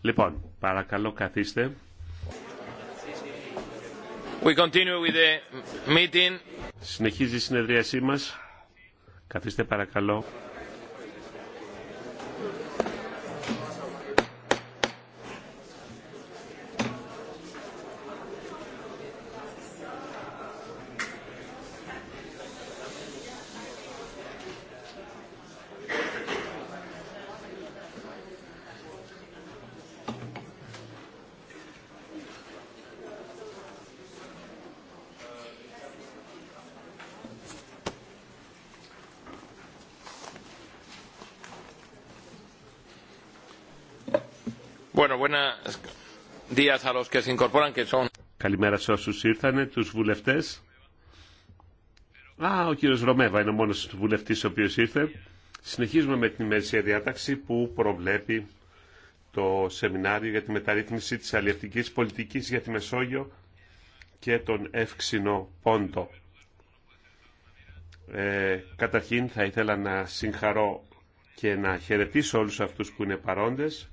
Λοιπόν, παρακαλώ καθίστε. We continue with the meeting. Συνεχίζει η συνεδρίασή μας. Καθίστε παρακαλώ. Καλημέρα σε όσους ήρθανε, τους βουλευτές. Α, ο κύριος Ρωμέβα είναι ο μόνος βουλευτής ο οποίος ήρθε. Συνεχίζουμε με την ημερησία διάταξη που προβλέπει το σεμινάριο για τη μεταρρύθμιση της αλληλευτικής πολιτικής για τη Μεσόγειο και τον εύξηνο πόντο. Ε, καταρχήν θα ήθελα να συγχαρώ και να χαιρετήσω όλους αυτούς που είναι παρόντες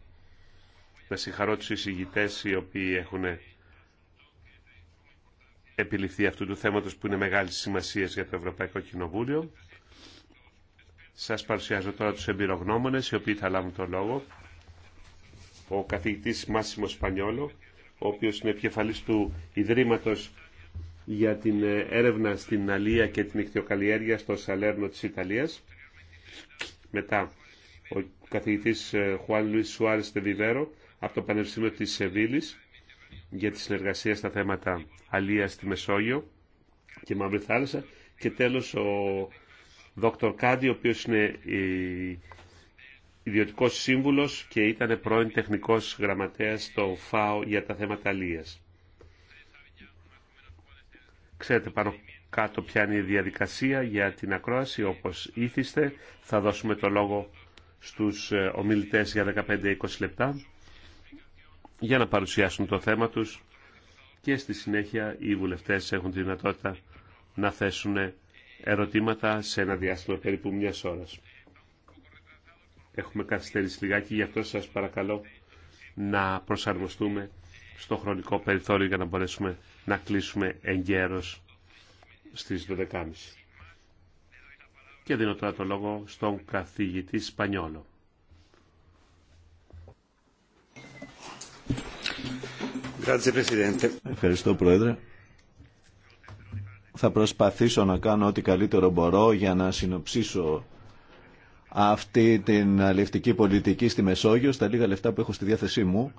να συγχαρώ τους εισηγητές οι οποίοι έχουν επιληφθεί αυτού του θέματος που είναι μεγάλη σημασία για το Ευρωπαϊκό Κοινοβούλιο. Σας παρουσιάζω τώρα τους εμπειρογνώμονες οι οποίοι θα λάβουν το λόγο. Ο καθηγητής Μάσιμο Σπανιόλο, ο οποίος είναι επικεφαλής του Ιδρύματος για την έρευνα στην Αλία και την Ικτιοκαλλιέργεια στο Σαλέρνο της Ιταλίας. Μετά ο καθηγητής ε, Χουάν Λουίς Σουάρες Τεβιβέρο, από το Πανεπιστήμιο της Σεβίλης για τη συνεργασία στα θέματα αλίας στη Μεσόγειο και Μαύρη Θάλασσα και τέλος ο Δόκτωρ Κάντι, ο οποίος είναι ιδιωτικός σύμβουλος και ήταν πρώην τεχνικός γραμματέας στο ΦΑΟ για τα θέματα αλίας. Ξέρετε πάνω κάτω ποια είναι η διαδικασία για την ακρόαση, όπως ήθιστε. Θα δώσουμε το λόγο στους ε, ομιλητές για 15-20 λεπτά για να παρουσιάσουν το θέμα τους και στη συνέχεια οι βουλευτές έχουν τη δυνατότητα να θέσουν ερωτήματα σε ένα διάστημα περίπου μιας ώρας. Έχουμε καθυστερήσει λιγάκι, γι' αυτό σας παρακαλώ να προσαρμοστούμε στο χρονικό περιθώριο για να μπορέσουμε να κλείσουμε εγκαίρως στις 12.30. Και δίνω τώρα το λόγο στον καθηγητή Σπανιόλο. Ευχαριστώ, Πρόεδρε. Θα προσπαθήσω να κάνω ό,τι καλύτερο μπορώ για να συνοψίσω αυτή την αλληλευτική πολιτική στη Μεσόγειο στα λίγα λεφτά που έχω στη διάθεσή μου.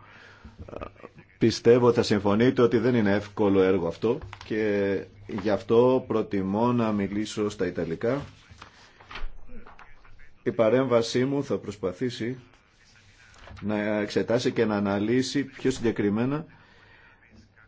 Πιστεύω θα συμφωνείτε ότι δεν είναι εύκολο έργο αυτό και γι' αυτό προτιμώ να μιλήσω στα Ιταλικά. Η παρέμβασή μου θα προσπαθήσει να εξετάσει και να αναλύσει πιο συγκεκριμένα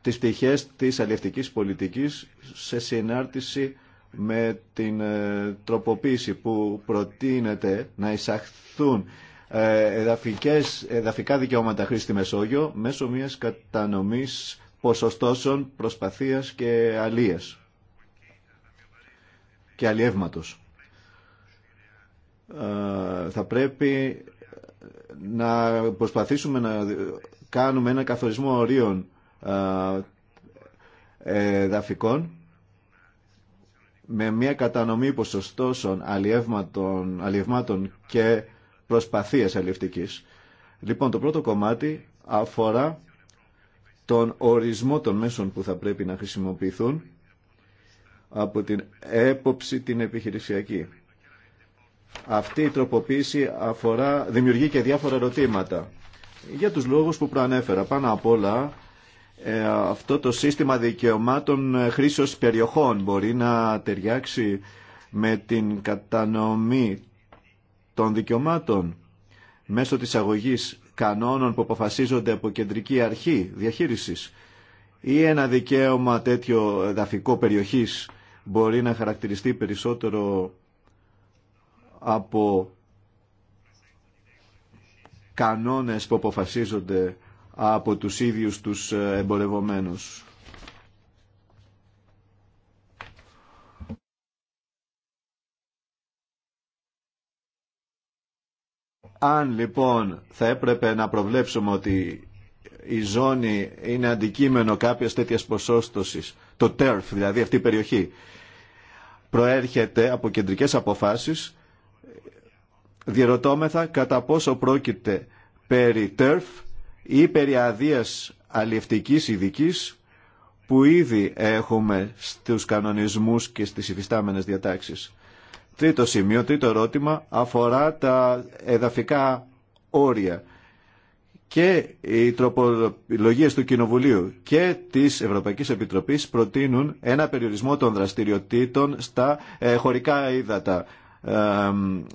τις πτυχές της αλληλευτικής πολιτικής σε συνάρτηση με την ε, τροποποίηση που προτείνεται να εισαχθούν ε, εδαφικές, εδαφικά δικαιώματα χρήση στη Μεσόγειο μέσω μιας κατανομής ποσοστώσεων προσπαθίας και αλίες και αλλιεύματος. Ε, θα πρέπει να προσπαθήσουμε να κάνουμε ένα καθορισμό ορίων ε, δαφικών με μια κατανομή ποσοστώσεων αλλιευμάτων, αλλιευμάτων και προσπαθίες αλλιευτικής. Λοιπόν, το πρώτο κομμάτι αφορά τον ορισμό των μέσων που θα πρέπει να χρησιμοποιηθούν από την έποψη την επιχειρησιακή. Αυτή η τροποποίηση αφορά, δημιουργεί και διάφορα ερωτήματα για τους λόγους που προανέφερα. Πάνω απ' όλα ε, αυτό το σύστημα δικαιωμάτων ε, χρήσεως περιοχών μπορεί να ταιριάξει με την κατανομή των δικαιωμάτων μέσω της αγωγής κανόνων που αποφασίζονται από κεντρική αρχή διαχείρισης ή ένα δικαίωμα τέτοιο εδαφικό περιοχής μπορεί να χαρακτηριστεί περισσότερο από κανόνες που αποφασίζονται από τους ίδιους τους ε, εμπορευομένους. Αν λοιπόν θα έπρεπε να προβλέψουμε ότι η ζώνη είναι αντικείμενο κάποιας τέτοιας ποσόστοσης, το TERF δηλαδή αυτή η περιοχή, προέρχεται από κεντρικές αποφάσεις, διερωτώμεθα κατά πόσο πρόκειται περί TERF ή περί αδείας αλλιευτικής ειδικής που ήδη έχουμε στους κανονισμούς και στις υφιστάμενες διατάξεις. Τρίτο σημείο, τρίτο ερώτημα αφορά τα εδαφικά όρια και οι τροπολογίες του Κοινοβουλίου και της Ευρωπαϊκής Επιτροπής προτείνουν ένα περιορισμό των δραστηριοτήτων στα ε, χωρικά ύδατα. Ε,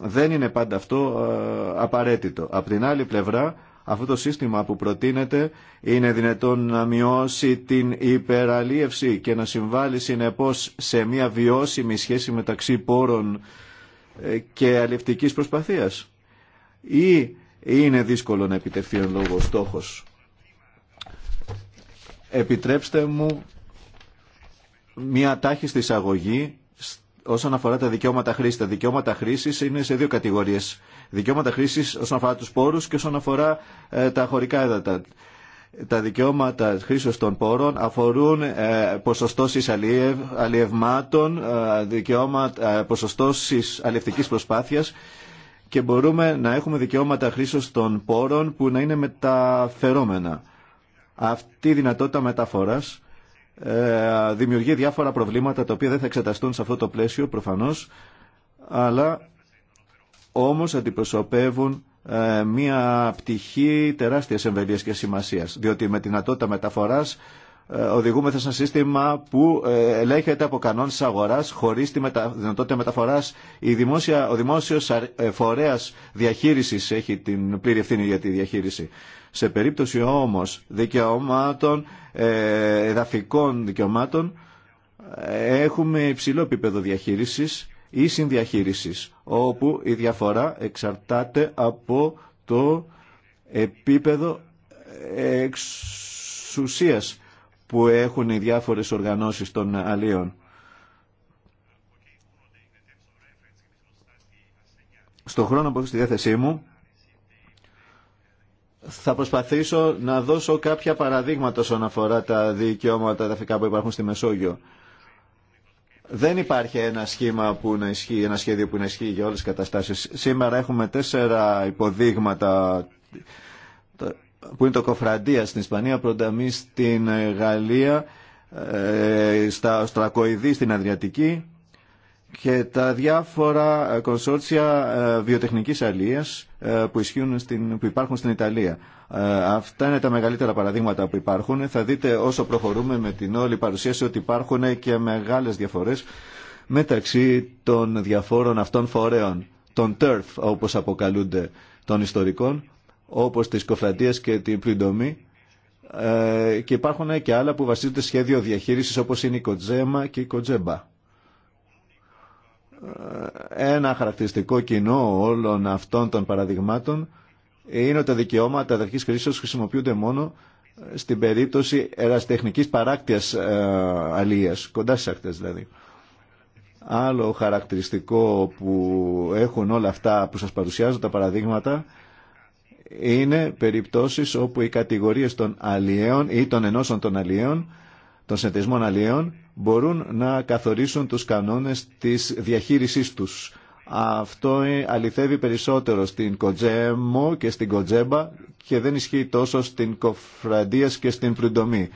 δεν είναι πάντα αυτό ε, απαραίτητο. Απ' την άλλη πλευρά αυτό το σύστημα που προτείνεται είναι δυνατόν να μειώσει την υπεραλίευση και να συμβάλλει συνεπώς σε μια βιώσιμη σχέση μεταξύ πόρων ε, και αλληλευτικής προσπαθίας. Ή είναι δύσκολο να επιτευχθεί ο λόγω στόχος. Επιτρέψτε μου μια τάχιστη εισαγωγή όσον αφορά τα δικαιώματα χρήση. Τα δικαιώματα χρήση είναι σε δύο κατηγορίε. Δικαιώματα χρήση όσον αφορά του πόρου και όσον αφορά ε, τα χωρικά έδατα. Τα δικαιώματα χρήσεω των πόρων αφορούν ε, ποσοστώσει αλλιευμάτων, ε, δικαιώματα, ε, ποσοστώσει αλλιευτική προσπάθεια και μπορούμε να έχουμε δικαιώματα χρήσεως των πόρων που να είναι μεταφερόμενα. Αυτή η δυνατότητα μεταφοράς ε, δημιουργεί διάφορα προβλήματα τα οποία δεν θα εξεταστούν σε αυτό το πλαίσιο προφανώς αλλά όμως αντιπροσωπεύουν ε, μία πτυχή τεράστιας εμβελίας και σημασίας διότι με τη δυνατότητα μεταφοράς ε, οδηγούμεθα σε ένα σύστημα που ελέγχεται από κανόνες της αγοράς χωρίς τη δυνατότητα μεταφοράς. Η δημόσια, ο δημόσιος φορέας διαχείρισης έχει την πλήρη ευθύνη για τη διαχείριση. Σε περίπτωση όμως δικαιωμάτων, ε, εδαφικών δικαιωμάτων, ε, έχουμε υψηλό επίπεδο διαχείρισης ή συνδιαχείρισης, όπου η διαφορά εξαρτάται από το επίπεδο ε, εξουσίας που έχουν οι διάφορες οργανώσεις των αλλίων. Στον χρόνο που έχω στη διάθεσή μου, θα προσπαθήσω να δώσω κάποια παραδείγματα όσον αφορά τα δικαιώματα εδαφικά που υπάρχουν στη Μεσόγειο. Δεν υπάρχει ένα σχήμα που να ισχύει, ένα σχέδιο που να ισχύει για όλες τις καταστάσεις. Σήμερα έχουμε τέσσερα υποδείγματα που είναι το Κοφραντία στην Ισπανία, Προνταμή στην Γαλλία, ε, στα Στρακοειδή στην Αδριατική και τα διάφορα κονσόρτσια ε, βιοτεχνικής αλίας ε, που, που υπάρχουν στην Ιταλία. Ε, αυτά είναι τα μεγαλύτερα παραδείγματα που υπάρχουν. Θα δείτε όσο προχωρούμε με την όλη παρουσίαση ότι υπάρχουν και μεγάλες διαφορές μεταξύ των διαφόρων αυτών φορέων, των TERF όπως αποκαλούνται των ιστορικών, όπως της Κοφραντίας και την Πλυντομή, ε, και υπάρχουν και άλλα που βασίζονται σχέδιο διαχείρισης όπως είναι η Κοτζέμα και η Κοτζέμπα ένα χαρακτηριστικό κοινό όλων αυτών των παραδειγμάτων είναι ότι τα δικαιώματα αδερφής χρήσεως χρησιμοποιούνται μόνο στην περίπτωση εραστεχνικής παράκτειας ε, αλίας, κοντά στις ακτές δηλαδή. Άλλο χαρακτηριστικό που έχουν όλα αυτά που σας παρουσιάζω τα παραδείγματα είναι περιπτώσεις όπου οι κατηγορίες των αλλιέων ή των ενώσεων των αλλιέων των συνεταιρισμών αλλιέων μπορούν να καθορίσουν τους κανόνες της διαχείρισής τους. Αυτό ε, αληθεύει περισσότερο στην Κοτζέμο και στην Κοτζέμπα και δεν ισχύει τόσο στην Κοφραντίας και στην Πριντομή.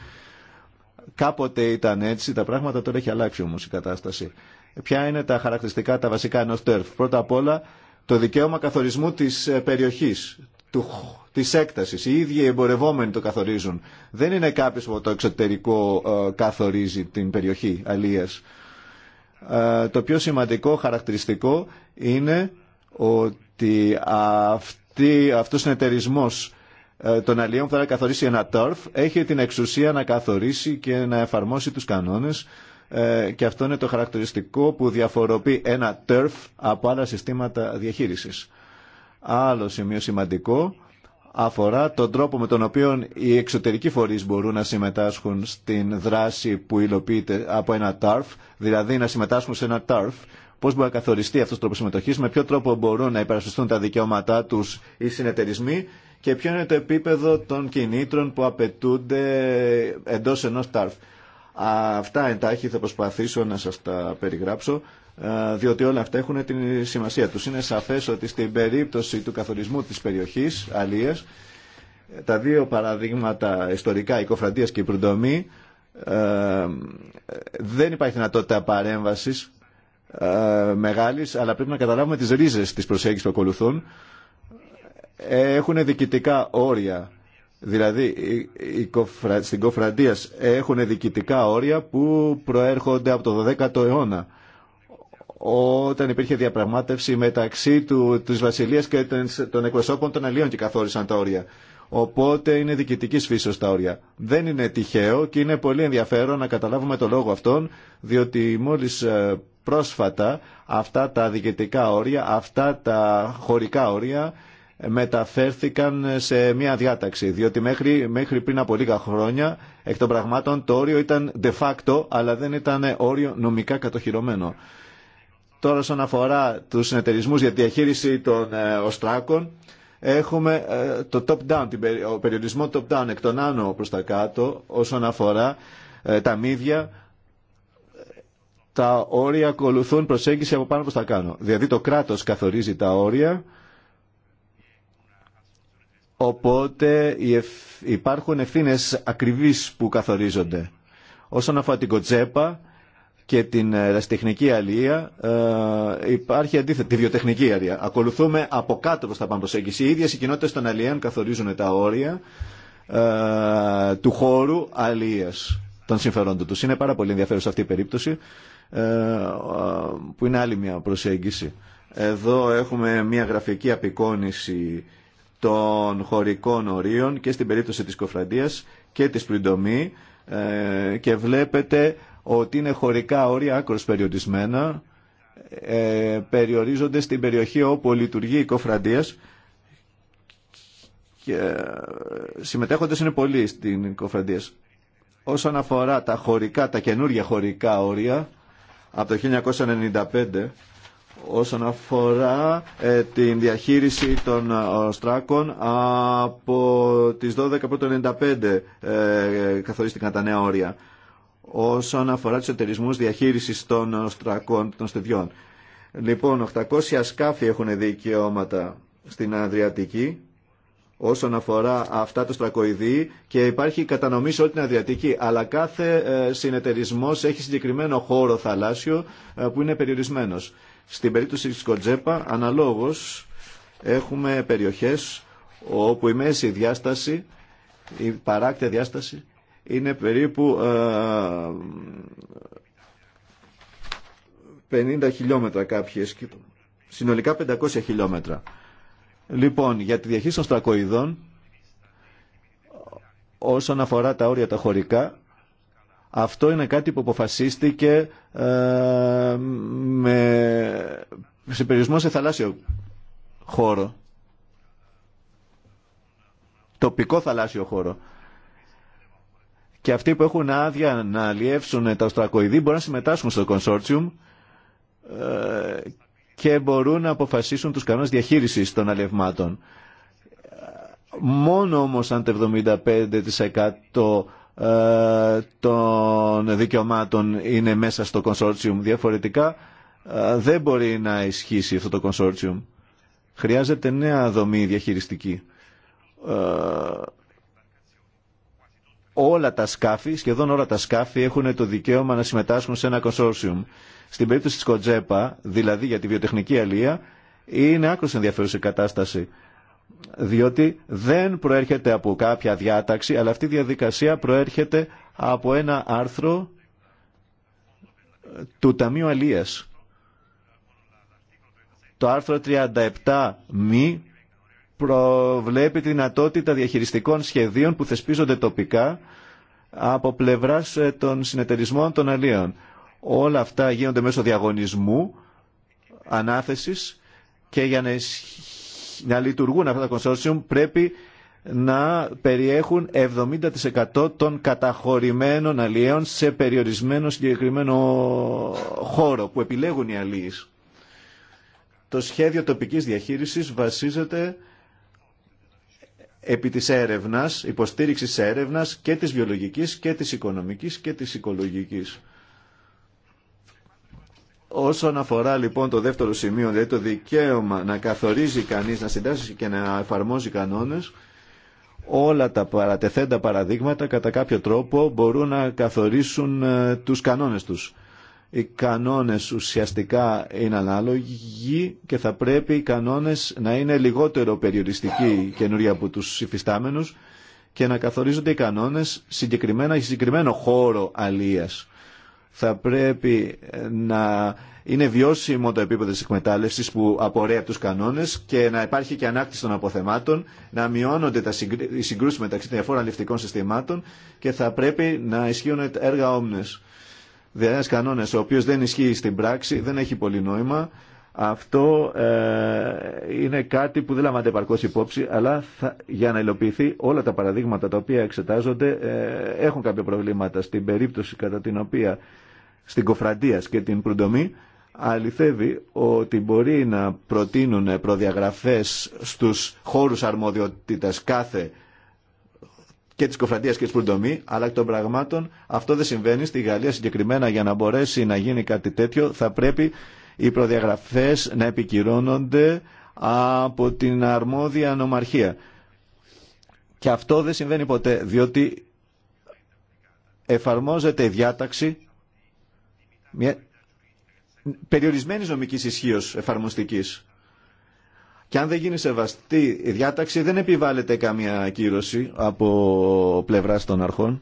Κάποτε ήταν έτσι τα πράγματα, τώρα έχει αλλάξει όμως η κατάσταση. Ποια είναι τα χαρακτηριστικά, τα βασικά ενός τέρφ. Πρώτα απ' όλα το δικαίωμα καθορισμού της ε, περιοχής, του, της έκτασης. Οι ίδιοι οι εμπορευόμενοι το καθορίζουν. Δεν είναι κάποιος που το εξωτερικό ε, καθορίζει την περιοχή αλίας. Ε, το πιο σημαντικό χαρακτηριστικό είναι ότι αυτή, αυτός ο συνεταιρισμός ε, των αλλιών που θα καθορίσει ένα τόρφ έχει την εξουσία να καθορίσει και να εφαρμόσει τους κανόνες και αυτό είναι το χαρακτηριστικό που διαφοροποιεί ένα τερφ από άλλα συστήματα διαχείρισης. Άλλο σημείο σημαντικό αφορά τον τρόπο με τον οποίο οι εξωτερικοί φορείς μπορούν να συμμετάσχουν στην δράση που υλοποιείται από ένα TARF, δηλαδή να συμμετάσχουν σε ένα TARF, πώς μπορεί να καθοριστεί αυτός ο τρόπο συμμετοχή, με ποιο τρόπο μπορούν να υπερασπιστούν τα δικαιώματά τους οι συνεταιρισμοί και ποιο είναι το επίπεδο των κινήτρων που απαιτούνται εντός ενός TARF. Αυτά εντάχει θα προσπαθήσω να σας τα περιγράψω. Ε, διότι όλα αυτά έχουν τη σημασία τους. Είναι σαφές ότι στην περίπτωση του καθορισμού της περιοχής Αλίας, τα δύο παραδείγματα ιστορικά, η Κοφραντίας και η Προυντομή, ε, δεν υπάρχει δυνατότητα παρέμβασης ε, μεγάλης, αλλά πρέπει να καταλάβουμε τις ρίζες της προσέγγισης που ακολουθούν. Έχουν διοικητικά όρια Δηλαδή, στην Κοφραντίας έχουν διοικητικά όρια που προέρχονται από το 12ο αιώνα όταν υπήρχε διαπραγμάτευση μεταξύ του, της Βασιλείας και των εκπροσώπων των Αλίων και καθόρισαν τα όρια. Οπότε είναι διοικητική φύσεω τα όρια. Δεν είναι τυχαίο και είναι πολύ ενδιαφέρον να καταλάβουμε το λόγο αυτόν, διότι μόλι ε, πρόσφατα αυτά τα διοικητικά όρια, αυτά τα χωρικά όρια ε, μεταφέρθηκαν σε μια διάταξη. Διότι μέχρι, μέχρι πριν από λίγα χρόνια, εκ των πραγμάτων, το όριο ήταν de facto, αλλά δεν ήταν όριο νομικά κατοχυρωμένο. Τώρα όσον αφορά τους συνεταιρισμού για τη διαχείριση των ε, οστράκων, έχουμε ε, το top-down, ο περιορισμό top-down εκ των άνω προς τα κάτω όσον αφορά ε, τα μύδια. Τα όρια ακολουθούν προσέγγιση από πάνω προς τα κάτω. Δηλαδή το κράτος καθορίζει τα όρια, οπότε υπάρχουν ευθύνε ακριβείς που καθορίζονται. Όσον αφορά την κοτσέπα, και την ε, ερασιτεχνική αλληλεία ε, υπάρχει αντίθετα. τη βιοτεχνική αλληλεία. Ακολουθούμε από κάτω προς τα πάνω προσέγγιση. Οι ίδιες οι κοινότητες των αλληλείων καθορίζουν τα όρια ε, του χώρου αλληλείας των συμφερόντων τους. Είναι πάρα πολύ σε αυτή η περίπτωση ε, που είναι άλλη μια προσέγγιση. Εδώ έχουμε μια γραφική απεικόνηση των χωρικών ορίων και στην περίπτωση της κοφραντίας και της πλυντομή ε, και βλέπετε ότι είναι χωρικά όρια άκρο περιορισμένα, ε, περιορίζονται στην περιοχή όπου λειτουργεί η κοφραντίας και ε, συμμετέχοντες είναι πολλοί στην Κοφραντίας. Όσον αφορά τα χωρικά, τα καινούργια χωρικά όρια, από το 1995, όσον αφορά ε, την διαχείριση των οστράκων από τις 12 από το 1995 καθορίστηκαν τα νέα όρια όσον αφορά τους εταιρισμούς διαχείρισης των στρακών των στεδιών. Λοιπόν, 800 σκάφη έχουν δικαιώματα στην Αδριατική όσον αφορά αυτά το στρακοειδή και υπάρχει κατανομή σε όλη την Αδριατική. Αλλά κάθε ε, συνεταιρισμός έχει συγκεκριμένο χώρο θαλάσσιο ε, που είναι περιορισμένος. Στην περίπτωση τη Κοντζέπα, αναλόγως, έχουμε περιοχές όπου η μέση διάσταση, η παράκτια διάσταση, είναι περίπου 50 ε, χιλιόμετρα κάποιες, συνολικά 500 χιλιόμετρα. Λοιπόν, για τη διαχείριση των στρακοειδών, όσον αφορά τα όρια τα χωρικά, αυτό είναι κάτι που αποφασίστηκε ε, με, σε περιορισμό σε θαλάσσιο χώρο. Τοπικό θαλάσσιο χώρο και αυτοί που έχουν άδεια να αλλιεύσουν τα οστρακοειδή μπορούν να συμμετάσχουν στο consortium ε, και μπορούν να αποφασίσουν τους κανόνες διαχείρισης των αλλιευμάτων. Μόνο όμως αν το 75% ε, των δικαιωμάτων είναι μέσα στο consortium διαφορετικά ε, δεν μπορεί να ισχύσει αυτό το consortium. Χρειάζεται νέα δομή διαχειριστική όλα τα σκάφη, σχεδόν όλα τα σκάφη έχουν το δικαίωμα να συμμετάσχουν σε ένα κονσόρσιουμ. Στην περίπτωση της Κοντζέπα, δηλαδή για τη βιοτεχνική αλεία, είναι άκρως ενδιαφέρουσα η κατάσταση. Διότι δεν προέρχεται από κάποια διάταξη, αλλά αυτή η διαδικασία προέρχεται από ένα άρθρο του Ταμείου Αλίας. Το άρθρο 37 μη προβλέπει τη δυνατότητα διαχειριστικών σχεδίων που θεσπίζονται τοπικά από πλευράς ε, των συνεταιρισμών των αλλίων. Όλα αυτά γίνονται μέσω διαγωνισμού, ανάθεσης και για να, να λειτουργούν αυτά τα consortium πρέπει να περιέχουν 70% των καταχωρημένων αλλιέων σε περιορισμένο συγκεκριμένο χώρο που επιλέγουν οι αλλοίες. Το σχέδιο τοπικής διαχείρισης βασίζεται επί της έρευνας, υποστήριξης έρευνας και της βιολογικής και της οικονομικής και της οικολογικής. Όσον αφορά λοιπόν το δεύτερο σημείο, δηλαδή το δικαίωμα να καθορίζει κανείς, να συντάσσει και να εφαρμόζει κανόνες, όλα τα παρατεθέντα παραδείγματα κατά κάποιο τρόπο μπορούν να καθορίσουν ε, τους κανόνες τους οι κανόνες ουσιαστικά είναι ανάλογοι και θα πρέπει οι κανόνες να είναι λιγότερο περιοριστικοί καινούργια από τους υφιστάμενους και να καθορίζονται οι κανόνες συγκεκριμένα για συγκεκριμένο χώρο αλίας. Θα πρέπει ε, να είναι βιώσιμο το επίπεδο της εκμετάλλευσης που απορρέει από τους κανόνες και να υπάρχει και ανάκτηση των αποθεμάτων, να μειώνονται τα συγκρούσεις μεταξύ των διαφόρων συστημάτων και θα πρέπει να ισχύουν έργα όμνες ένα κανόνες, ο οποίο δεν ισχύει στην πράξη δεν έχει πολύ νόημα. Αυτό ε, είναι κάτι που δεν λαμβάνεται επαρκώ υπόψη, αλλά για να υλοποιηθεί όλα τα παραδείγματα τα οποία εξετάζονται ε, έχουν κάποια προβλήματα. Στην περίπτωση κατά την οποία στην Κοφραντία και την Προυντομή αληθεύει ότι μπορεί να προτείνουν προδιαγραφές στους χώρους αρμοδιότητας κάθε και τη κοφραντία και τη προντομή, αλλά εκ των πραγμάτων αυτό δεν συμβαίνει. Στη Γαλλία συγκεκριμένα για να μπορέσει να γίνει κάτι τέτοιο θα πρέπει οι προδιαγραφές να επικυρώνονται από την αρμόδια νομαρχία. Και αυτό δεν συμβαίνει ποτέ, διότι εφαρμόζεται η διάταξη μια περιορισμένης νομικής ισχύω εφαρμοστικής. Και αν δεν γίνει σεβαστή η διάταξη δεν επιβάλλεται καμία ακύρωση από πλευρά των αρχών.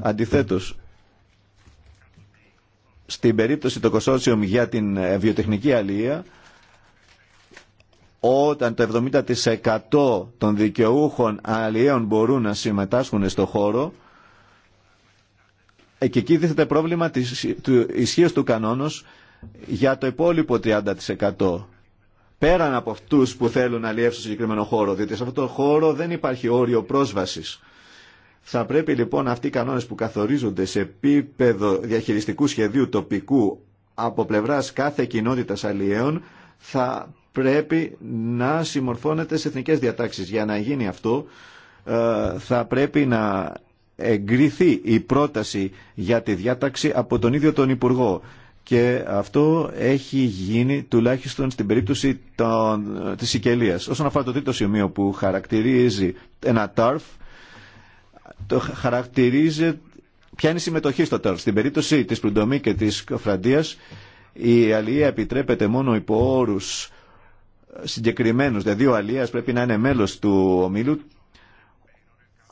Αντιθέτως, στην περίπτωση το κοσόσιουμ για την ε, βιοτεχνική αλληλεία, όταν το 70% των δικαιούχων αλλιέων μπορούν να συμμετάσχουν στο χώρο, και εκεί δίθεται πρόβλημα της, ισχύω του κανόνος για το υπόλοιπο 30% πέραν από αυτούς που θέλουν να αλλιεύσουν συγκεκριμένο χώρο, διότι σε αυτόν τον χώρο δεν υπάρχει όριο πρόσβασης. Θα πρέπει λοιπόν αυτοί οι κανόνες που καθορίζονται σε επίπεδο διαχειριστικού σχεδίου τοπικού από πλευράς κάθε κοινότητας αλλιέων θα πρέπει να συμμορφώνεται σε εθνικές διατάξεις. Για να γίνει αυτό ε, θα πρέπει να εγκριθεί η πρόταση για τη διάταξη από τον ίδιο τον Υπουργό και αυτό έχει γίνει τουλάχιστον στην περίπτωση των, της Σικελίας. Όσον αφορά το τρίτο σημείο που χαρακτηρίζει ένα ΤΑΡΦ, το χαρακτηρίζει ποια είναι η συμμετοχή στο ΤΑΡΦ. Στην περίπτωση της Πλουντομή και της Κοφραντίας, η αλληλεία επιτρέπεται μόνο υπό όρους συγκεκριμένους, δηλαδή ο αλληλείας πρέπει να είναι μέλος του ομίλου,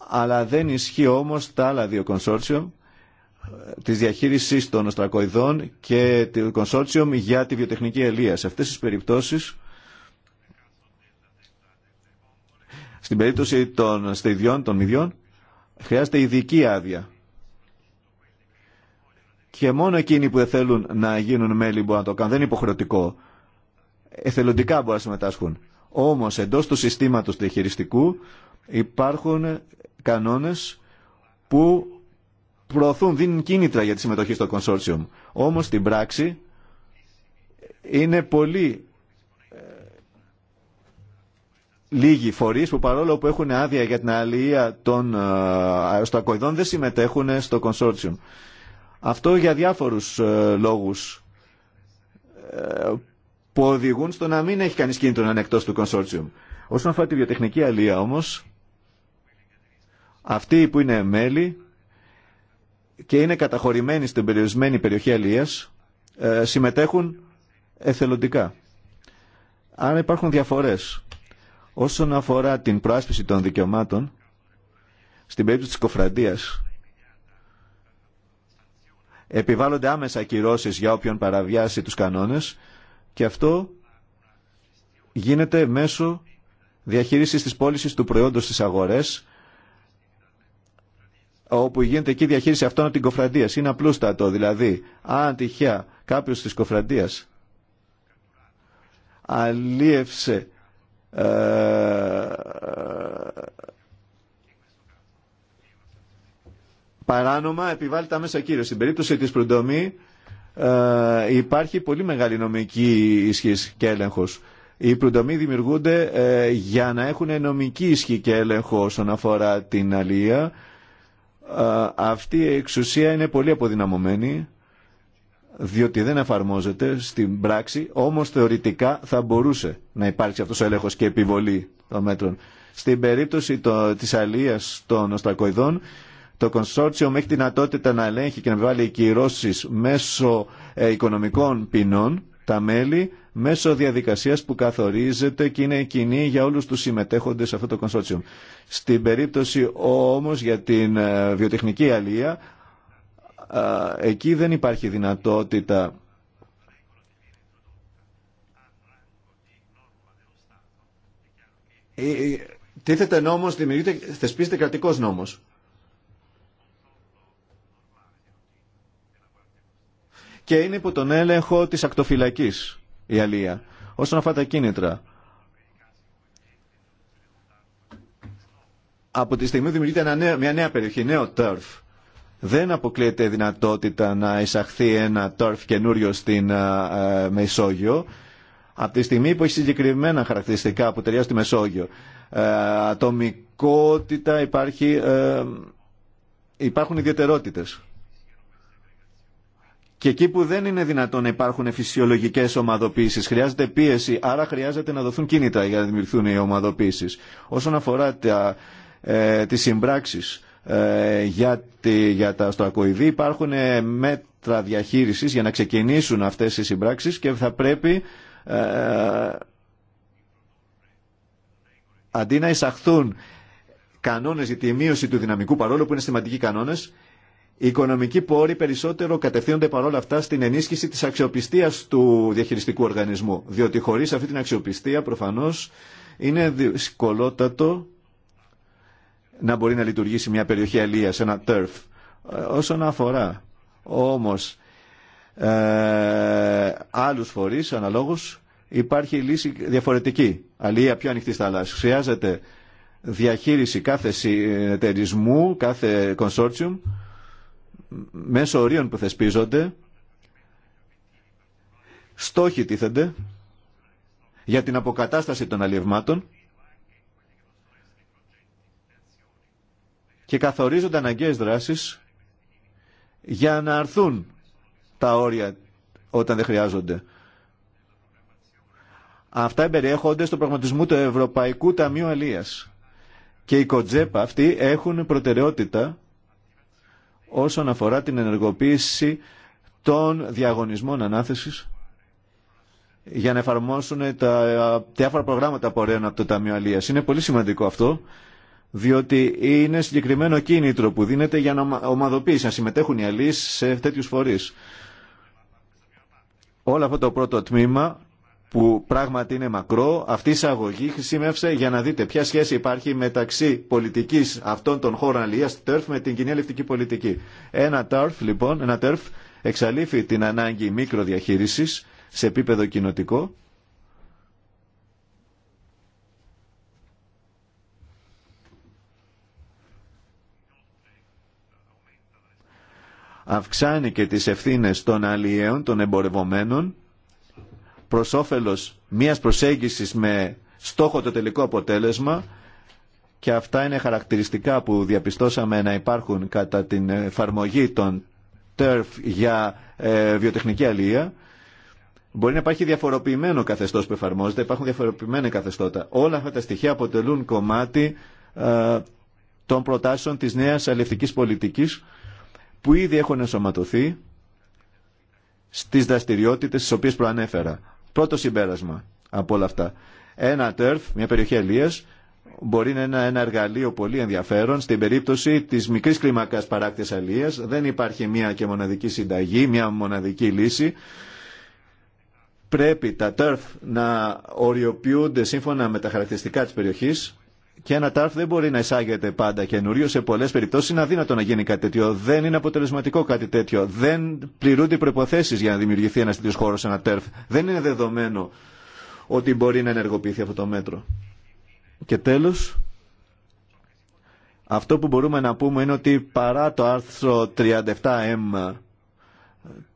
αλλά δεν ισχύει όμως τα άλλα δύο κονσόρσιο της διαχείρισης των οστρακοειδών και του κονσόρτσιουμ για τη βιοτεχνική ελεία. Σε αυτές τις περιπτώσεις, στην περίπτωση των στεδιών, των μηδιών, χρειάζεται ειδική άδεια. Και μόνο εκείνοι που δεν θέλουν να γίνουν μέλη μπορούν να το κάνουν. Δεν είναι υποχρεωτικό. Εθελοντικά μπορούν να συμμετάσχουν. Όμως εντός του συστήματος διαχειριστικού υπάρχουν κανόνες που προωθούν, δίνουν κίνητρα για τη συμμετοχή στο consortium. Όμως στην πράξη είναι πολύ ε, λίγοι φορείς που παρόλο που έχουν άδεια για την αλληλεία των αεροστακοειδών δεν συμμετέχουν στο consortium. Αυτό για διάφορους ε, λόγους ε, που οδηγούν στο να μην έχει κανείς κίνητρο να είναι εκτός του consortium. Όσον αφορά τη βιοτεχνική αλληλεία όμως, αυτοί που είναι μέλη και είναι καταχωρημένοι στην περιορισμένη περιοχή αλίας ε, συμμετέχουν εθελοντικά. Αν υπάρχουν διαφορές. Όσον αφορά την προάσπιση των δικαιωμάτων, στην περίπτωση της κοφραντίας, επιβάλλονται άμεσα κυρώσεις για όποιον παραβιάσει τους κανόνες και αυτό γίνεται μέσω διαχείρισης της πώληση του προϊόντος στις αγορές όπου γίνεται εκεί διαχείριση αυτών από την κοφραντία. Είναι απλούστατο δηλαδή. Αν τυχαία κάποιο τη κοφραντία αλίευσε ε, παράνομα επιβάλλεται τα μέσα κύριο. Στην περίπτωση της προντομή ε, υπάρχει πολύ μεγάλη νομική ισχύ και έλεγχος. Οι προντομοί δημιουργούνται ε, για να έχουν νομική ισχύ και έλεγχο όσον αφορά την αλία αυτή η εξουσία είναι πολύ αποδυναμωμένη διότι δεν εφαρμόζεται στην πράξη, όμως θεωρητικά θα μπορούσε να υπάρξει αυτός ο έλεγχος και επιβολή των μέτρων. Στην περίπτωση το, της αλίας των οστακοειδών, το κονσόρτσιο μέχρι τη δυνατότητα να ελέγχει και να βάλει κυρώσεις μέσω ε, οικονομικών ποινών τα μέλη μέσω διαδικασία που καθορίζεται και είναι κοινή για όλου τους συμμετέχοντες σε αυτό το κονσόρτσιουμ. Στην περίπτωση όμω για την ε, βιοτεχνική αλία, ε, εκεί δεν υπάρχει δυνατότητα ε, Τίθεται νόμο, δημιουργείται, θεσπίζεται κρατικό νόμο. Και είναι υπό τον έλεγχο της ακτοφυλακής η αλία. Όσον αφορά τα κίνητρα, από τη στιγμή που δημιουργείται μια νέα περιοχή, νέο τέρφ, δεν αποκλείεται δυνατότητα να εισαχθεί ένα τέρφ καινούριο στην ε, Μεσόγειο. Από τη στιγμή που έχει συγκεκριμένα χαρακτηριστικά που ταιριάζει στη Μεσόγειο, ε, ατομικότητα υπάρχει, ε, υπάρχουν ιδιαιτερότητες. Και εκεί που δεν είναι δυνατόν να υπάρχουν φυσιολογικέ ομαδοποίησει, χρειάζεται πίεση, άρα χρειάζεται να δοθούν κίνητρα για να δημιουργηθούν οι ομαδοποίησει. Όσον αφορά ε, συμπράξεις ε, για, για τα στοακοειδή υπάρχουν ε, μέτρα διαχείριση για να ξεκινήσουν αυτές οι συμπράξεις και θα πρέπει ε, αντί να εισαχθούν κανόνες για τη μείωση του δυναμικού παρόλο που είναι σημαντικοί κανόνες οι οικονομικοί πόροι περισσότερο κατευθύνονται παρόλα αυτά στην ενίσχυση της αξιοπιστίας του διαχειριστικού οργανισμού, διότι χωρίς αυτή την αξιοπιστία προφανώς είναι δυσκολότατο να μπορεί να λειτουργήσει μια περιοχή αλίας, ένα turf. Ε, όσον αφορά όμως ε, άλλους φορείς αναλόγως υπάρχει λύση διαφορετική. Αλία πιο ανοιχτή στα Χρειάζεται διαχείριση κάθε συνεταιρισμού, κάθε consortium μέσω ορίων που θεσπίζονται, στόχοι τίθενται για την αποκατάσταση των αλλιευμάτων και καθορίζονται αναγκαίες δράσεις για να αρθούν τα όρια όταν δεν χρειάζονται. Αυτά περιέχονται στο πραγματισμό του Ευρωπαϊκού Ταμείου Αλίας. Και οι κοτζέπα αυτοί έχουν προτεραιότητα όσον αφορά την ενεργοποίηση των διαγωνισμών ανάθεσης για να εφαρμόσουν τα διάφορα προγράμματα που από το Ταμείο Αλίας. Είναι πολύ σημαντικό αυτό, διότι είναι συγκεκριμένο κίνητρο που δίνεται για να ομαδοποιήσει, να συμμετέχουν οι αλλοί σε τέτοιους φορείς. Όλο αυτό το πρώτο τμήμα που πράγματι είναι μακρό, αυτή η εισαγωγή χρησιμεύσε για να δείτε ποια σχέση υπάρχει μεταξύ πολιτική αυτών των χώρων αλληλεία του ΤΕΡΦ με την κοινή αλληλευτική πολιτική. Ένα ΤΕΡΦ, λοιπόν, ένα ΤΕΡΦ εξαλείφει την ανάγκη μικροδιαχείριση σε επίπεδο κοινοτικό. Αυξάνει και τις ευθύνες των αλλιέων, των εμπορευομένων, προς όφελος μιας προσέγγισης με στόχο το τελικό αποτέλεσμα και αυτά είναι χαρακτηριστικά που διαπιστώσαμε να υπάρχουν κατά την εφαρμογή των TERF για ε, βιοτεχνική αλληλεία. Μπορεί να υπάρχει διαφοροποιημένο καθεστώς που εφαρμόζεται, υπάρχουν διαφοροποιημένα καθεστώτα. Όλα αυτά τα στοιχεία αποτελούν κομμάτι ε, των προτάσεων της νέας αλληλευτικής πολιτικής που ήδη έχουν ενσωματωθεί στις δραστηριότητες τις οποίες προανέφερα. Πρώτο συμπέρασμα από όλα αυτά. Ένα ΤΕΡΦ, μια περιοχή αλεία, μπορεί να είναι ένα εργαλείο πολύ ενδιαφέρον στην περίπτωση της μικρή κλίμακα παράκτη αλεία, Δεν υπάρχει μια και μοναδική συνταγή, μια μοναδική λύση. Πρέπει τα ΤΕΡΦ να οριοποιούνται σύμφωνα με τα χαρακτηριστικά της περιοχής και ένα τάρφ δεν μπορεί να εισάγεται πάντα καινούριο. Σε πολλέ περιπτώσει είναι αδύνατο να γίνει κάτι τέτοιο. Δεν είναι αποτελεσματικό κάτι τέτοιο. Δεν πληρούνται οι προποθέσει για να δημιουργηθεί ένα τέτοιο χώρο, ένα τερφ. Δεν είναι δεδομένο ότι μπορεί να ενεργοποιηθεί αυτό το μέτρο. Και τέλο, αυτό που μπορούμε να πούμε είναι ότι παρά το άρθρο 37M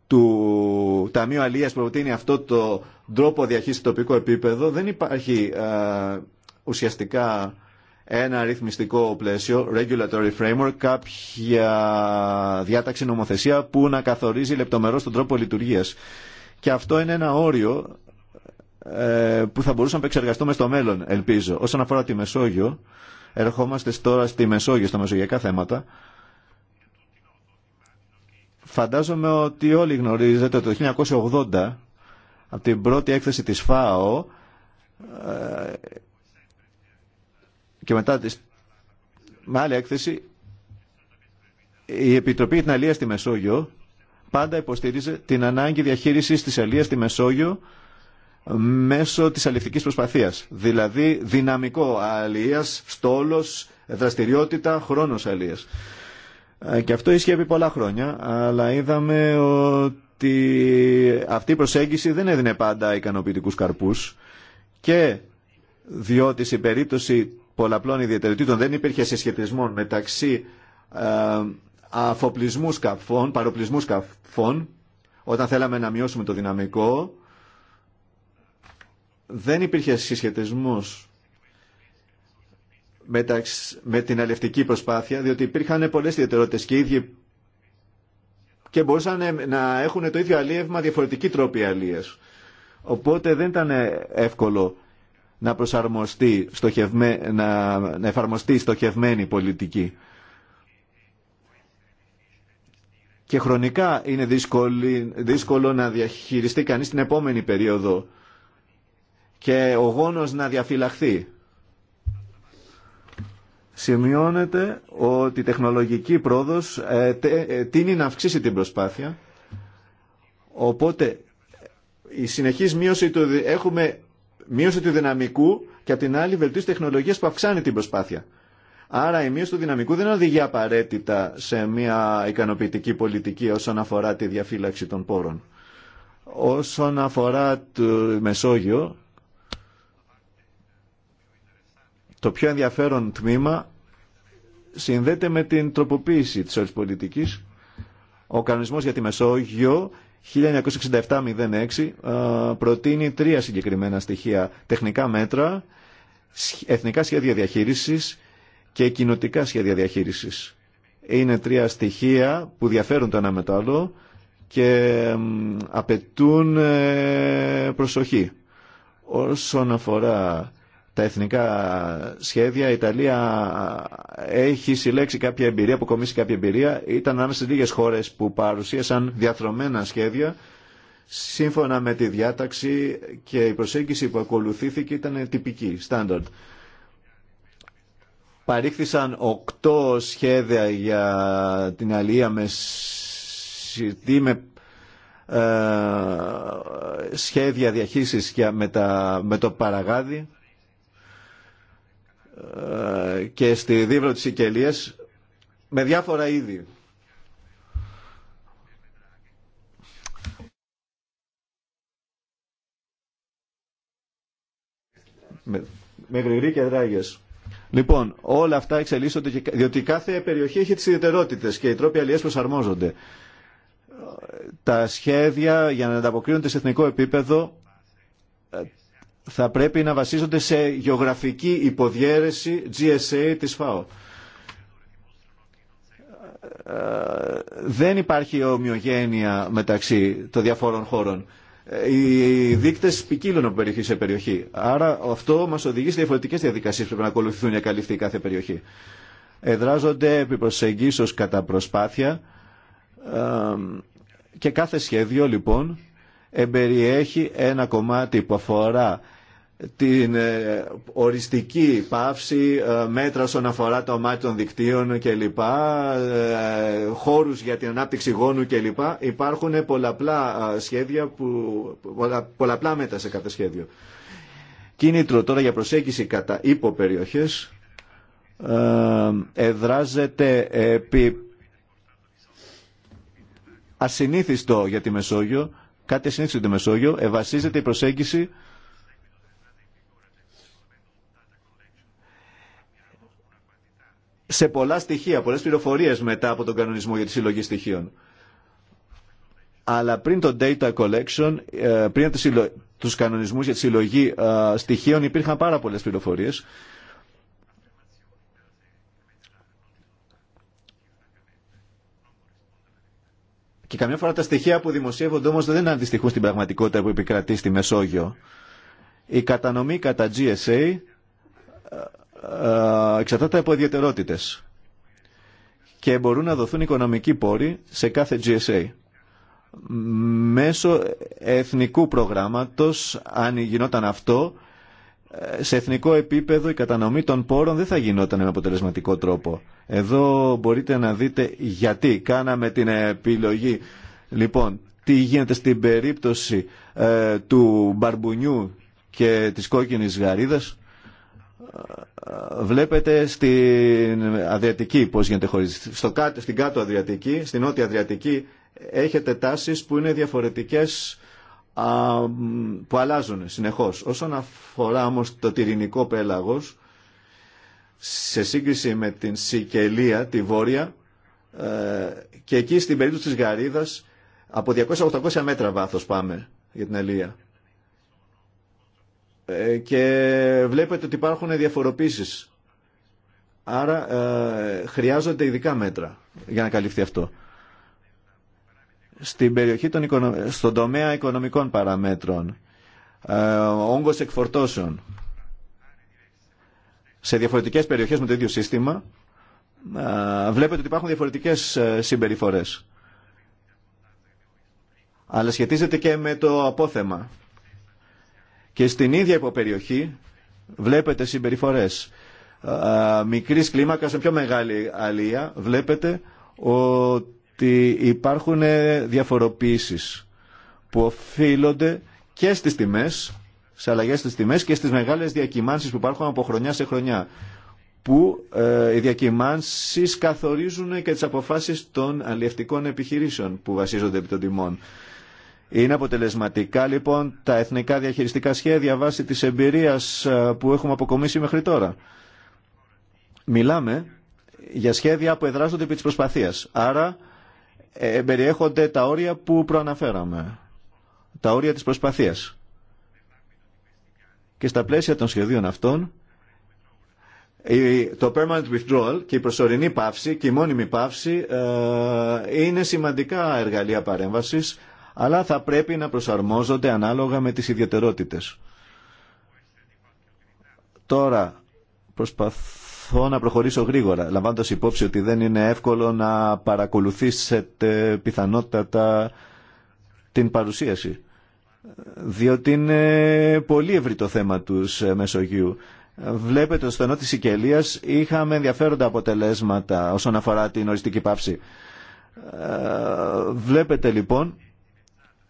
του Ταμείου Αλίας προτείνει αυτό το τρόπο διαχείριση τοπικό επίπεδο, δεν υπάρχει ε, ουσιαστικά ένα ρυθμιστικό πλαίσιο, regulatory framework, κάποια διάταξη νομοθεσία που να καθορίζει λεπτομερώς τον τρόπο λειτουργίας. Και αυτό είναι ένα όριο ε, που θα μπορούσαμε να επεξεργαστούμε στο μέλλον, ελπίζω. Όσον αφορά τη Μεσόγειο, ερχόμαστε τώρα στη Μεσόγειο, στα μεσογειακά θέματα. Φαντάζομαι ότι όλοι γνωρίζετε το 1980, από την πρώτη έκθεση της ΦΑΟ, ε, και μετά με άλλη έκθεση η Επιτροπή την Αλία στη Μεσόγειο πάντα υποστήριζε την ανάγκη διαχείρισης της αλίας στη Μεσόγειο μέσω της αληθικής προσπαθίας. Δηλαδή δυναμικό αλίας, στόλος, δραστηριότητα, χρόνος αλίας. Ε, και αυτό ίσχυε επί πολλά χρόνια, αλλά είδαμε ότι αυτή η προσέγγιση δεν έδινε πάντα ικανοποιητικούς καρπούς και διότι στην περίπτωση πολλαπλών ιδιαιτεροτήτων δεν υπήρχε συσχετισμό μεταξύ ε, αφοπλισμού σκαφών, παροπλισμού σκαφών, όταν θέλαμε να μειώσουμε το δυναμικό, δεν υπήρχε συσχετισμό με την αλευτική προσπάθεια, διότι υπήρχαν πολλές ιδιαιτερότητε και ίδιοι και μπορούσαν να έχουν το ίδιο αλίευμα διαφορετική τρόποι αλλίες. Οπότε δεν ήταν εύκολο να προσαρμοστεί, στοχευμέ, να, να εφαρμοστεί στοχευμένη πολιτική. Και χρονικά είναι δύσκολο, να διαχειριστεί κανείς την επόμενη περίοδο και ο γόνος να διαφυλαχθεί. Σημειώνεται ότι η τεχνολογική πρόοδος ε, ε, τίνει να αυξήσει την προσπάθεια, οπότε η συνεχής μείωση του... Έχουμε μείωση του δυναμικού και από την άλλη βελτίωση τεχνολογία που αυξάνει την προσπάθεια. Άρα η μείωση του δυναμικού δεν οδηγεί απαραίτητα σε μια ικανοποιητική πολιτική όσον αφορά τη διαφύλαξη των πόρων. Όσον αφορά το Μεσόγειο, το πιο ενδιαφέρον τμήμα συνδέεται με την τροποποίηση της όλης πολιτικής. Ο κανονισμός για τη Μεσόγειο 1967-06 ε, προτείνει τρία συγκεκριμένα στοιχεία. Τεχνικά μέτρα, εθνικά σχέδια διαχείρισης και κοινοτικά σχέδια διαχείρισης. Είναι τρία στοιχεία που διαφέρουν το ένα με το άλλο και απαιτούν ε, προσοχή. Όσον αφορά τα εθνικά σχέδια. Η Ιταλία έχει συλλέξει κάποια εμπειρία, αποκομίσει κάποια εμπειρία. Ήταν ανάμεσα στις λίγες χώρες που παρουσίασαν διαθρωμένα σχέδια. Σύμφωνα με τη διάταξη και η προσέγγιση που ακολουθήθηκε ήταν τυπική, standard. Παρήχθησαν οκτώ σχέδια για την αλία με, με ε, σχέδια διαχείρισης με το παραγάδι και στη δίβλο της Σικελίας με διάφορα είδη. Με, με και δράγες. Λοιπόν, όλα αυτά εξελίσσονται διότι κάθε περιοχή έχει τις ιδιαιτερότητες και οι τρόποι αλλιές προσαρμόζονται. Τα σχέδια για να ανταποκρίνονται σε εθνικό επίπεδο ε, θα πρέπει να βασίζονται σε γεωγραφική υποδιέρεση GSA της ΦΑΟ. Ε, δεν υπάρχει ομοιογένεια μεταξύ των διαφόρων χώρων. Ε, οι δείκτε ποικίλουν από περιοχή σε περιοχή. Άρα αυτό μα οδηγεί σε διαφορετικέ διαδικασίε που πρέπει να ακολουθούν για καλυφθεί κάθε περιοχή. Εδράζονται επί κατά προσπάθεια ε, και κάθε σχέδιο λοιπόν εμπεριέχει ένα κομμάτι που αφορά την ε, οριστική πάυση, ε, μέτρα όσον αφορά το μάτι των δικτύων κλπ, ε, χώρους για την ανάπτυξη γόνου κλπ. Υπάρχουν πολλαπλά σχέδια, που, πολλαπλά μέτρα σε κάθε σχέδιο. Κίνητρο τώρα για προσέγγιση κατά υποπεριοχές εδράζεται επί ασυνήθιστο για τη Μεσόγειο, κάτι ασυνήθιστο για τη Μεσόγειο, ευασίζεται η προσέγγιση σε πολλά στοιχεία, πολλές πληροφορίες μετά από τον κανονισμό για τη συλλογή στοιχείων. Αλλά πριν το data collection, ε, πριν τους κανονισμούς για τη συλλογή ε, στοιχείων υπήρχαν πάρα πολλές πληροφορίες. Και καμιά φορά τα στοιχεία που δημοσιεύονται όμως δεν αντιστοιχούν στην πραγματικότητα που επικρατεί στη Μεσόγειο. Η κατανομή κατά GSA ε, ε, εξαρτάται από ιδιαιτερότητε. και μπορούν να δοθούν οικονομικοί πόροι σε κάθε GSA μέσω εθνικού προγράμματος αν γινόταν αυτό σε εθνικό επίπεδο η κατανομή των πόρων δεν θα γινόταν με αποτελεσματικό τρόπο. Εδώ μπορείτε να δείτε γιατί κάναμε την επιλογή. Λοιπόν, τι γίνεται στην περίπτωση ε, του μπαρμπουνιού και της κόκκινης γαρίδας βλέπετε στην Αδριατική πώς γίνεται χωρίς. Στο κάτω, στην κάτω Αδριατική, στην νότια Αδριατική έχετε τάσεις που είναι διαφορετικές που αλλάζουν συνεχώς. Όσον αφορά όμως το τυρινικό πέλαγος, σε σύγκριση με την Σικελία, τη Βόρεια, ε, και εκεί στην περίπτωση της Γαρίδας από 200-800 μέτρα βάθος πάμε για την Ελία. Ε, και βλέπετε ότι υπάρχουν διαφοροποίησεις. Άρα ε, χρειάζονται ειδικά μέτρα για να καλυφθεί αυτό. Στην περιοχή των οικονο... στον τομέα οικονομικών παραμέτρων, ε, όγκος εκφορτώσεων, σε διαφορετικές περιοχές με το ίδιο σύστημα, ε, βλέπετε ότι υπάρχουν διαφορετικές ε, συμπεριφορές. Αλλά σχετίζεται και με το απόθεμα και στην ίδια υποπεριοχή βλέπετε συμπεριφορές μικρής κλίμακας σε πιο μεγάλη αλία βλέπετε ότι υπάρχουν διαφοροποίησεις που οφείλονται και στις τιμές, σε αλλαγές στις τιμές και στις μεγάλες διακυμάνσεις που υπάρχουν από χρονιά σε χρονιά που ε, οι διακυμάνσεις καθορίζουν και τις αποφάσεις των αλλιευτικών επιχειρήσεων που βασίζονται επί των τιμών. Είναι αποτελεσματικά λοιπόν τα εθνικά διαχειριστικά σχέδια βάσει της εμπειρίας ε, που έχουμε αποκομίσει μέχρι τώρα. Μιλάμε για σχέδια που εδράζονται επί της προσπαθίας. Άρα ε, περιέχονται τα όρια που προαναφέραμε. Τα όρια της προσπαθίας. Και στα πλαίσια των σχεδίων αυτών το permanent withdrawal και η προσωρινή πάυση και η μόνιμη πάυση ε, είναι σημαντικά εργαλεία παρέμβασης αλλά θα πρέπει να προσαρμόζονται ανάλογα με τις ιδιαιτερότητες. Τώρα προσπαθώ να προχωρήσω γρήγορα, λαμβάνοντας υπόψη ότι δεν είναι εύκολο να παρακολουθήσετε πιθανότατα την παρουσίαση, διότι είναι πολύ ευρύ το θέμα τους ε, Μεσογείου. Βλέπετε, στο ενώ της Σικελίας είχαμε ενδιαφέροντα αποτελέσματα όσον αφορά την οριστική πάυση. Ε, βλέπετε λοιπόν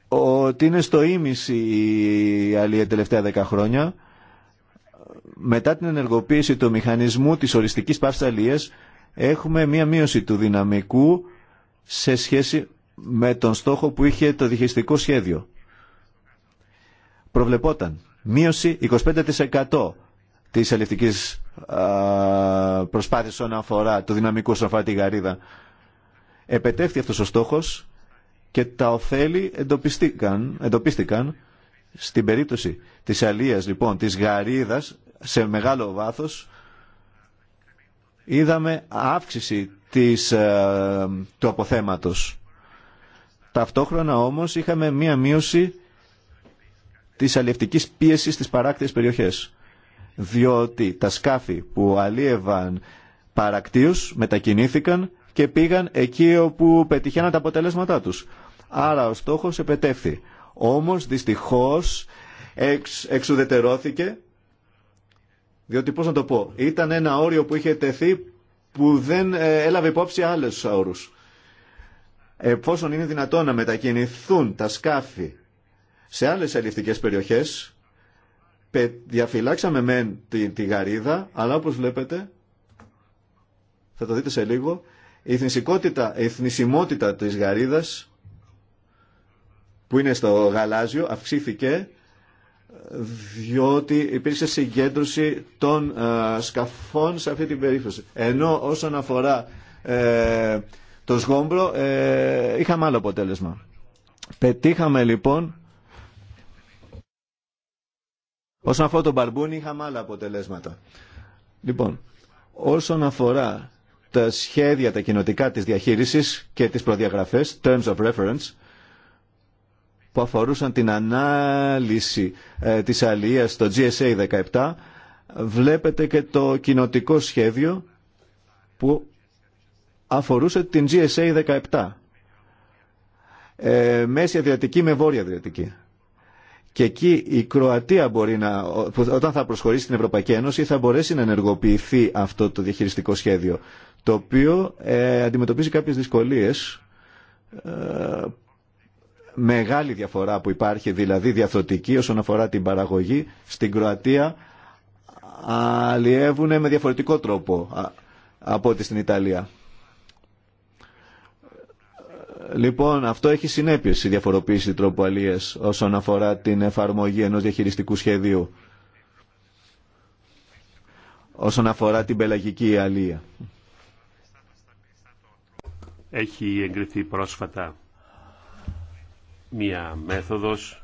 ότι είναι στο ίμιση η αλία τελευταία δέκα χρόνια. Μετά την ενεργοποίηση του μηχανισμού της οριστικής παύσης έχουμε μία μείωση του δυναμικού σε σχέση με τον στόχο που είχε το διχειστικό σχέδιο. Προβλεπόταν μείωση 25% της ελευτικής προσπάθειας όσον αφορά το δυναμικό αφορά τη γαρίδα. αυτός ο στόχος και τα ωφέλη εντοπίστηκαν, εντοπίστηκαν στην περίπτωση της αλίας λοιπόν της γαρίδας σε μεγάλο βάθος είδαμε αύξηση ε, του αποθέματος. Ταυτόχρονα όμως είχαμε μία μείωση της αλλιευτικής πίεσης στις παράκτιες περιοχές. Διότι τα σκάφη που αλίευαν παρακτίους μετακινήθηκαν και πήγαν εκεί όπου πετυχαίναν τα αποτελέσματά τους. Άρα ο στόχος επετεύθη. Όμως δυστυχώς εξουδετερώθηκε, διότι πώς να το πω, ήταν ένα όριο που είχε τεθεί που δεν ε, έλαβε υπόψη άλλες όρους. Εφόσον είναι δυνατόν να μετακινηθούν τα σκάφη σε άλλες αλληλευτικές περιοχές, διαφυλάξαμε μεν τη, τη γαρίδα, αλλά όπως βλέπετε, θα το δείτε σε λίγο, η θνησιμότητα η εθνισιμότητα της γαρίδας που είναι στο γαλάζιο αυξήθηκε διότι υπήρξε συγκέντρωση των ε, σκαφών σε αυτή την περίπτωση. Ενώ όσον αφορά ε, το σγόμπρο ε, είχαμε άλλο αποτέλεσμα. Πετύχαμε λοιπόν όσον αφορά τον μπαρμπούνι είχαμε άλλα αποτελέσματα. Λοιπόν, όσον αφορά τα σχέδια τα κοινοτικά της διαχείρισης και τις προδιαγραφές, terms of reference, που αφορούσαν την ανάλυση ε, της αλίας στο GSA 17 βλέπετε και το κοινοτικό σχέδιο που αφορούσε την GSA 17 ε, Μέση Αδριατική με Βόρεια Αδριατική και εκεί η Κροατία μπορεί να, όταν θα προσχωρήσει στην Ευρωπαϊκή Ένωση θα μπορέσει να ενεργοποιηθεί αυτό το διαχειριστικό σχέδιο το οποίο ε, αντιμετωπίζει κάποιες δυσκολίες ε, μεγάλη διαφορά που υπάρχει, δηλαδή διαθωτική όσον αφορά την παραγωγή. Στην Κροατία αλλιεύουν με διαφορετικό τρόπο από ό,τι στην Ιταλία. Λοιπόν, αυτό έχει συνέπειες η διαφοροποίηση τρόπου αλλιές όσον αφορά την εφαρμογή ενός διαχειριστικού σχεδίου. Όσον αφορά την πελαγική αλλία. Έχει εγκριθεί πρόσφατα μία μέθοδος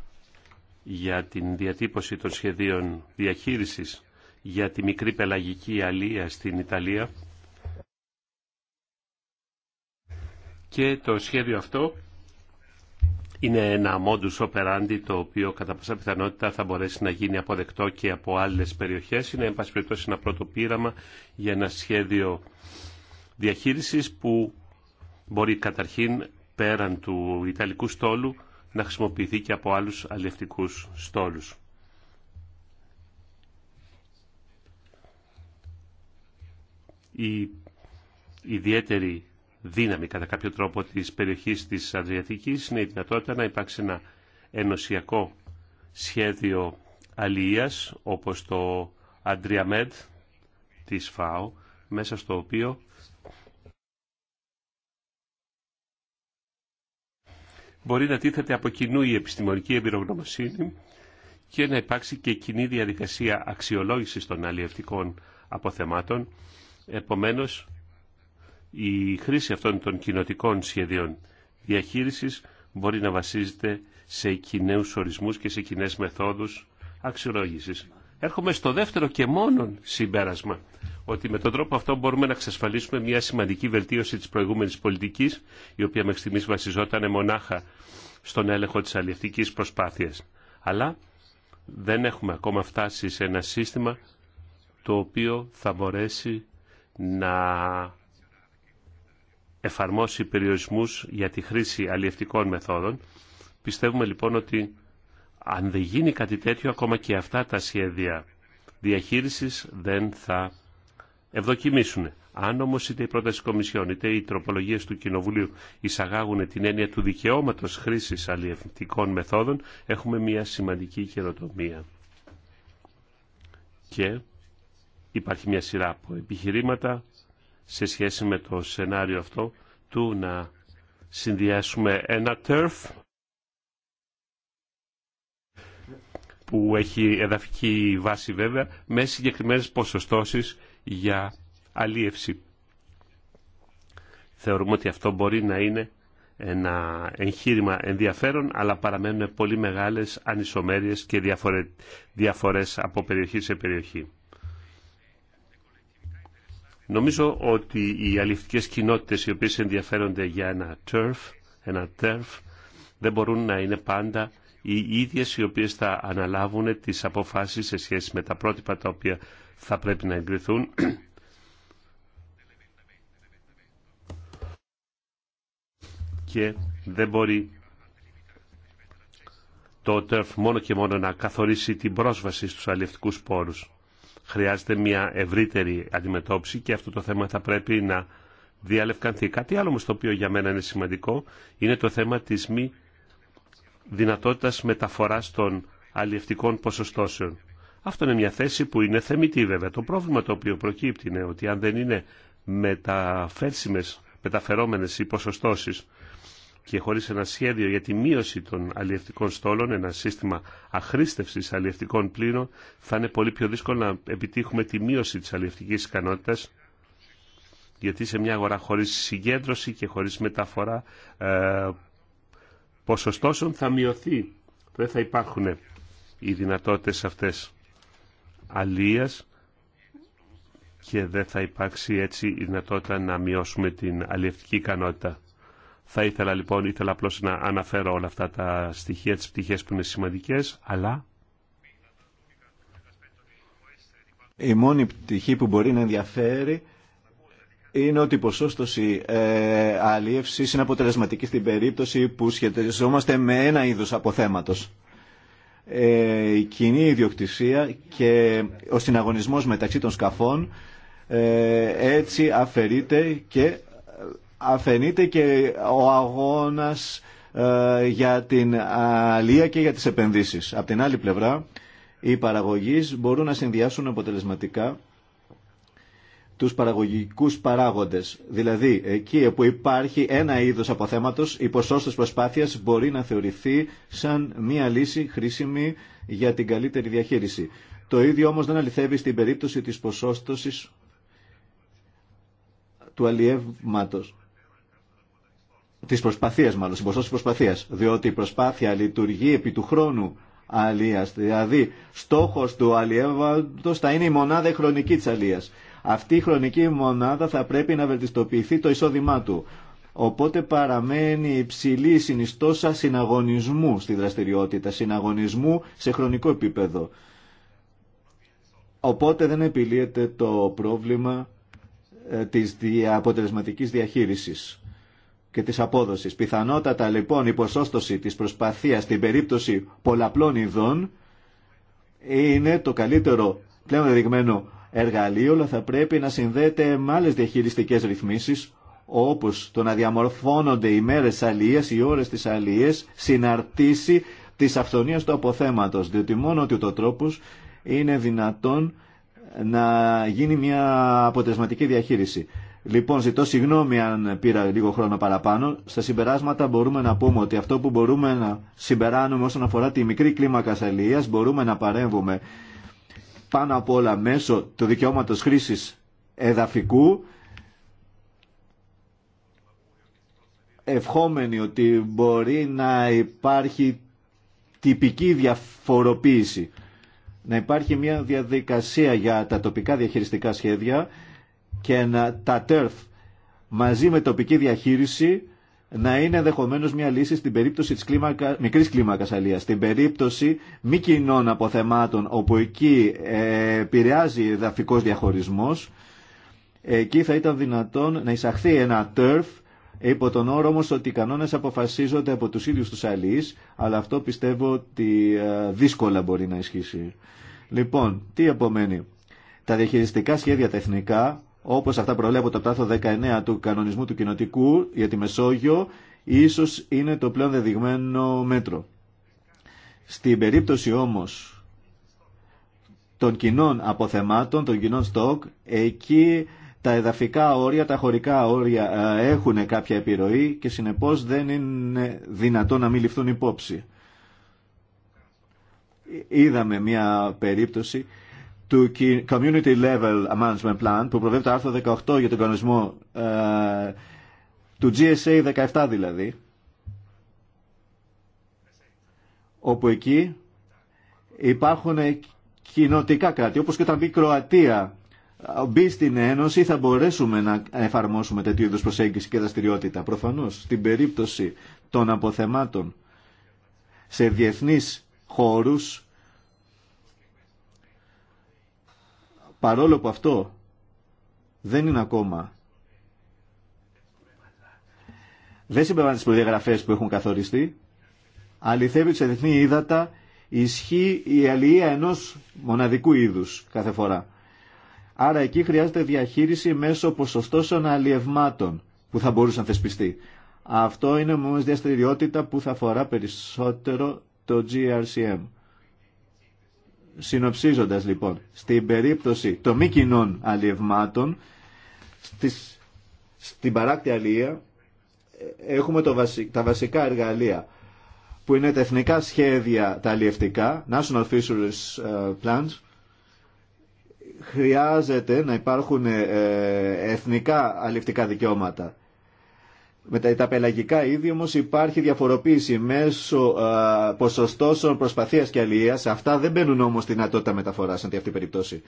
για την διατύπωση των σχεδίων διαχείρισης για τη μικρή πελαγική αλία στην Ιταλία και το σχέδιο αυτό είναι ένα modus operandi το οποίο κατά πάσα πιθανότητα θα μπορέσει να γίνει αποδεκτό και από άλλες περιοχές. Είναι εν πάση περιπτώσει ένα πρώτο πείραμα για ένα σχέδιο διαχείρισης που μπορεί καταρχήν πέραν του Ιταλικού στόλου να χρησιμοποιηθεί και από άλλους αλληλευτικούς στόλους. Η ιδιαίτερη δύναμη κατά κάποιο τρόπο της περιοχής της Αδριατικής είναι η δυνατότητα να υπάρξει ένα ενωσιακό σχέδιο αλίας όπως το Αντριαμέντ της ΦΑΟ μέσα στο οποίο μπορεί να τίθεται από κοινού η επιστημονική εμπειρογνωμοσύνη και να υπάρξει και κοινή διαδικασία αξιολόγησης των αλλιευτικών αποθεμάτων. Επομένως, η χρήση αυτών των κοινοτικών σχεδίων διαχείρισης μπορεί να βασίζεται σε κοινού ορισμούς και σε κοινέ μεθόδους αξιολόγησης. Έρχομαι στο δεύτερο και μόνο συμπέρασμα ότι με τον τρόπο αυτό μπορούμε να εξασφαλίσουμε μια σημαντική βελτίωση της προηγούμενης πολιτικής, η οποία μέχρι στιγμής βασιζόταν μονάχα στον έλεγχο της αλληλευτικής προσπάθειας. Αλλά δεν έχουμε ακόμα φτάσει σε ένα σύστημα το οποίο θα μπορέσει να εφαρμόσει περιορισμούς για τη χρήση αλλιευτικών μεθόδων. Πιστεύουμε λοιπόν ότι αν δεν γίνει κάτι τέτοιο, ακόμα και αυτά τα σχέδια διαχείρισης δεν θα ευδοκιμήσουν. Αν όμω είτε η πρόταση Κομισιόν είτε οι τροπολογίε του Κοινοβουλίου εισαγάγουν την έννοια του δικαιώματο χρήση αλλιευτικών μεθόδων, έχουμε μια σημαντική καινοτομία. Και υπάρχει μια σειρά από επιχειρήματα σε σχέση με το σενάριο αυτό του να συνδυάσουμε ένα turf που έχει εδαφική βάση βέβαια με συγκεκριμένες ποσοστώσεις για αλίευση. Θεωρούμε ότι αυτό μπορεί να είναι ένα εγχείρημα ενδιαφέρον, αλλά παραμένουν πολύ μεγάλες ανισομέρειες και διαφορε... διαφορές από περιοχή σε περιοχή. Νομίζω ότι οι αλληλευτικές κοινότητες οι οποίες ενδιαφέρονται για ένα turf, ένα turf δεν μπορούν να είναι πάντα οι ίδιες οι οποίες θα αναλάβουν τις αποφάσεις σε σχέση με τα πρότυπα τα οποία θα πρέπει να εγκριθούν και δεν μπορεί το ΤΕΡΦ μόνο και μόνο να καθορίσει την πρόσβαση στους αλληλευτικούς πόρους. Χρειάζεται μια ευρύτερη αντιμετώπιση και αυτό το θέμα θα πρέπει να διαλευκανθεί. Κάτι άλλο όμως το οποίο για μένα είναι σημαντικό είναι το θέμα της μη δυνατότητας μεταφοράς των αλληλευτικών ποσοστώσεων. Αυτό είναι μια θέση που είναι θεμητή βέβαια. Το πρόβλημα το οποίο προκύπτει είναι ότι αν δεν είναι μεταφέρσιμες, μεταφερόμενες οι ποσοστώσεις και χωρίς ένα σχέδιο για τη μείωση των αλλιευτικών στόλων, ένα σύστημα αχρήστευσης αλλιευτικών πλήρων, θα είναι πολύ πιο δύσκολο να επιτύχουμε τη μείωση της αλλιευτικής ικανότητας, γιατί σε μια αγορά χωρίς συγκέντρωση και χωρίς μεταφορά ε, ποσοστώσεων θα μειωθεί. Δεν θα υπάρχουν οι δυνατότητες αυτές αλίας και δεν θα υπάρξει έτσι η δυνατότητα να μειώσουμε την αλλιευτική ικανότητα. Θα ήθελα λοιπόν, ήθελα απλώς να αναφέρω όλα αυτά τα στοιχεία, τις πτυχές που είναι σημαντικές, αλλά... Η μόνη πτυχή που μπορεί να ενδιαφέρει είναι ότι η ποσόστοση ε, είναι αποτελεσματική στην περίπτωση που σχετιζόμαστε με ένα είδος αποθέματος. Ε, η κοινή ιδιοκτησία και ο συναγωνισμός μεταξύ των σκαφών ε, έτσι αφαιρείται και αφαιρείται και ο αγώνας ε, για την αλία και για τις επενδύσεις. Απ' την άλλη πλευρά, οι παραγωγείς μπορούν να συνδυάσουν αποτελεσματικά τους παραγωγικούς παράγοντες. Δηλαδή, εκεί όπου υπάρχει ένα είδος αποθέματος, η ποσόστος προσπάθειας μπορεί να θεωρηθεί σαν μία λύση χρήσιμη για την καλύτερη διαχείριση. Το ίδιο όμως δεν αληθεύει στην περίπτωση της ποσόστοσης του αλλιεύματος. Της προσπαθία, μάλλον, της τη προσπαθία, Διότι η προσπάθεια λειτουργεί επί του χρόνου αλλία. Δηλαδή, στόχο του αλλιεύματο θα είναι η μονάδα χρονική τη αλλία αυτή η χρονική μονάδα θα πρέπει να βελτιστοποιηθεί το εισόδημά του. Οπότε παραμένει υψηλή συνιστόσα συναγωνισμού στη δραστηριότητα, συναγωνισμού σε χρονικό επίπεδο. Οπότε δεν επιλύεται το πρόβλημα ε, της αποτελεσματικής διαχείρισης και της απόδοσης. Πιθανότατα λοιπόν η ποσόστοση της προσπαθίας στην περίπτωση πολλαπλών ειδών είναι το καλύτερο πλέον δεδειγμένο εργαλείο, αλλά θα πρέπει να συνδέεται με άλλε διαχειριστικέ ρυθμίσει, όπω το να διαμορφώνονται οι μέρε αλληλεία, οι ώρε τη αλληλεία, συναρτήσει τη αυθονία του αποθέματο. Διότι μόνο ότι ο τρόπο είναι δυνατόν να γίνει μια αποτελεσματική διαχείριση. Λοιπόν, ζητώ συγγνώμη αν πήρα λίγο χρόνο παραπάνω. Στα συμπεράσματα μπορούμε να πούμε ότι αυτό που μπορούμε να συμπεράνουμε όσον αφορά τη μικρή κλίμακα αλληλεία μπορούμε να παρέμβουμε πάνω απ' όλα μέσω του δικαιώματος χρήσης εδαφικού ευχόμενοι ότι μπορεί να υπάρχει τυπική διαφοροποίηση να υπάρχει μια διαδικασία για τα τοπικά διαχειριστικά σχέδια και να, τα TERF μαζί με τοπική διαχείριση να είναι ενδεχομένω μια λύση στην περίπτωση της κλίμακα, μικρής κλίμακας αλίας, στην περίπτωση μη κοινών αποθεμάτων όπου εκεί ε, επηρεάζει εδαφικός διαχωρισμός, εκεί θα ήταν δυνατόν να εισαχθεί ένα turf υπό τον όρο όμως ότι οι κανόνες αποφασίζονται από τους ίδιους τους αλείς, αλλά αυτό πιστεύω ότι ε, δύσκολα μπορεί να ισχύσει. Λοιπόν, τι επομένει. Τα διαχειριστικά σχέδια τεχνικά όπως αυτά προβλέπονται από το άρθρο 19 του κανονισμού του κοινοτικού για τη Μεσόγειο, ίσως είναι το πλέον δεδειγμένο μέτρο. Στην περίπτωση όμως των κοινών αποθεμάτων, των κοινών στόκ, εκεί τα εδαφικά όρια, τα χωρικά όρια ε, έχουν κάποια επιρροή και συνεπώς δεν είναι δυνατό να μην ληφθούν υπόψη. Είδαμε μια περίπτωση του Community Level Management Plan που προβλέπει το άρθρο 18 για τον κανονισμό ε, του GSA 17 δηλαδή όπου εκεί υπάρχουν κοινοτικά κράτη όπως και όταν μπει η Κροατία ε, μπει στην Ένωση θα μπορέσουμε να εφαρμόσουμε τέτοιου είδους προσέγγιση και δραστηριότητα προφανώς στην περίπτωση των αποθεμάτων σε διεθνείς χώρους παρόλο που αυτό δεν είναι ακόμα δεν συμπεριλαμβάνει τι προδιαγραφέ που έχουν καθοριστεί. Αληθεύει σε διεθνή ύδατα ισχύει η αλληλεία ενό μοναδικού είδου κάθε φορά. Άρα εκεί χρειάζεται διαχείριση μέσω ποσοστώσεων αλλιευμάτων που θα μπορούσαν να θεσπιστεί. Αυτό είναι μια διαστηριότητα που θα αφορά περισσότερο το GRCM. Συνοψίζοντας λοιπόν, στην περίπτωση των μη κοινών αλλιευμάτων, στις, στην παράκτη αλληλεία ε, έχουμε το τα βασικά εργαλεία που είναι τα εθνικά σχέδια τα αλλιευτικά, National Fisheries ε, Plans, χρειάζεται να υπάρχουν ε, εθνικά αλλιευτικά δικαιώματα. Με τα πελαγικά είδη όμω υπάρχει διαφοροποίηση μέσω α, ποσοστώσεων προσπαθίας και αλληλεία. Αυτά δεν μπαίνουν όμως στη δυνατότητα μεταφορά σε αυτή την περιπτώση.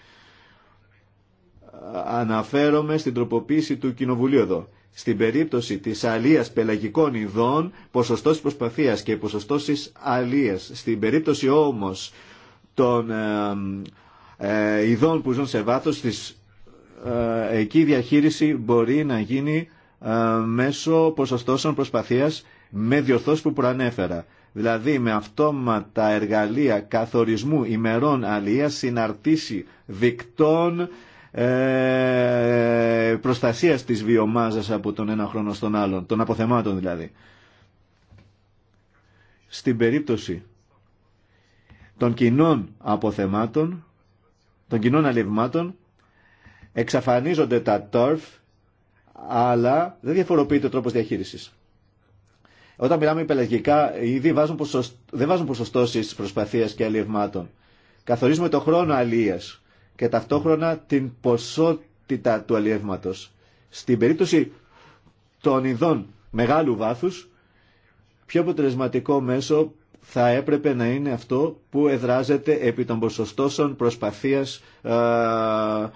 Αναφέρομαι στην τροποποίηση του Κοινοβουλίου εδώ. Στην περίπτωση της αλίας πελαγικών ειδών, ποσοστός προσπαθίας και ποσοστώσεις αλίας. Στην περίπτωση όμως των ε, ε, ε, ειδών που ζουν σε βάθος, ε, εκεί η διαχείριση μπορεί να γίνει ε, μέσω ποσοστώσεων προσπαθίας με διορθώσεις που προανέφερα. Δηλαδή με αυτόματα εργαλεία καθορισμού ημερών αλίας συναρτήσει δικτών ε, προστασίας της βιομάζας από τον ένα χρόνο στον άλλον, των αποθεμάτων δηλαδή. Στην περίπτωση των κοινών αποθεμάτων, των κοινών αλληλευμάτων, εξαφανίζονται τα τόρφ αλλά δεν διαφοροποιείται ο τρόπος διαχείριση. Όταν μιλάμε υπελεγγυκά, ήδη βάζουν δεν βάζουν ποσοστώσεις προσπαθίας και αλλιευμάτων. Καθορίζουμε το χρόνο αλίας και ταυτόχρονα την ποσότητα του αλλιεύματο. Στην περίπτωση των ειδών μεγάλου βάθους, πιο αποτελεσματικό μέσο θα έπρεπε να είναι αυτό που εδράζεται επί των ποσοστώσεων προσπαθίας, ε,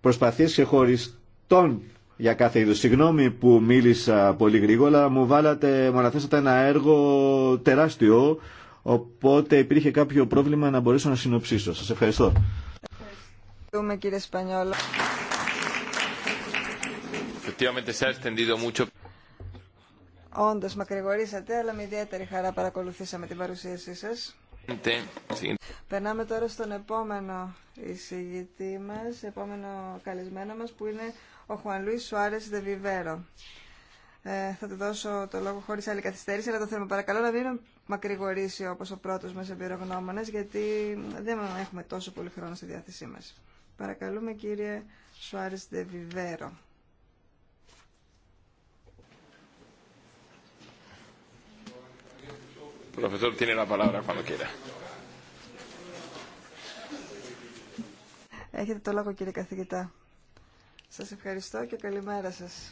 προσπαθίας ξεχωριστών για κάθε είδους. Συγγνώμη που μίλησα πολύ γρήγορα, μου βάλατε, μου αναθέσατε ένα έργο τεράστιο, οπότε υπήρχε κάποιο πρόβλημα να μπορέσω να συνοψίσω. Σας ευχαριστώ. Ευχαριστούμε κύριε Σπανιόλο. Όντω, μακρηγορήσατε, αλλά με ιδιαίτερη χαρά παρακολουθήσαμε την παρουσίασή σα. Περνάμε τώρα στον επόμενο εισηγητή μα, επόμενο καλεσμένο μα, που είναι ο Χουαν Λουί Σουάρε Δεβιβέρο. Ε, θα του δώσω το λόγο χωρί άλλη καθυστέρηση, αλλά το θέλουμε παρακαλώ να μην μακρηγορήσει όπω ο πρώτο μα εμπειρογνώμονα, γιατί δεν έχουμε τόσο πολύ χρόνο στη διάθεσή μα. Παρακαλούμε, κύριε Σουάρε Δεβιβέρο. Profesor, tiene Έχετε το λόγο κύριε καθηγητά. Σας ευχαριστώ και καλημέρα σας.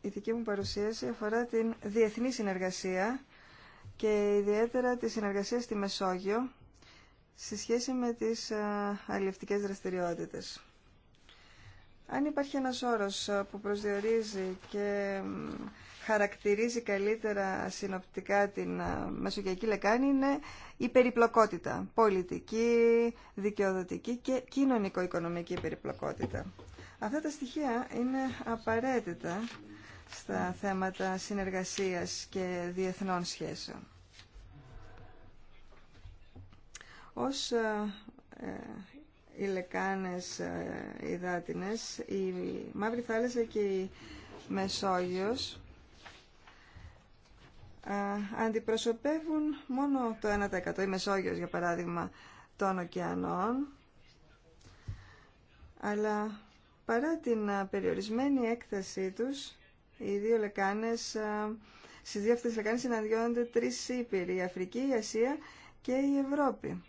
Η δική μου παρουσίαση αφορά την διεθνή συνεργασία και ιδιαίτερα τη συνεργασία στη Μεσόγειο σε σχέση με τις αλληλευτικές δραστηριότητες. Αν υπάρχει ένας όρος ε, που προσδιορίζει και χαρακτηρίζει καλύτερα συνοπτικά την ε, Μεσογειακή Λεκάνη είναι η περιπλοκότητα. Πολιτική, δικαιοδοτική και κοινωνικο-οικονομική περιπλοκότητα. Αυτά τα στοιχεία είναι απαραίτητα στα θέματα συνεργασίας και διεθνών σχέσεων. Ως ε, οι λεκάνες υδάτινες, ε, η Μαύρη Θάλασσα και η Μεσόγειος ε, αντιπροσωπεύουν μόνο το 1% η Μεσόγειος για παράδειγμα των ωκεανών αλλά παρά την ε, περιορισμένη έκθεσή τους οι δύο λεκάνες στις δύο αυτές λεκάνες συναντιόνται τρεις Ήπειροι η Αφρική, η Ασία και η Ευρώπη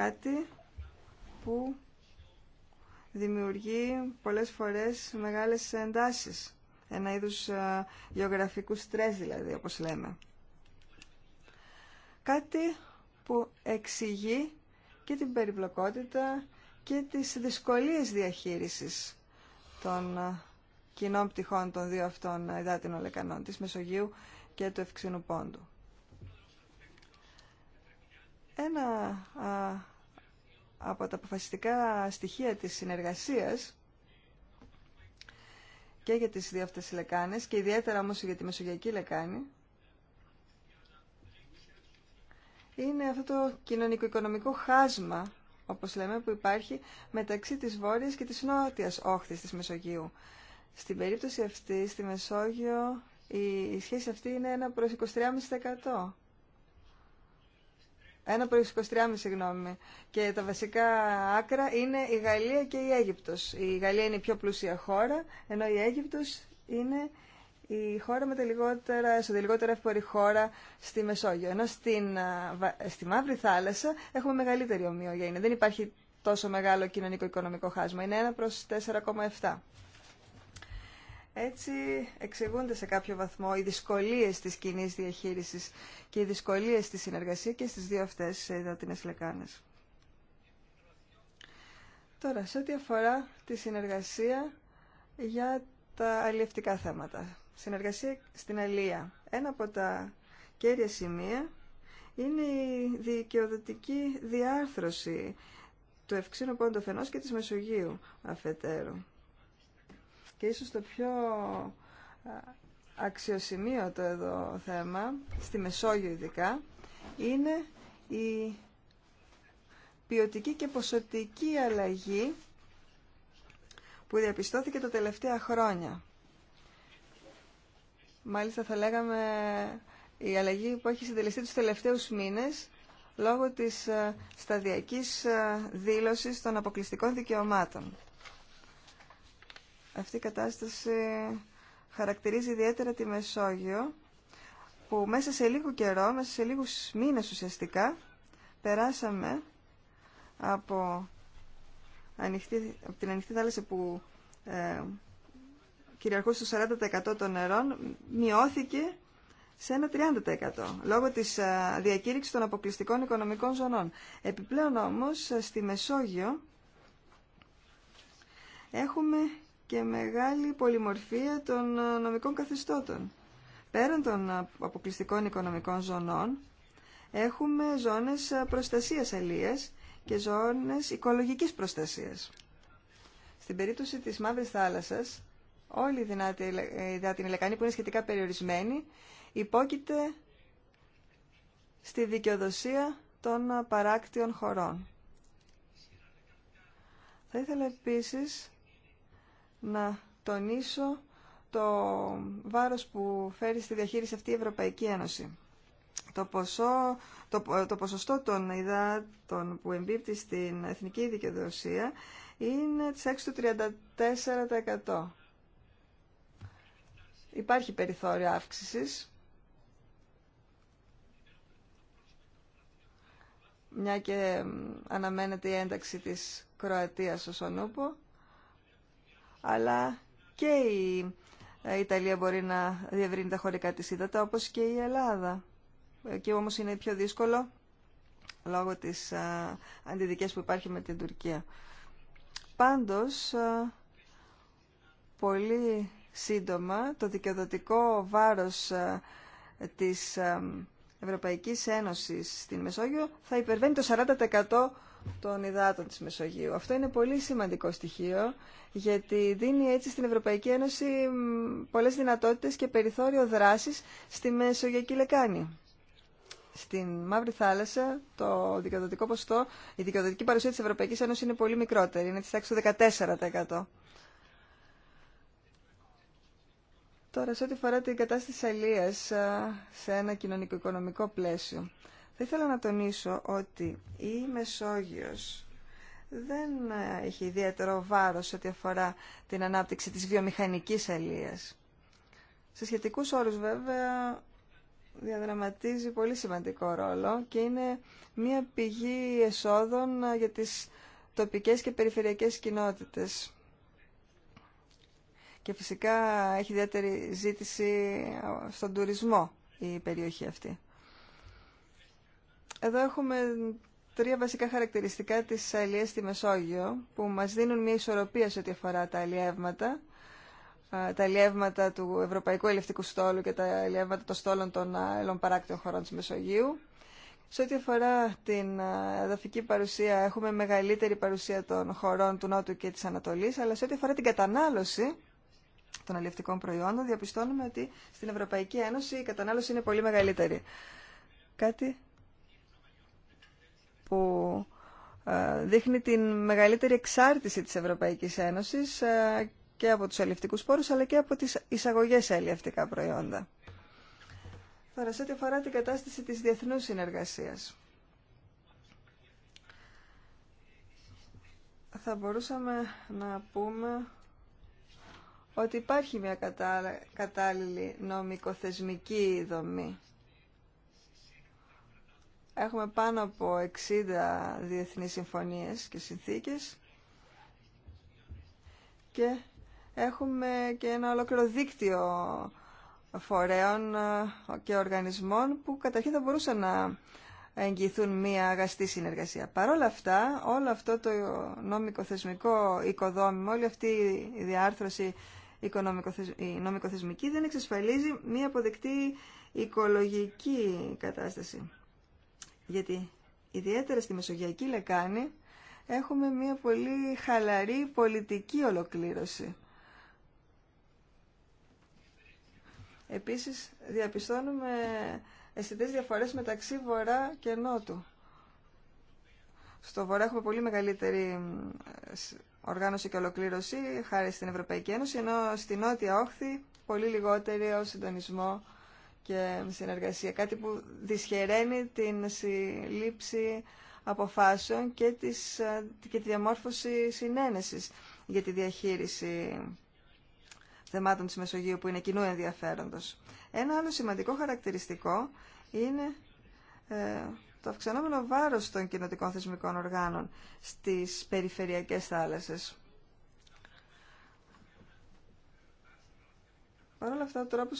Κάτι που δημιουργεί πολλές φορές μεγάλες εντάσεις. Ένα είδους ε, γεωγραφικού στρες δηλαδή, όπως λέμε. Κάτι που εξηγεί και την περιπλοκότητα και τις δυσκολίες διαχείρισης των ε, κοινών πτυχών των δύο αυτών ε, υδάτινων λεκανών, της Μεσογείου και του Ευξηνού Πόντου. Ένα από τα αποφασιστικά στοιχεία της συνεργασίας και για τις δύο αυτές λεκάνες και ιδιαίτερα όμως για τη Μεσογειακή λεκάνη είναι αυτό το κοινωνικο-οικονομικό χάσμα όπως λέμε που υπάρχει μεταξύ της βόρειας και της νότιας όχθης της Μεσογείου. Στην περίπτωση αυτή, στη Μεσόγειο, η σχέση αυτή είναι ένα προς 23,5%. 1 προς 23,5 συγγνώμη. Και τα βασικά άκρα είναι η Γαλλία και η Αίγυπτος. Η Γαλλία είναι η πιο πλούσια χώρα, ενώ η Αίγυπτος είναι η χώρα με τα λιγότερα, λιγότερα εύπορη χώρα στη Μεσόγειο. Ενώ στην, στη Μαύρη Θάλασσα έχουμε μεγαλύτερη ομοιογένεια. Δεν υπάρχει τόσο μεγάλο κοινωνικό-οικονομικό χάσμα. Είναι 1 προς 4,7. Έτσι εξηγούνται σε κάποιο βαθμό οι δυσκολίες της κοινή διαχείρισης και οι δυσκολίες στη συνεργασία και στις δύο αυτές ειδωτινές λεκάνες. Τώρα, σε ό,τι αφορά τη συνεργασία για τα αλληλευτικά θέματα. Συνεργασία στην αλληλεία. Ένα από τα κέρια σημεία είναι η δικαιοδοτική διάρθρωση του ευξήνου πόντου και της Μεσογείου αφετέρου. Και ίσως το πιο αξιοσημείωτο εδώ θέμα, στη Μεσόγειο ειδικά, είναι η ποιοτική και ποσοτική αλλαγή που διαπιστώθηκε τα τελευταία χρόνια. Μάλιστα θα λέγαμε η αλλαγή που έχει συντελεστεί τους τελευταίους μήνες λόγω της σταδιακής δήλωσης των αποκλειστικών δικαιωμάτων. Αυτή η κατάσταση χαρακτηρίζει ιδιαίτερα τη Μεσόγειο που μέσα σε λίγο καιρό, μέσα σε λίγους μήνες ουσιαστικά, περάσαμε από, την ανοιχτή θάλασσα που ε, κυριαρχούσε το 40% των νερών, μειώθηκε σε ένα 30% λόγω της ε, διακήρυξης των αποκλειστικών οικονομικών ζωνών. Επιπλέον όμως ε, στη Μεσόγειο έχουμε και μεγάλη πολυμορφία των ε, νομικών καθεστώτων. Πέραν των ε, αποκλειστικών οικονομικών ζωνών, έχουμε ζώνες ε, προστασίας αλίας και ζώνες οικολογικής προστασίας. Στην περίπτωση της Μαύρης Θάλασσας, όλη η την που είναι σχετικά περιορισμένη, υπόκειται στη δικαιοδοσία των παράκτιων χωρών. Θα ήθελα επίσης να τονίσω το βάρος που φέρει στη διαχείριση αυτή η Ευρωπαϊκή Ένωση. Το, ποσό, το, ποσοστό των υδάτων που εμπίπτει στην εθνική δικαιοδοσία είναι της έξω του 34%. Υπάρχει περιθώριο αύξησης. Μια και αναμένεται η ένταξη της Κροατίας ως ονούπο αλλά και ε, η Ιταλία μπορεί να διευρύνει τα χωρικά της ύδατα, όπως και η Ελλάδα. Εκεί όμως είναι πιο δύσκολο λόγω της ε, αντιδικές που υπάρχει με την Τουρκία. Πάντως, ε, πολύ σύντομα, το δικαιοδοτικό βάρος της Ευρωπαϊκής Ένωσης στην Μεσόγειο θα υπερβαίνει το 40% των υδάτων της Μεσογείου. Αυτό είναι πολύ σημαντικό στοιχείο, γιατί δίνει έτσι στην Ευρωπαϊκή Ένωση πολλές δυνατότητες και περιθώριο δράσης στη Μεσογειακή Λεκάνη. Στην Μαύρη Θάλασσα το δικαιοδοτικό ποσοστό, η δικαιοδοτική παρουσία της Ευρωπαϊκής Ένωσης είναι πολύ μικρότερη, είναι της τάξης του 14%. Τώρα, σε ό,τι αφορά την κατάσταση αλίας ε, σε ένα κοινωνικο-οικονομικό πλαίσιο. Θα ήθελα να τονίσω ότι η Μεσόγειος δεν ε, έχει ιδιαίτερο βάρος ό,τι αφορά την ανάπτυξη της βιομηχανικής αλίας. Σε σχετικούς όρους βέβαια διαδραματίζει πολύ σημαντικό ρόλο και είναι μια πηγή εσόδων ε, για τις τοπικές και περιφερειακές κοινότητες. Και φυσικά έχει ιδιαίτερη ζήτηση ε, στον τουρισμό η περιοχή αυτή. Εδώ έχουμε τρία βασικά χαρακτηριστικά της αλληλείας στη Μεσόγειο που μας δίνουν μια ισορροπία σε ό,τι αφορά τα αλλιεύματα τα αλλιεύματα του Ευρωπαϊκού Ελευτικού Στόλου και τα αλλιεύματα των στόλων των άλλων παράκτων χωρών της Μεσογείου. Σε ό,τι αφορά την εδαφική παρουσία, έχουμε μεγαλύτερη παρουσία των χωρών του Νότου και της Ανατολής, αλλά σε ό,τι αφορά την κατανάλωση των αλλιευτικών προϊόντων, διαπιστώνουμε ότι στην Ευρωπαϊκή Ένωση η κατανάλωση είναι πολύ μεγαλύτερη. Κάτι που ε, δείχνει την μεγαλύτερη εξάρτηση της Ευρωπαϊκής Ένωσης ε, και από τους αλληλευτικούς πόρους αλλά και από τις εισαγωγές σε αλληλευτικά προϊόντα. Τώρα, σε ό,τι αφορά την κατάσταση της διεθνούς συνεργασίας. Θα μπορούσαμε να πούμε ότι υπάρχει μια κατάλληλη νομικοθεσμική δομή Έχουμε πάνω από 60 διεθνείς συμφωνίες και συνθήκες και έχουμε και ένα ολόκληρο δίκτυο φορέων ε, και οργανισμών που καταρχήν θα μπορούσαν να εγγυηθούν μία αγαστή συνεργασία. Παρ' όλα αυτά, όλο αυτό το νομικοθεσμικό οικοδόμημα, όλη αυτή η διάρθρωση νομικοθεσμική δεν εξασφαλίζει μία αποδεκτή οικολογική κατάσταση γιατί ιδιαίτερα στη Μεσογειακή Λεκάνη έχουμε μια πολύ χαλαρή πολιτική ολοκλήρωση. Επίσης διαπιστώνουμε αισθητές διαφορές μεταξύ Βορρά και Νότου. Στο Βορρά έχουμε πολύ μεγαλύτερη οργάνωση και ολοκλήρωση χάρη στην Ευρωπαϊκή Ένωση, ενώ στη Νότια Όχθη πολύ λιγότερη ο συντονισμό και συνεργασία. Κάτι που δυσχεραίνει την συλλήψη αποφάσεων και, της, και τη διαμόρφωση συνένεσης για τη διαχείριση θεμάτων της Μεσογείου που είναι κοινού ενδιαφέροντος. Ένα άλλο σημαντικό χαρακτηριστικό είναι ε, το αυξανόμενο βάρος των κοινοτικών θεσμικών οργάνων στις περιφερειακές θάλασσες. Παρ' όλα αυτά, ο τρόπο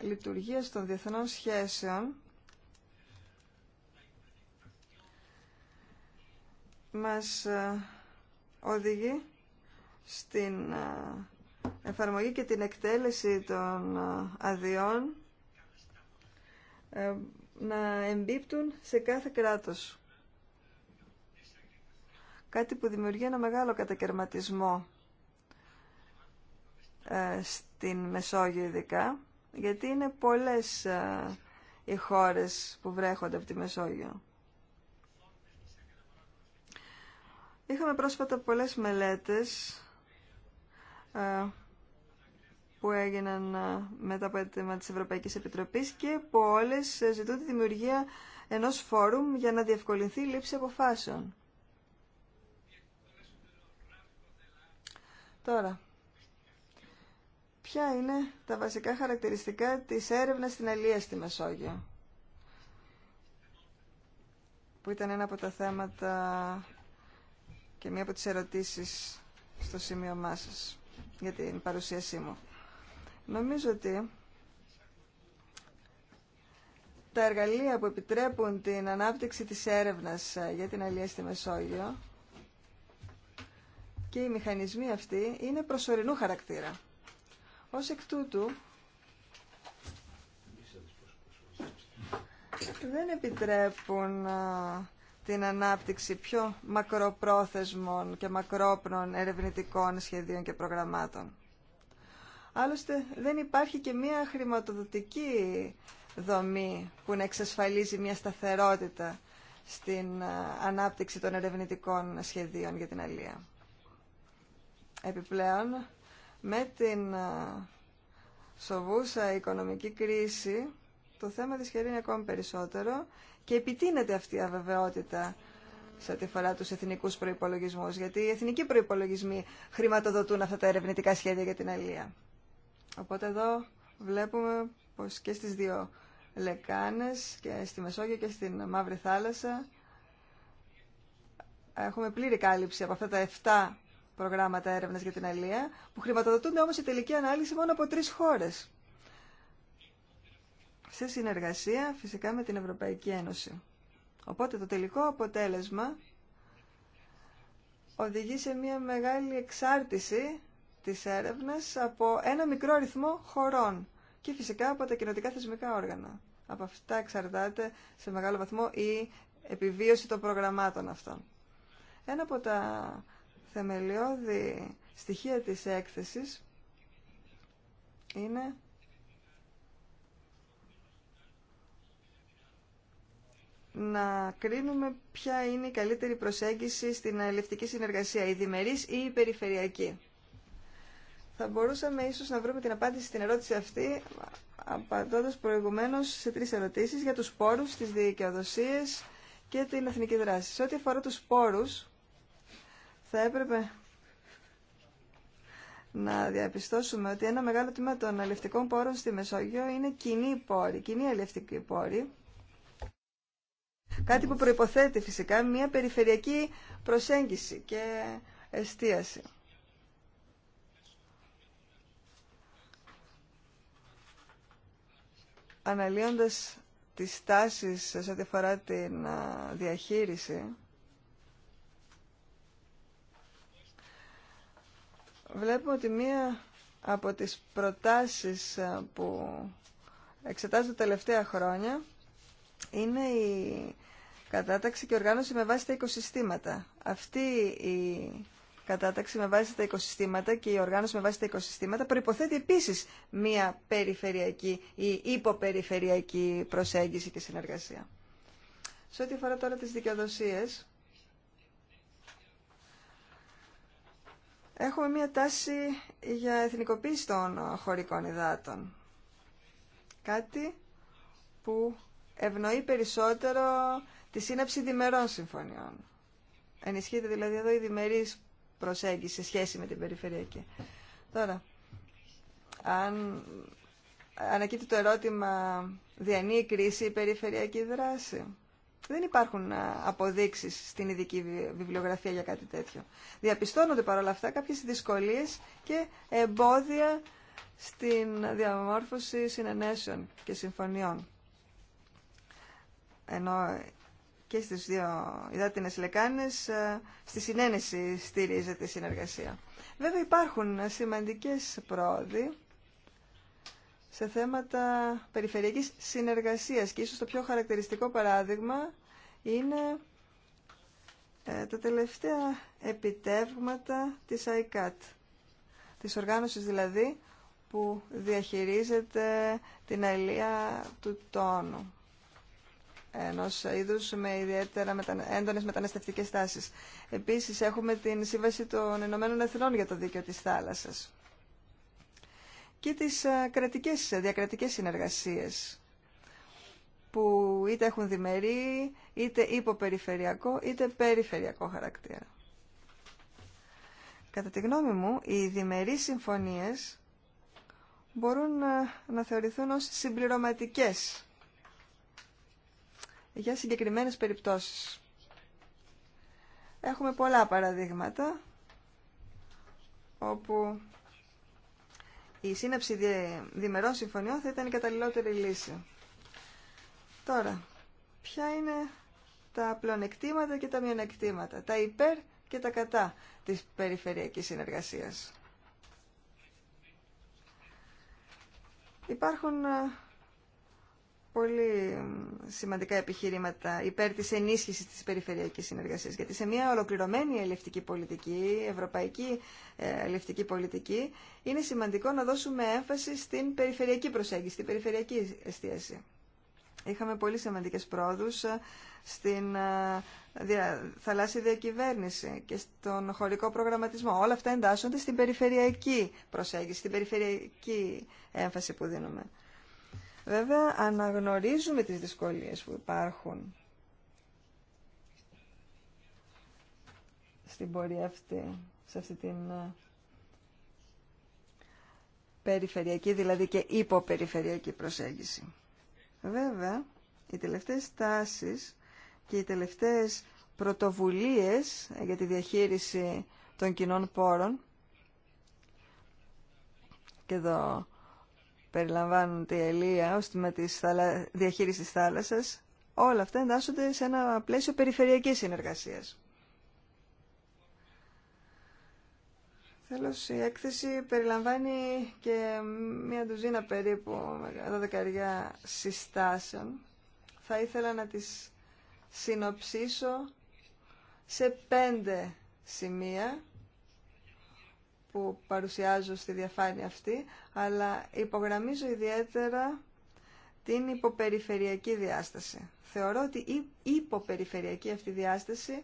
λειτουργία των διεθνών σχέσεων μας οδηγεί στην εφαρμογή και την εκτέλεση των αδειών ε, να εμπίπτουν σε κάθε κράτος. Κάτι που δημιουργεί ένα μεγάλο κατακαιρματισμό ε, στην Μεσόγειο ειδικά, γιατί είναι πολλές ε, οι χώρες που βρέχονται από τη Μεσόγειο. Είχαμε πρόσφατα πολλές μελέτες ε, που έγιναν μετά από έτοιμα της Ευρωπαϊκής Επιτροπής και που όλες ζητούν τη δημιουργία ενός φόρουμ για να διευκολυνθεί η λήψη αποφάσεων. Τώρα, ποια είναι τα βασικά χαρακτηριστικά της έρευνας στην Αλία στη Μεσόγειο που ήταν ένα από τα θέματα και μία από τις ερωτήσεις στο σημείο μας για την παρουσίασή μου. Νομίζω ότι τα εργαλεία που επιτρέπουν την ανάπτυξη της έρευνας ε, για την Αλία στη Μεσόγειο και οι μηχανισμοί αυτοί είναι προσωρινού χαρακτήρα. Ως εκ τούτου, δεν επιτρέπουν την ανάπτυξη πιο μακροπρόθεσμων και μακρόπνων ερευνητικών σχεδίων και προγραμμάτων. Άλλωστε, δεν υπάρχει και μία χρηματοδοτική δομή που να εξασφαλίζει μία σταθερότητα στην ανάπτυξη των ερευνητικών σχεδίων για την αλία. Επιπλέον, με την σοβούσα οικονομική κρίση το θέμα χερίνει ακόμη περισσότερο και επιτείνεται αυτή η αβεβαιότητα σε ό,τι αφορά του εθνικού προπολογισμού. Γιατί οι εθνικοί προπολογισμοί χρηματοδοτούν αυτά τα ερευνητικά σχέδια για την Αλία. Οπότε εδώ βλέπουμε πως και στις δύο λεκάνες, και στη Μεσόγειο και στην Μαύρη Θάλασσα, έχουμε πλήρη κάλυψη από αυτά τα προγράμματα έρευνα για την αλία, που χρηματοδοτούνται όμω η τελική ανάλυση μόνο από τρει χώρε. Σε συνεργασία φυσικά με την Ευρωπαϊκή Ένωση. Οπότε το τελικό αποτέλεσμα οδηγεί σε μια μεγάλη εξάρτηση της έρευνας από ένα μικρό αριθμό χωρών και φυσικά από τα κοινοτικά θεσμικά όργανα. Από αυτά εξαρτάται σε μεγάλο βαθμό η επιβίωση των προγραμμάτων αυτών. Ένα από τα θεμελιώδη στοιχεία της έκθεσης είναι να κρίνουμε ποια είναι η καλύτερη προσέγγιση στην αλληλευτική συνεργασία, η διμερής ή η περιφερειακή. Θα μπορούσαμε ίσως να βρούμε την απάντηση στην ερώτηση αυτή απαντώντας προηγουμένως σε τρεις ερωτήσεις για τους πόρους, τις δικαιοδοσίες και την εθνική δράση. Σε ό,τι αφορά τους πόρους, θα έπρεπε να διαπιστώσουμε ότι ένα μεγάλο τμήμα των αλληλευτικών πόρων στη Μεσόγειο είναι κοινή πόρη, κοινή αλληλευτική πόρη. Κάτι που προϋποθέτει φυσικά μια περιφερειακή προσέγγιση και εστίαση. Αναλύοντας τις τάσεις σε ό,τι αφορά την διαχείριση βλέπουμε ότι μία από τις προτάσεις ε, που εξετάζονται τα τελευταία χρόνια είναι η κατάταξη και οργάνωση με βάση τα οικοσυστήματα. Αυτή η κατάταξη με βάση τα οικοσυστήματα και η οργάνωση με βάση τα οικοσυστήματα προϋποθέτει επίσης μία περιφερειακή ή υποπεριφερειακή προσέγγιση και συνεργασία. Σε ό,τι αφορά τώρα τις δικαιοδοσίες, Έχουμε μία τάση για εθνικοποίηση των χωρικών υδάτων. Κάτι που ευνοεί περισσότερο τη σύναψη διμερών συμφωνιών. Ενισχύεται δηλαδή εδώ η διμερής προσέγγιση σε σχέση με την περιφερειακή. Τώρα, αν ανακύπτει το ερώτημα διανύει η κρίση η περιφερειακή δράση δεν υπάρχουν αποδείξεις στην ειδική βιβλιογραφία για κάτι τέτοιο. Διαπιστώνονται παρόλα αυτά κάποιες δυσκολίες και εμπόδια στην διαμόρφωση συνενέσεων και συμφωνιών. Ενώ και στις δύο υδάτινες λεκάνες στη συνένεση στηρίζεται η συνεργασία. Βέβαια υπάρχουν σημαντικές πρόοδοι σε θέματα περιφερειακής συνεργασίας και ίσως το πιο χαρακτηριστικό παράδειγμα είναι ε, τα τελευταία επιτεύγματα της ICAT, της οργάνωσης δηλαδή που διαχειρίζεται την αλία του τόνου ενό είδου με ιδιαίτερα έντονες μεταναστευτικέ τάσει. Επίσης έχουμε την Σύμβαση των Ηνωμένων Εθνών για το Δίκαιο τη θάλασσα και τις ε, κρατικές, ε, διακρατικές συνεργασίες που είτε έχουν διμερεί, είτε υποπεριφερειακό, είτε περιφερειακό χαρακτήρα. Κατά τη γνώμη μου, οι διμερείς συμφωνίες μπορούν ε, να θεωρηθούν ως συμπληρωματικές για συγκεκριμένες περιπτώσεις. Έχουμε πολλά παραδείγματα όπου η σύναψη διμερών συμφωνιών θα ήταν η καταλληλότερη λύση. Τώρα, ποια είναι τα πλονεκτήματα και τα μειονεκτήματα, τα υπέρ και τα κατά της περιφερειακής συνεργασίας. Υπάρχουν ε, πολύ σημαντικά επιχειρήματα υπέρ της ενίσχυσης της περιφερειακής συνεργασίας. Γιατί σε μια ολοκληρωμένη ελευτική πολιτική, ευρωπαϊκή ελευτική πολιτική, είναι σημαντικό να δώσουμε έμφαση στην περιφερειακή προσέγγιση, στην περιφερειακή εστίαση. Είχαμε πολύ σημαντικές πρόοδους ε, στην ε, θαλάσσια διακυβέρνηση και στον χωρικό προγραμματισμό. Όλα αυτά εντάσσονται στην περιφερειακή προσέγγιση, στην περιφερειακή έμφαση που δίνουμε. Βέβαια αναγνωρίζουμε τις δυσκολίες που υπάρχουν στην πορεία αυτή, σε αυτή την ε, περιφερειακή, δηλαδή και υποπεριφερειακή προσέγγιση. Βέβαια, οι τελευταίες τάσεις και οι τελευταίες πρωτοβουλίες για τη διαχείριση των κοινών πόρων και περιλαμβάνουν τη ελεία ως τη της θαλα... διαχείρισης θάλασσας, όλα αυτά εντάσσονται σε ένα πλαίσιο περιφερειακής συνεργασίας. Τέλος, η έκθεση περιλαμβάνει και μία ντουζίνα περίπου, δώδεκαρια συστάσεων. Θα ήθελα να τις συνοψίσω σε πέντε σημεία που παρουσιάζω στη διαφάνεια αυτή, αλλά υπογραμμίζω ιδιαίτερα την υποπεριφερειακή διάσταση. Θεωρώ ότι η υποπεριφερειακή αυτή διάσταση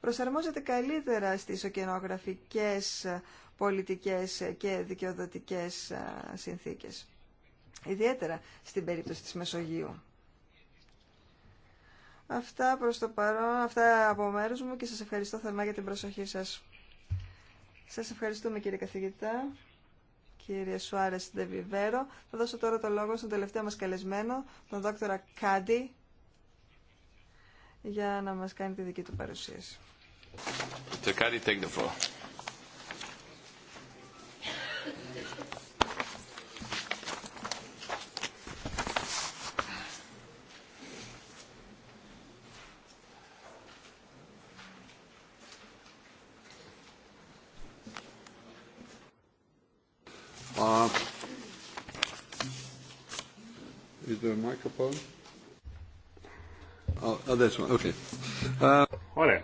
προσαρμόζεται καλύτερα στις οκενογραφικές πολιτικές και δικαιοδοτικές συνθήκες. Ιδιαίτερα στην περίπτωση της Μεσογείου. Αυτά προς το παρόν, αυτά από μέρους μου και σας ευχαριστώ θερμά για την προσοχή σας. Σας ευχαριστούμε κύριε καθηγητά, κύριε Σουάρες Ντεβιβέρο. Θα δώσω τώρα το λόγο στον τελευταίο μας καλεσμένο, τον δόκτωρα Κάντι, για να μας κάνει τη δική του παρουσίαση. take Oh, oh, uh, Ωραία.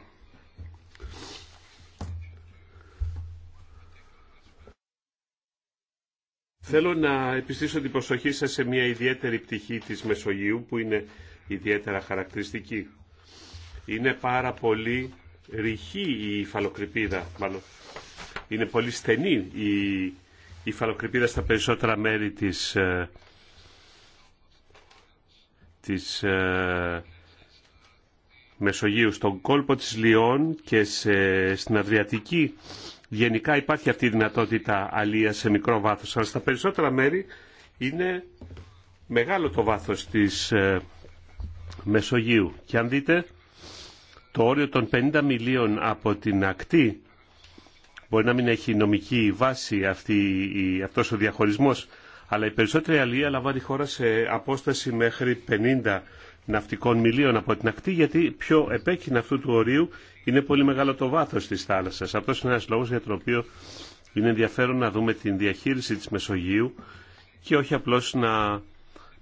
Θέλω να επιστήσω την προσοχή σας σε μια ιδιαίτερη πτυχή της Μεσογείου που είναι ιδιαίτερα χαρακτηριστική. Είναι πάρα πολύ ρηχή η υφαλοκρηπίδα, μάλλον είναι πολύ στενή η υφαλοκρηπίδα στα περισσότερα μέρη της ε, της ε, Μεσογείου, στον κόλπο της Λιών και στην Αδριατική γενικά υπάρχει αυτή η δυνατότητα αλία σε μικρό βάθος, αλλά στα περισσότερα μέρη είναι μεγάλο το βάθος της ε, Μεσογείου. Και αν δείτε, το όριο των 50 μιλίων από την ακτή μπορεί να μην έχει νομική βάση αυτή, αυτός ο διαχωρισμός, αλλά η περισσότερη αλληλεία λαμβάνει η χώρα σε απόσταση μέχρι 50 ναυτικών μιλίων από την ακτή, γιατί πιο επέκεινα αυτού του ορίου είναι πολύ μεγάλο το βάθο τη θάλασσα. Αυτό είναι ένα λόγο για τον οποίο είναι ενδιαφέρον να δούμε την διαχείριση τη Μεσογείου και όχι απλώ να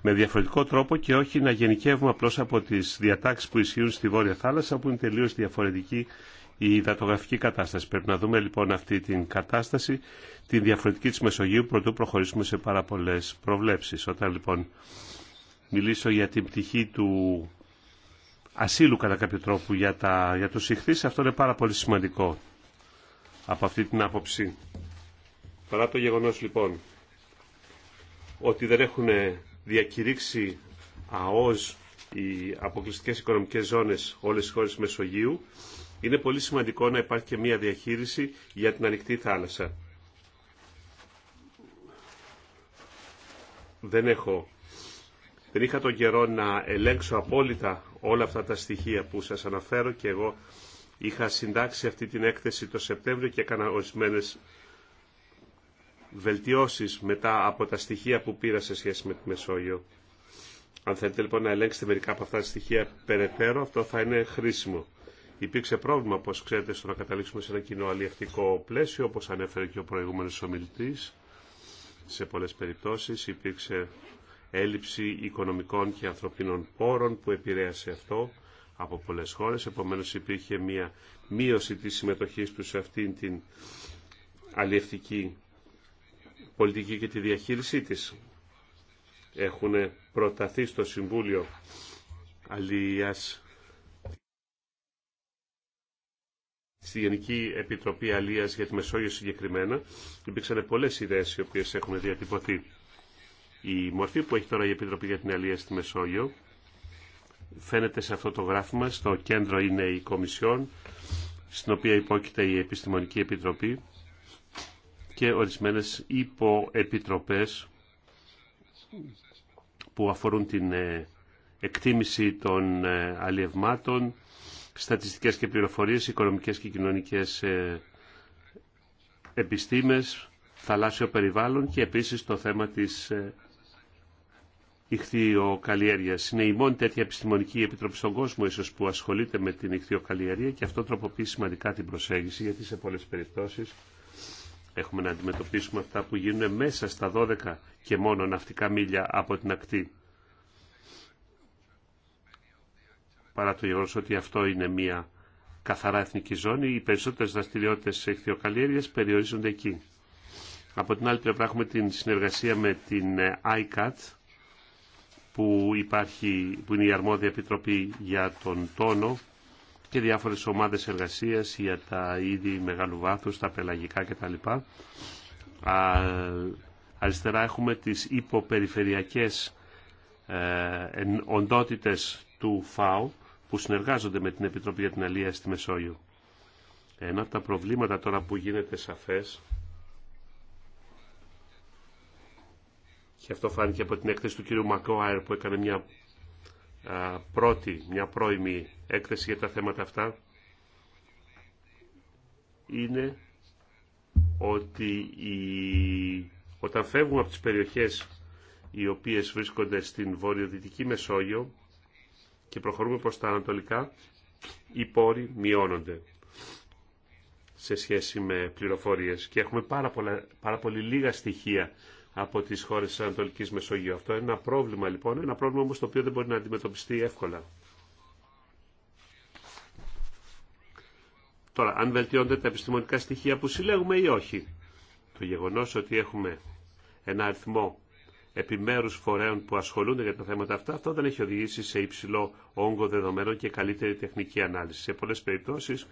με διαφορετικό τρόπο και όχι να γενικεύουμε απλώ από τι διατάξει που ισχύουν στη Βόρεια Θάλασσα που είναι τελείω διαφορετική η υδατογραφική κατάσταση. Πρέπει να δούμε λοιπόν αυτή την κατάσταση, τη διαφορετική της Μεσογείου, πρωτού προχωρήσουμε σε πάρα πολλέ προβλέψεις. Όταν λοιπόν μιλήσω για την πτυχή του ασύλου κατά κάποιο τρόπο για, τα, για τους ηχθείς, αυτό είναι πάρα πολύ σημαντικό από αυτή την άποψη. Παρά το γεγονός λοιπόν ότι δεν έχουν διακηρύξει ΑΟΣ οι αποκλειστικές οικονομικές ζώνες όλες τις χώρες Μεσογείου, είναι πολύ σημαντικό να υπάρχει και μια διαχείριση για την ανοιχτή θάλασσα. Δεν έχω δεν είχα τον καιρό να ελέγξω απόλυτα όλα αυτά τα στοιχεία που σας αναφέρω και εγώ είχα συντάξει αυτή την έκθεση το Σεπτέμβριο και έκανα ορισμένε βελτιώσεις μετά από τα στοιχεία που πήρα σε σχέση με τη Μεσόγειο. Αν θέλετε λοιπόν να ελέγξετε μερικά από αυτά τα στοιχεία περαιτέρω, αυτό θα είναι χρήσιμο. Υπήρξε πρόβλημα, όπω ξέρετε, στο να καταλήξουμε σε ένα κοινό αλλιευτικό πλαίσιο, όπω ανέφερε και ο προηγούμενος ομιλητής. Σε πολλέ περιπτώσεις υπήρξε έλλειψη οικονομικών και ανθρωπίνων πόρων που επηρέασε αυτό από πολλές χώρες. Επομένως υπήρχε μια μείωση τη συμμετοχή του σε αυτήν την αλλιευτική πολιτική και τη διαχείρισή τη, Έχουν προταθεί στο Συμβούλιο Αλίας στη Γενική Επιτροπή Αλία για τη Μεσόγειο συγκεκριμένα, υπήρξαν πολλές ιδέες οι οποίε έχουν διατυπωθεί. Η μορφή που έχει τώρα η Επιτροπή για την Αλία στη Μεσόγειο φαίνεται σε αυτό το γράφημα. Στο κέντρο είναι η Κομισιόν, στην οποία υπόκειται η Επιστημονική Επιτροπή και ορισμένες υποεπιτροπές που αφορούν την ε, εκτίμηση των ε, αλλιευμάτων, στατιστικές και πληροφορίες, οικονομικές και κοινωνικές ε, επιστήμες, θαλάσσιο περιβάλλον και επίσης το θέμα της ιχθυοκαλλιέργειας. Ε, Είναι η μόνη τέτοια επιστημονική επιτροπή στον κόσμο, ίσως που ασχολείται με την ηχθειοκαλλιέργεια και αυτό τροποποιεί σημαντικά την προσέγγιση, γιατί σε πολλές περιπτώσεις έχουμε να αντιμετωπίσουμε αυτά που γίνουν μέσα στα 12 και μόνο ναυτικά μίλια από την ακτή. παρά το γεγονό ότι αυτό είναι μια καθαρά εθνική ζώνη, οι περισσότερε δραστηριότητε ηχθειοκαλλιέργεια περιορίζονται εκεί. Από την άλλη πλευρά έχουμε την συνεργασία με την ε, ICAT, που, υπάρχει, που είναι η αρμόδια επιτροπή για τον τόνο και διάφορες ομάδες εργασίας για τα είδη μεγάλου βάθους, τα πελαγικά κτλ. αριστερά έχουμε τις υποπεριφερειακές ε, οντότητες του ΦΑΟ που συνεργάζονται με την Επιτροπή για την Αλία στη Μεσόγειο. Ένα από τα προβλήματα τώρα που γίνεται σαφές και αυτό φάνηκε από την έκθεση του κύριου Μακόαερ που έκανε μια α, πρώτη, μια πρώιμη έκθεση για τα θέματα αυτά είναι ότι όταν φεύγουμε από τις περιοχές οι οποίες βρίσκονται στην βορειοδυτική Μεσόγειο και προχωρούμε προς τα ανατολικά, οι πόροι μειώνονται σε σχέση με πληροφορίες και έχουμε πάρα, πολλά, πάρα πολύ λίγα στοιχεία από τις χώρες της Ανατολικής Μεσογείου. Αυτό είναι ένα πρόβλημα λοιπόν, ένα πρόβλημα όμως το οποίο δεν μπορεί να αντιμετωπιστεί εύκολα. Τώρα, αν βελτιώνται τα επιστημονικά στοιχεία που συλλέγουμε ή όχι. Το γεγονός ότι έχουμε ένα αριθμό επιμέρους φορέων που ασχολούνται για τα θέματα αυτά, αυτό δεν έχει οδηγήσει σε υψηλό όγκο δεδομένων και καλύτερη τεχνική ανάλυση. Σε πολλές περιπτώσεις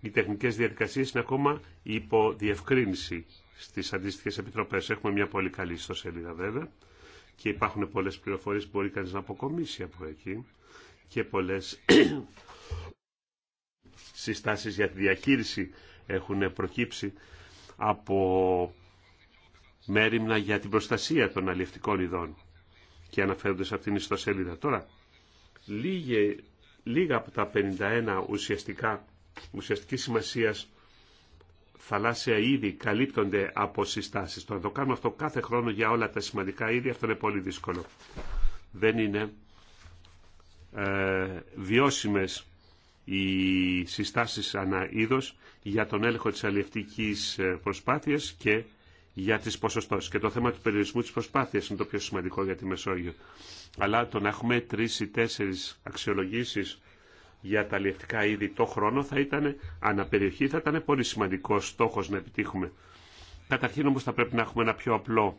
οι τεχνικές διαδικασίες είναι ακόμα υπό διευκρίνηση στις αντίστοιχες επιτροπές. Έχουμε μια πολύ καλή ιστοσελίδα βέβαια και υπάρχουν πολλές πληροφορίες που μπορεί κανείς να αποκομίσει από εκεί και πολλές συστάσεις για τη διαχείριση έχουν προκύψει από μέρημνα για την προστασία των αλληλευτικών ειδών και αναφέρονται σε αυτήν την ιστοσελίδα. Τώρα, λίγε, λίγα από τα 51 ουσιαστικά, ουσιαστικής σημασίας θαλάσσια είδη καλύπτονται από συστάσεις. Το να το κάνουμε αυτό κάθε χρόνο για όλα τα σημαντικά είδη, αυτό είναι πολύ δύσκολο. Δεν είναι ε, βιώσιμες οι συστάσεις ανά είδος για τον έλεγχο της αλληλευτικής ε, προσπάθειας και για τις ποσοστώσεις. Και το θέμα του περιορισμού της προσπάθειας είναι το πιο σημαντικό για τη Μεσόγειο. Αλλά το να έχουμε τρεις ή τέσσερις αξιολογήσεις για τα αλλιευτικά είδη το χρόνο θα ήταν, αναπεριοχή θα ήταν πολύ σημαντικό στόχος να επιτύχουμε. Καταρχήν όμως θα πρέπει να έχουμε ένα πιο απλό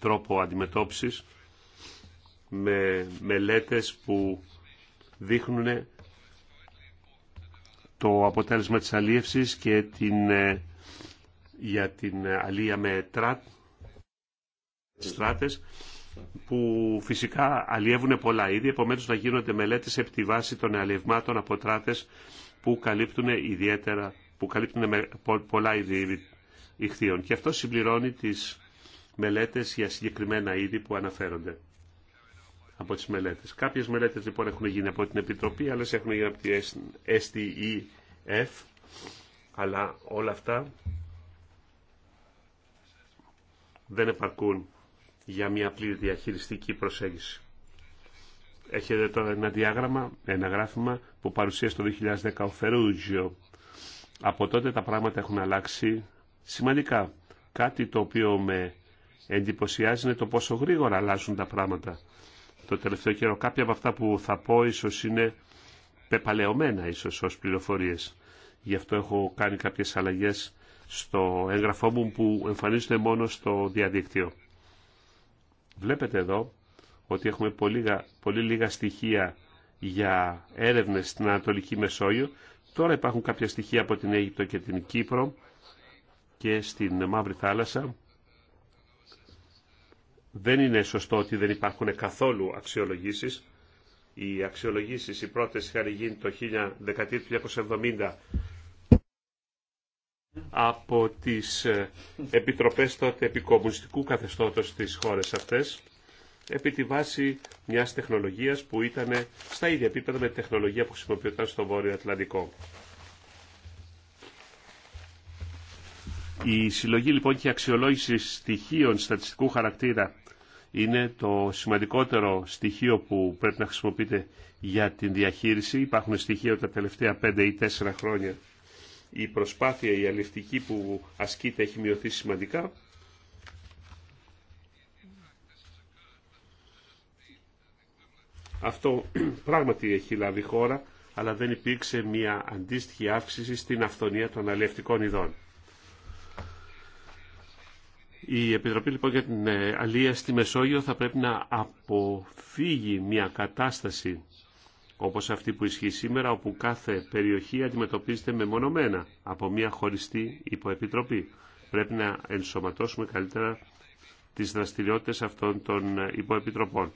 τρόπο αντιμετώπισης με μελέτες που δείχνουν το αποτέλεσμα της αλίευσης και την ε, για την αλία με που φυσικά αλλιεύουν πολλά είδη, επομένως να γίνονται μελέτες επί τη βάση των αλλιευμάτων από τράτες που καλύπτουν ιδιαίτερα, που καλύπτουν πολλά είδη ηχθείων. Και αυτό συμπληρώνει τις μελέτες για συγκεκριμένα είδη που αναφέρονται από τις μελέτες. Κάποιες μελέτες λοιπόν έχουν γίνει από την Επιτροπή, άλλες έχουν γίνει από τη STEF, αλλά όλα αυτά δεν επαρκούν για μια πλήρη διαχειριστική προσέγγιση. Έχετε τώρα ένα διάγραμμα, ένα γράφημα που παρουσίασε το 2010 ο Φερούγιο. Από τότε τα πράγματα έχουν αλλάξει σημαντικά. Κάτι το οποίο με εντυπωσιάζει είναι το πόσο γρήγορα αλλάζουν τα πράγματα. Το τελευταίο καιρό κάποια από αυτά που θα πω ίσως είναι πεπαλαιωμένα ίσως ως πληροφορίες. Γι' αυτό έχω κάνει κάποιες αλλαγές στο έγγραφό μου που εμφανίζεται μόνο στο διαδίκτυο. Βλέπετε εδώ ότι έχουμε πολύ λίγα, πολύ λίγα στοιχεία για έρευνες στην Ανατολική Μεσόγειο. Τώρα υπάρχουν κάποια στοιχεία από την Αίγυπτο και την Κύπρο και στην Μαύρη Θάλασσα. Δεν είναι σωστό ότι δεν υπάρχουν καθόλου αξιολογήσεις. Οι αξιολογήσεις, οι πρώτες είχαν γίνει το 1970 από τις ε, επιτροπές τότε επικομμουνιστικού καθεστώτος στις χώρες αυτές επί τη βάση μιας τεχνολογίας που ήταν στα ίδια επίπεδα με τη τεχνολογία που χρησιμοποιούταν στο Βόρειο Ατλαντικό. Η συλλογή λοιπόν και η αξιολόγηση στοιχείων στατιστικού χαρακτήρα είναι το σημαντικότερο στοιχείο που πρέπει να χρησιμοποιείται για την διαχείριση. Υπάρχουν στοιχεία τα τελευταία πέντε ή τέσσερα χρόνια η προσπάθεια, η αλληλευτική που ασκείται έχει μειωθεί σημαντικά. Αυτό πράγματι έχει λάβει χώρα, αλλά δεν υπήρξε μια αντίστοιχη αύξηση στην αυθονία των αλληλευτικών ειδών. Η Επιτροπή λοιπόν για την ε, Αλία στη Μεσόγειο θα πρέπει να αποφύγει μια κατάσταση όπως αυτή που ισχύει σήμερα, όπου κάθε περιοχή αντιμετωπίζεται μεμονωμένα από μια χωριστή υποεπιτροπή. Πρέπει να ενσωματώσουμε καλύτερα τις δραστηριότητες αυτών των υποεπιτροπών.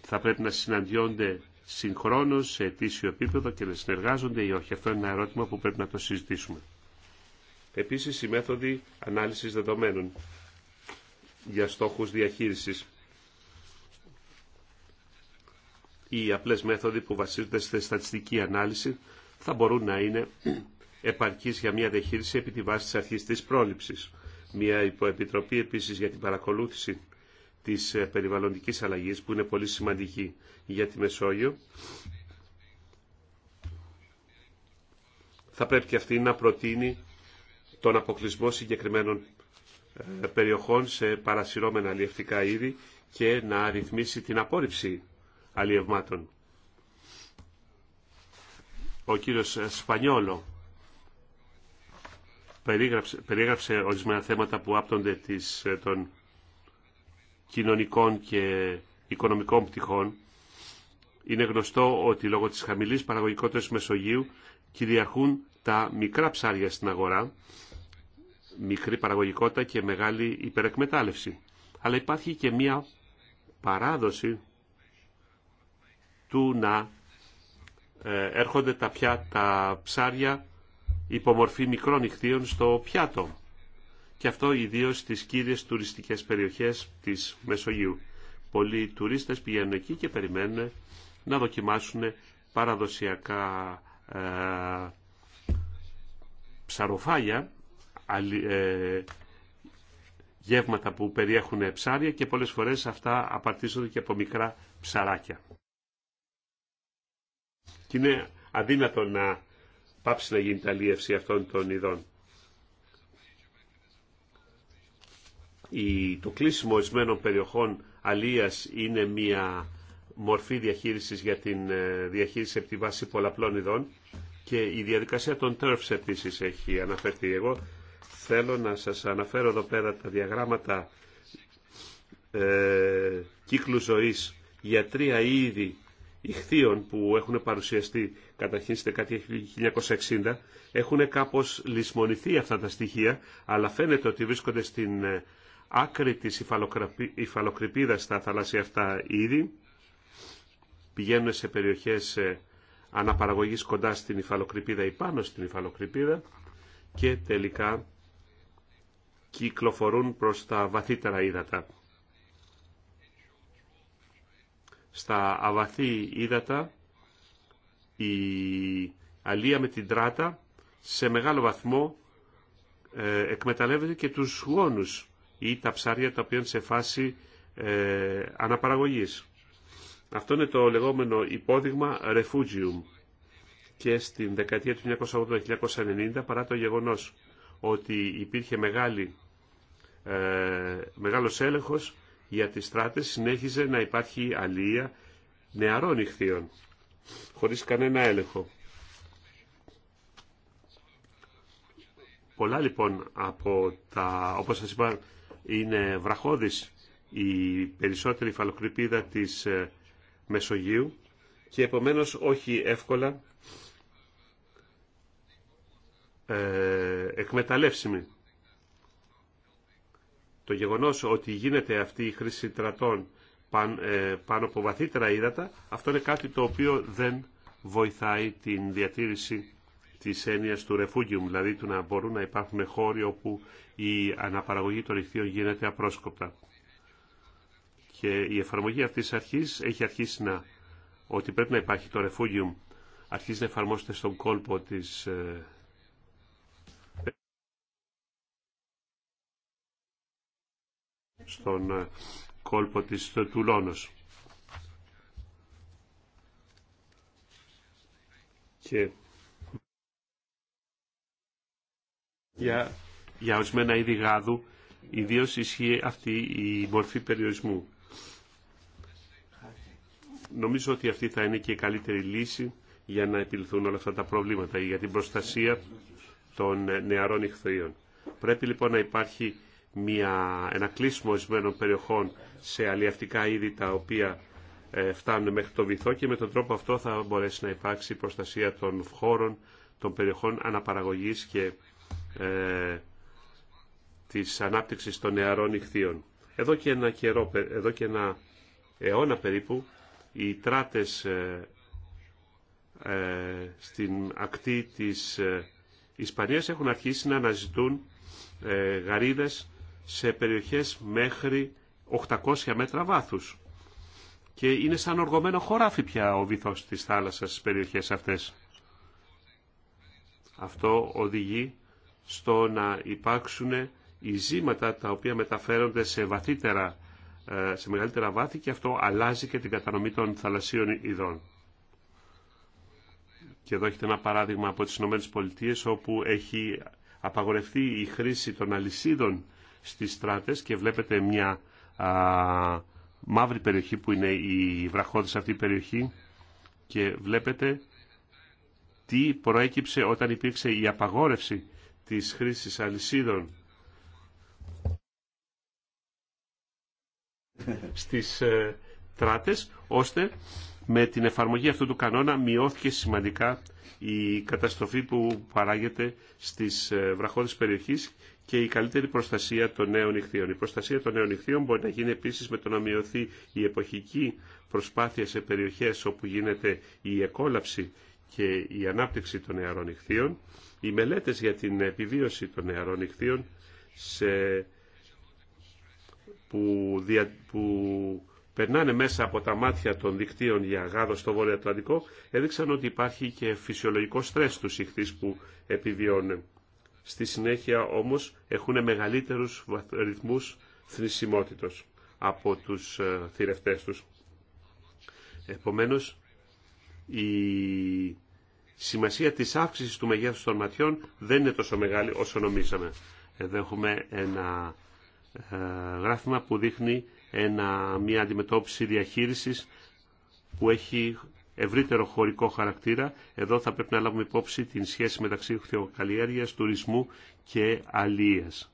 Θα πρέπει να συναντιόνται συγχρόνως σε αιτήσιο επίπεδο και να συνεργάζονται ή όχι. Αυτό είναι ένα ερώτημα που πρέπει να το συζητήσουμε. Επίσης, η μέθοδη ανάλυσης δεδομένων για στόχους διαχείρισης. οι απλές μέθοδοι που βασίζονται στη στατιστική ανάλυση θα μπορούν να είναι επαρκείς για μια διαχείριση επί τη βάση της αρχής της πρόληψης. Μια υποεπιτροπή επίσης για την παρακολούθηση της ε, περιβαλλοντικής αλλαγής που είναι πολύ σημαντική για τη Μεσόγειο θα πρέπει και αυτή να προτείνει τον αποκλεισμό συγκεκριμένων ε, περιοχών σε παρασυρώμενα αλλιευτικά είδη και να ρυθμίσει την απόρριψη αλλιευμάτων. Ο κύριος Σπανιόλο περίγραψε, περίγραψε ορισμένα θέματα που άπτονται της, ε, των κοινωνικών και οικονομικών πτυχών. Είναι γνωστό ότι λόγω της χαμηλής παραγωγικότητας Μεσογείου κυριαρχούν τα μικρά ψάρια στην αγορά, μικρή παραγωγικότητα και μεγάλη υπερεκμετάλλευση. Αλλά υπάρχει και μία παράδοση του να ε, έρχονται τα, πιά, ψάρια υπομορφή μικρών νυχτίων στο πιάτο. Και αυτό ιδίως στις κύριες τουριστικές περιοχές της Μεσογείου. Πολλοί τουρίστες πηγαίνουν εκεί και περιμένουν να δοκιμάσουν παραδοσιακά ε, ψαροφάγια, ε, γεύματα που περιέχουν ψάρια και πολλές φορές αυτά απαρτίζονται και από μικρά ψαράκια. Και είναι αδύνατο να πάψει να γίνει τα αυτών των ειδών. Η, το κλείσιμο ορισμένων περιοχών αλίας είναι μια μορφή διαχείρισης για την ε, διαχείριση από τη βάση πολλαπλών ειδών και η διαδικασία των TERFs επίσης έχει αναφερθεί. Εγώ θέλω να σας αναφέρω εδώ πέρα τα διαγράμματα ε, κύκλου ζωής για τρία είδη ηχθείων που έχουν παρουσιαστεί καταρχήν στη 1960 έχουν κάπως λησμονηθεί αυτά τα στοιχεία αλλά φαίνεται ότι βρίσκονται στην ε, άκρη της υφαλοκρηπίδας στα θαλάσσια αυτά είδη πηγαίνουν σε περιοχές ε, αναπαραγωγής κοντά στην υφαλοκρηπίδα ή πάνω στην υφαλοκρηπίδα και τελικά κυκλοφορούν προς τα βαθύτερα ύδατα. Στα αβαθή ύδατα η αλία με την τράτα σε μεγάλο βαθμό ε, εκμεταλλεύεται και τους γόνους ή τα ψάρια τα οποία είναι σε φάση ε, αναπαραγωγής. Αυτό είναι το λεγόμενο υπόδειγμα refugium και στην δεκαετία του 1980-1990 παρά το γεγονός ότι υπήρχε μεγάλη, ε, μεγάλος έλεγχος για τις στράτες συνέχιζε να υπάρχει αλία νεαρών ηχθείων, χωρίς κανένα έλεγχο. Πολλά λοιπόν από τα, όπως σας είπα, είναι βραχώδης η περισσότερη φαλοκρηπίδα της ε, Μεσογείου και επομένως όχι εύκολα ε, εκμεταλλεύσιμη. Το γεγονός ότι γίνεται αυτή η χρήση τρατών ε, πάνω από βαθύτερα ύδατα, αυτό είναι κάτι το οποίο δεν βοηθάει την διατήρηση της έννοιας του ρεφούγιου, δηλαδή του να μπορούν να υπάρχουν χώροι όπου η αναπαραγωγή των ηχθείων γίνεται απρόσκοπτα. Και η εφαρμογή αυτής της αρχής έχει αρχίσει να, ότι πρέπει να υπάρχει το refugium αρχίζει να εφαρμόζεται στον κόλπο της ε, στον ε, κόλπο της ε, Τουλώνος. Και για, για ορισμένα είδη γάδου ιδίω ισχύει αυτή η μορφή περιορισμού. Νομίζω ότι αυτή θα είναι και η καλύτερη λύση για να επιλυθούν όλα αυτά τα προβλήματα για την προστασία των ε, νεαρών ηχθείων. Πρέπει λοιπόν να υπάρχει μια, ένα κλείσιμο ορισμένων περιοχών σε αλλιευτικά είδη τα οποία ε, φτάνουν μέχρι το βυθό και με τον τρόπο αυτό θα μπορέσει να υπάρξει προστασία των χώρων, των περιοχών αναπαραγωγής και ε, της ανάπτυξης των νεαρών ηχθείων. Εδώ και ένα, εδώ και ένα αιώνα περίπου οι τράτες ε, ε, στην ακτή της Ισπανίας έχουν αρχίσει να αναζητούν γαρίδες σε περιοχές μέχρι 800 μέτρα βάθους. Και είναι σαν οργωμένο χωράφι πια ο βυθός της θάλασσας στις περιοχές αυτές. Αυτό οδηγεί στο να υπάρξουν ζήματα τα οποία μεταφέρονται σε βαθύτερα ε, σε μεγαλύτερα βάθη και αυτό αλλάζει και την κατανομή των θαλασσίων ειδών. Και εδώ έχετε ένα παράδειγμα από τις ΗΠΑ όπου έχει απαγορευτεί η χρήση των αλυσίδων στις στράτες και βλέπετε μια α, μαύρη περιοχή που είναι η βραχώδης αυτή η περιοχή και βλέπετε τι προέκυψε όταν υπήρξε η απαγόρευση της χρήσης αλυσίδων στις ε, τράτες, ώστε με την εφαρμογή αυτού του κανόνα μειώθηκε σημαντικά η καταστροφή που παράγεται στις ε, βραχώδεις περιοχές και η καλύτερη προστασία των νέων νυχθείων. Η προστασία των νέων νυχθείων μπορεί να γίνει επίσης με το να μειωθεί η εποχική προσπάθεια σε περιοχές όπου γίνεται η εκόλαψη και η ανάπτυξη των νεαρών νυχθείων. Οι μελέτες για την επιβίωση των νεαρών νυχθείων σε... που, που περνάνε μέσα από τα μάτια των δικτύων για γάδο στο Βόρειο Ατλαντικό, έδειξαν ότι υπάρχει και φυσιολογικό στρες στους ηχθείς που επιβιώνουν. Στη συνέχεια όμως έχουν μεγαλύτερους ρυθμούς θνησιμότητος από τους ε, θηρευτές τους. Επομένως, η σημασία της αύξησης του μεγέθους των ματιών δεν είναι τόσο μεγάλη όσο νομίζαμε. Εδώ έχουμε ένα ε, γράφημα που δείχνει ένα, μια αντιμετώπιση διαχείρισης που έχει ευρύτερο χωρικό χαρακτήρα. Εδώ θα πρέπει να λάβουμε υπόψη την σχέση μεταξύ χθιοκαλλιέργειας, τουρισμού και αλίας.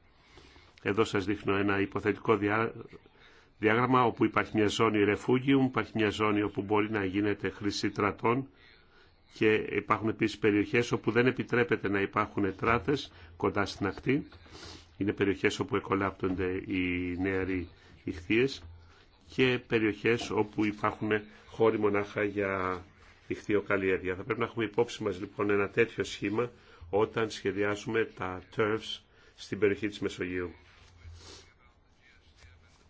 Εδώ σας δείχνω ένα υποθετικό διά, διάγραμμα όπου υπάρχει μια ζώνη ρεφούγιου, υπάρχει μια ζώνη όπου μπορεί να γίνεται χρήση τρατών και υπάρχουν επίσης περιοχές όπου δεν επιτρέπεται να υπάρχουν τράτες κοντά στην ακτή. Είναι περιοχές όπου εκολάπτονται οι νεαροί ηχθείες και περιοχές όπου υπάρχουν χώροι μονάχα για καλλιέργεια. Θα πρέπει να έχουμε υπόψη μας λοιπόν ένα τέτοιο σχήμα όταν σχεδιάζουμε τα turfs στην περιοχή της Μεσογείου.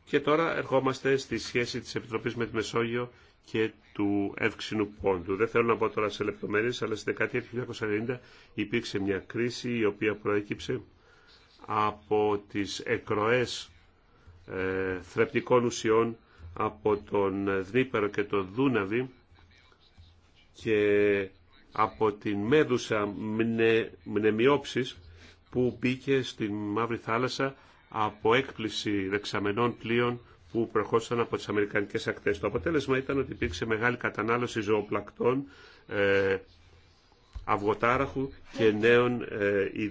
Και τώρα ερχόμαστε στη σχέση της Επιτροπής με τη Μεσόγειο και του Εύξηνου Πόντου. Δεν θέλω να πω τώρα σε λεπτομέρειες, αλλά στην δεκαετία του 1990 υπήρξε μια κρίση η οποία προέκυψε από τις εκροές ε, θρεπτικών ουσιών από τον Δνήπερο και τον Δούναβι και από την Μέδουσα μνε, Μνεμιόψης που μπήκε στη Μαύρη Θάλασσα από έκπληση δεξαμενών πλοίων που προχώρησαν από τις Αμερικανικές ακτές. Το αποτέλεσμα ήταν ότι υπήρξε μεγάλη κατανάλωση ζωοπλακτών, ε, αυγοτάραχου και νέων, ε,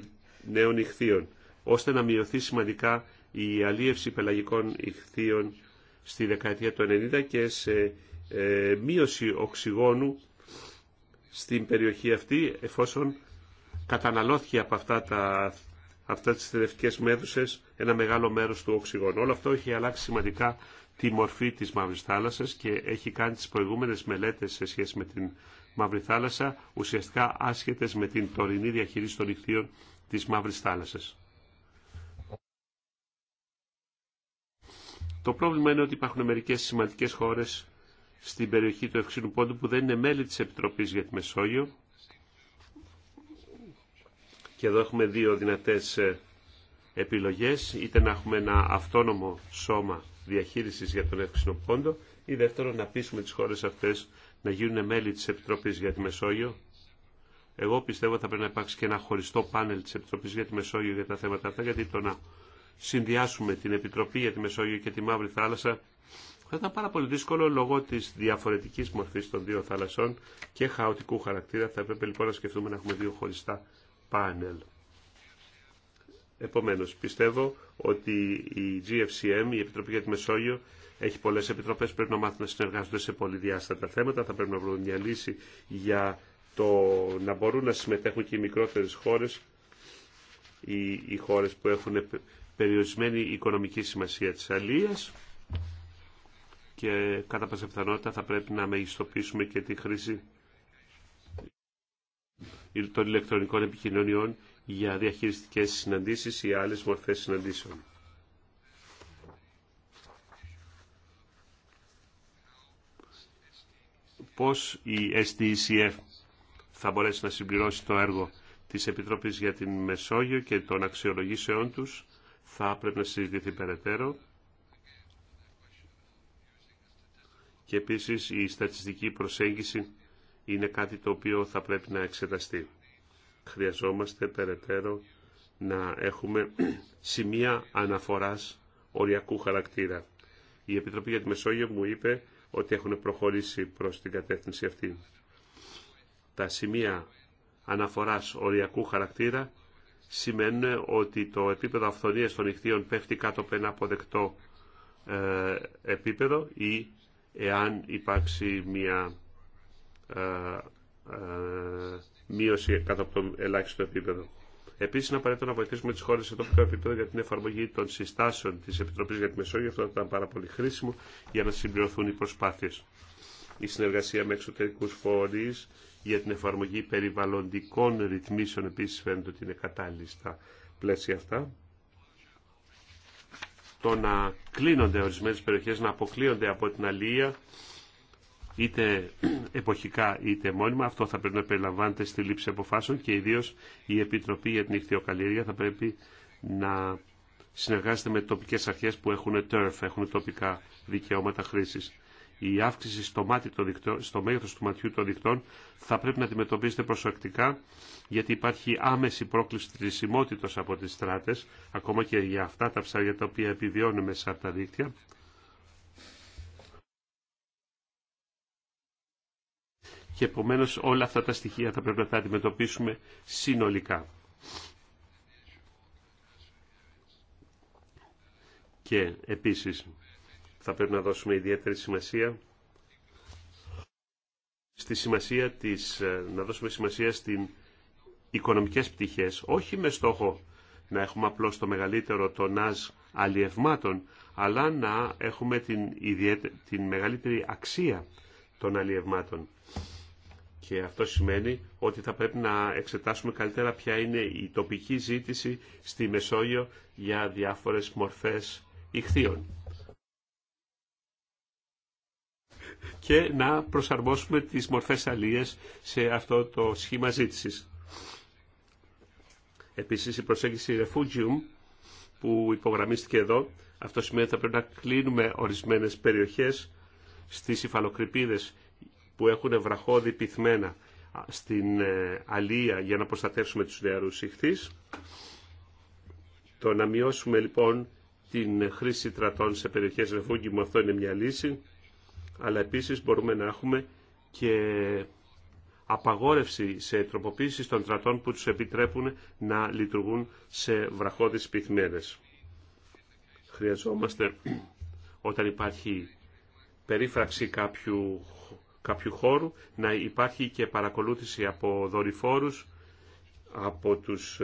νέων ηχθείων, ώστε να μειωθεί σημαντικά η αλίευση πελαγικών ηχθείων στη δεκαετία του 90 και σε ε, μείωση οξυγόνου στην περιοχή αυτή εφόσον καταναλώθηκε από αυτά τα αυτά τις θερευτικές μέδουσες ένα μεγάλο μέρος του οξυγόνου. Όλο αυτό έχει αλλάξει σημαντικά τη μορφή της Μαύρης Θάλασσας και έχει κάνει τις προηγούμενες μελέτες σε σχέση με την Μαύρη Θάλασσα ουσιαστικά άσχετες με την τωρινή διαχείριση των ηχθείων της Μαύρης Θάλασσας. Το πρόβλημα είναι ότι υπάρχουν μερικές σημαντικές χώρες στην περιοχή του Ευξήνου Πόντου που δεν είναι μέλη της Επιτροπής για τη Μεσόγειο. Και εδώ έχουμε δύο δυνατές ε, επιλογές, είτε να έχουμε ένα αυτόνομο σώμα διαχείρισης για τον Ευξήνο Πόντο ή δεύτερον να πείσουμε τις χώρες αυτές να γίνουν μέλη της Επιτροπής για τη Μεσόγειο. Εγώ πιστεύω θα πρέπει να υπάρξει και ένα χωριστό πάνελ της Επιτροπής για τη Μεσόγειο για τα θέματα αυτά, γιατί το να συνδυάσουμε την Επιτροπή για τη Μεσόγειο και τη Μαύρη Θάλασσα, θα ήταν πάρα πολύ δύσκολο λόγω τη διαφορετική μορφή των δύο θάλασσών και χαοτικού χαρακτήρα. Θα έπρεπε λοιπόν να σκεφτούμε να έχουμε δύο χωριστά πάνελ. Επομένω, πιστεύω ότι η GFCM, η Επιτροπή για τη Μεσόγειο, έχει πολλέ επιτροπέ. πρέπει να μάθουν να συνεργάζονται σε πολυδιάστατα θέματα. Θα πρέπει να βρουν μια λύση για το να μπορούν να συμμετέχουν και οι μικρότερε χώρε. οι, οι που έχουν περιορισμένη οικονομική σημασία της αλίας και κατά πάσα πιθανότητα θα πρέπει να μεγιστοποιήσουμε και τη χρήση των ηλεκτρονικών επικοινωνιών για διαχειριστικές συναντήσεις ή άλλες μορφές συναντήσεων. Πώς η SDCF e θα μπορέσει να συμπληρώσει το έργο της Επιτροπής για την Μεσόγειο και των αξιολογήσεών τους θα πρέπει να συζητηθεί περαιτέρω. Και επίσης η στατιστική προσέγγιση είναι κάτι το οποίο θα πρέπει να εξεταστεί. Χρειαζόμαστε περαιτέρω να έχουμε σημεία αναφοράς οριακού χαρακτήρα. Η Επιτροπή για τη Μεσόγειο μου είπε ότι έχουν προχωρήσει προς την κατεύθυνση αυτή. Τα σημεία αναφοράς οριακού χαρακτήρα σημαίνουν ότι το επίπεδο αυθονίας των νυχτίων πέφτει κάτω από ένα αποδεκτό ε, επίπεδο ή εάν υπάρξει μια ε, ε, μείωση κάτω από το ελάχιστο επίπεδο. Επίση, είναι απαραίτητο να βοηθήσουμε τι χώρε σε τοπικό επίπεδο για την εφαρμογή των συστάσεων τη Επιτροπής για τη Μεσόγειο. Αυτό θα ήταν πάρα πολύ χρήσιμο για να συμπληρωθούν οι προσπάθειε. Η συνεργασία με εξωτερικού φορεί για την εφαρμογή περιβαλλοντικών ρυθμίσεων επίσης φαίνεται ότι είναι κατάλληλη στα πλαίσια αυτά. Το να κλείνονται ορισμένες περιοχές, να αποκλείονται από την αλληλεία είτε εποχικά είτε μόνιμα, αυτό θα πρέπει να περιλαμβάνεται στη λήψη αποφάσεων και ιδίως η Επιτροπή για την Ιχθειοκαλλιέργεια θα πρέπει να συνεργάζεται με τοπικές αρχές που έχουν τέρφ, έχουν τοπικά δικαιώματα χρήσης η αύξηση στο, μάτι στο μέγεθος του ματιού των δικτών θα πρέπει να αντιμετωπίσετε προσεκτικά γιατί υπάρχει άμεση πρόκληση θρησιμότητα από τις στράτες ακόμα και για αυτά τα ψάρια τα οποία επιβιώνουν μέσα από τα δίκτυα. Και επομένως όλα αυτά τα στοιχεία θα πρέπει να τα αντιμετωπίσουμε συνολικά. Και επίσης θα πρέπει να δώσουμε ιδιαίτερη σημασία στη σημασία της, ε, να δώσουμε σημασία στην οικονομικές πτυχές, όχι με στόχο να έχουμε απλώς το μεγαλύτερο τονάζ αλλιευμάτων, αλλά να έχουμε την, την μεγαλύτερη αξία των αλλιευμάτων. Και αυτό σημαίνει ότι θα πρέπει να εξετάσουμε καλύτερα ποια είναι η τοπική ζήτηση στη Μεσόγειο για διάφορες μορφές ηχθείων. και να προσαρμόσουμε τις μορφές αλίες σε αυτό το σχήμα ζήτησης. Επίσης η προσέγγιση Refugium που υπογραμμίστηκε εδώ, αυτό σημαίνει ότι θα πρέπει να κλείνουμε ορισμένες περιοχές στις υφαλοκρηπίδες που έχουν βραχώδη πυθμένα στην ε, αλία για να προστατεύσουμε τους νεαρούς ηχθείς. Το να μειώσουμε λοιπόν την χρήση τρατών σε περιοχές Refugium, αυτό είναι μια λύση αλλά επίσης μπορούμε να έχουμε και απαγόρευση σε τροποποίηση των κρατών που τους επιτρέπουν να λειτουργούν σε βραχώδεις πυθμένες. Χρειαζόμαστε όταν υπάρχει περίφραξη κάποιου, κάποιου χώρου να υπάρχει και παρακολούθηση από δορυφόρους από τους,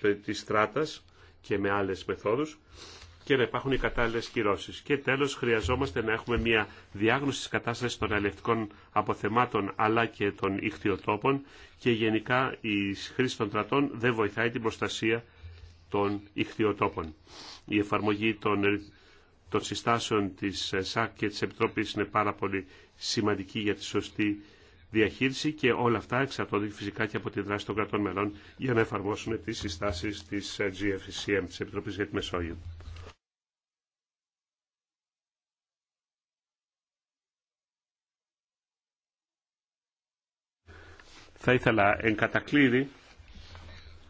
ε, της στράτας και με άλλες μεθόδους και να υπάρχουν οι κατάλληλε κυρώσει. Και τέλο, χρειαζόμαστε να έχουμε μια διάγνωση τη κατάσταση των αλληλευτικών αποθεμάτων αλλά και των ηχθειοτόπων και γενικά η χρήση των τρατών δεν βοηθάει την προστασία των ηχθειοτόπων. Η εφαρμογή των, των συστάσεων τη ΣΑΚ και τη Επιτροπή είναι πάρα πολύ σημαντική για τη σωστή διαχείριση και όλα αυτά εξαρτώνται φυσικά και από τη δράση των κρατών μελών για να εφαρμόσουν τι συστάσει τη GFCM, τη Επιτροπή για τη Μεσόγειο. Θα ήθελα εν κατακλείδη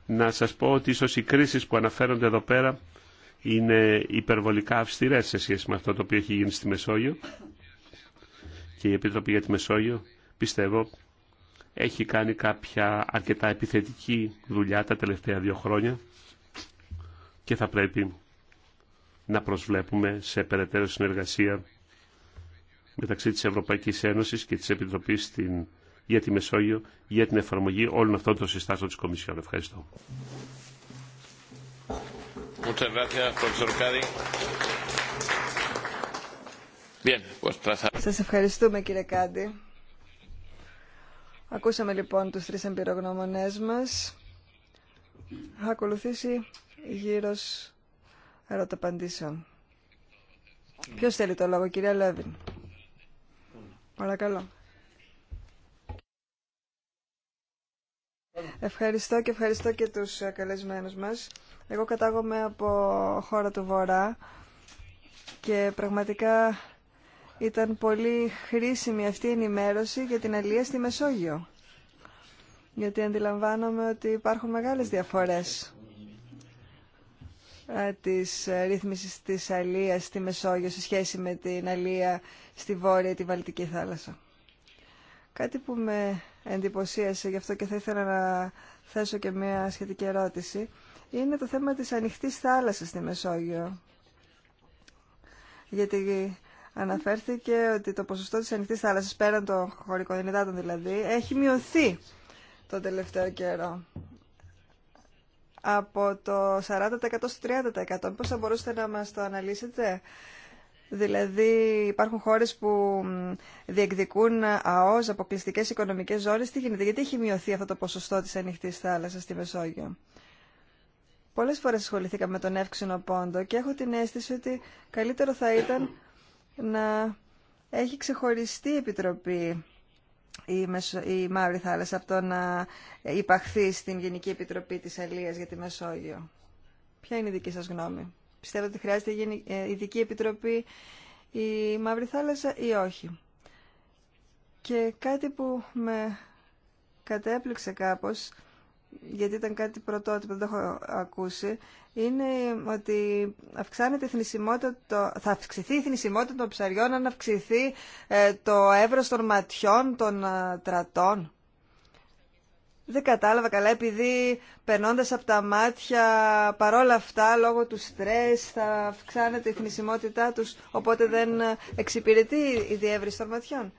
να σας πω ότι ίσως οι κρίσεις που αναφέρονται εδώ πέρα είναι υπερβολικά αυστηρές σε σχέση με αυτό το οποίο έχει γίνει στη Μεσόγειο και η Επιτροπή για τη Μεσόγειο πιστεύω έχει κάνει κάποια αρκετά επιθετική δουλειά τα τελευταία δύο χρόνια και θα πρέπει να προσβλέπουμε σε περαιτέρω συνεργασία μεταξύ της Ευρωπαϊκής Ένωσης και της Επιτροπής στην για τη Μεσόγειο για την εφαρμογή όλων αυτών των συστάσεων της Κομισιόν. Ευχαριστώ. Σας ευχαριστούμε κύριε Κάντι. Ακούσαμε λοιπόν τους τρεις εμπειρογνώμονές μας. Θα ακολουθήσει γύρος ερωταπαντήσεων. Ποιος θέλει το λόγο, κυρία Λέβιν. Παρακαλώ. Ευχαριστώ και ευχαριστώ και τους ε, καλεσμένους μας. Εγώ κατάγομαι από χώρα του Βορρά και πραγματικά ήταν πολύ χρήσιμη αυτή η ενημέρωση για την Αλία στη Μεσόγειο. Γιατί αντιλαμβάνομαι ότι υπάρχουν μεγάλες διαφορές ε, της ρύθμισης της αλίας στη Μεσόγειο σε σχέση με την αλία στη Βόρεια τη Βαλτική θάλασσα. Κάτι που με εντυπωσίασε, γι' αυτό και θα ήθελα να θέσω και μια σχετική ερώτηση, είναι το θέμα της ανοιχτής θάλασσας στη Μεσόγειο. Γιατί αναφέρθηκε ότι το ποσοστό της ανοιχτής θάλασσας, πέραν των χωρικών υδάτων δηλαδή, έχει μειωθεί τον τελευταίο καιρό. Από το 40% στο 30%. Πώς θα μπορούσατε να μας το αναλύσετε Δηλαδή υπάρχουν χώρες που διεκδικούν ε, ΑΟΣ, αποκλειστικές οικονομικές ζώνες. Τι γίνεται, γιατί έχει μειωθεί αυτό το ποσοστό της ανοιχτή θάλασσας στη Μεσόγειο. Πολλές φορές ασχοληθήκαμε με τον εύξηνο πόντο και έχω την αίσθηση ότι καλύτερο θα ήταν να έχει ξεχωριστεί η Επιτροπή η, Μεσο... η Μαύρη Θάλασσα από το να υπαχθεί στην Γενική Επιτροπή της Αλίας για τη Μεσόγειο. Ποια είναι η δική σας γνώμη πιστεύετε ότι χρειάζεται ε, ειδική επιτροπή η Μαύρη Θάλασσα ή όχι. Και κάτι που με κατέπληξε κάπως, γιατί ήταν κάτι πρωτότυπο, δεν το έχω ακούσει, είναι ότι αυξάνεται το, θα αυξηθεί η θνησιμότητα των ψαριών αν αυξηθεί ε, το εύρος των ματιών των ε, τρατών. Δεν κατάλαβα καλά, επειδή περνώντα από τα μάτια, παρόλα αυτά, λόγω του στρες, θα αυξάνεται η θνησιμότητά τους, οπότε δεν εξυπηρετεί η διεύρυνση των ματιών.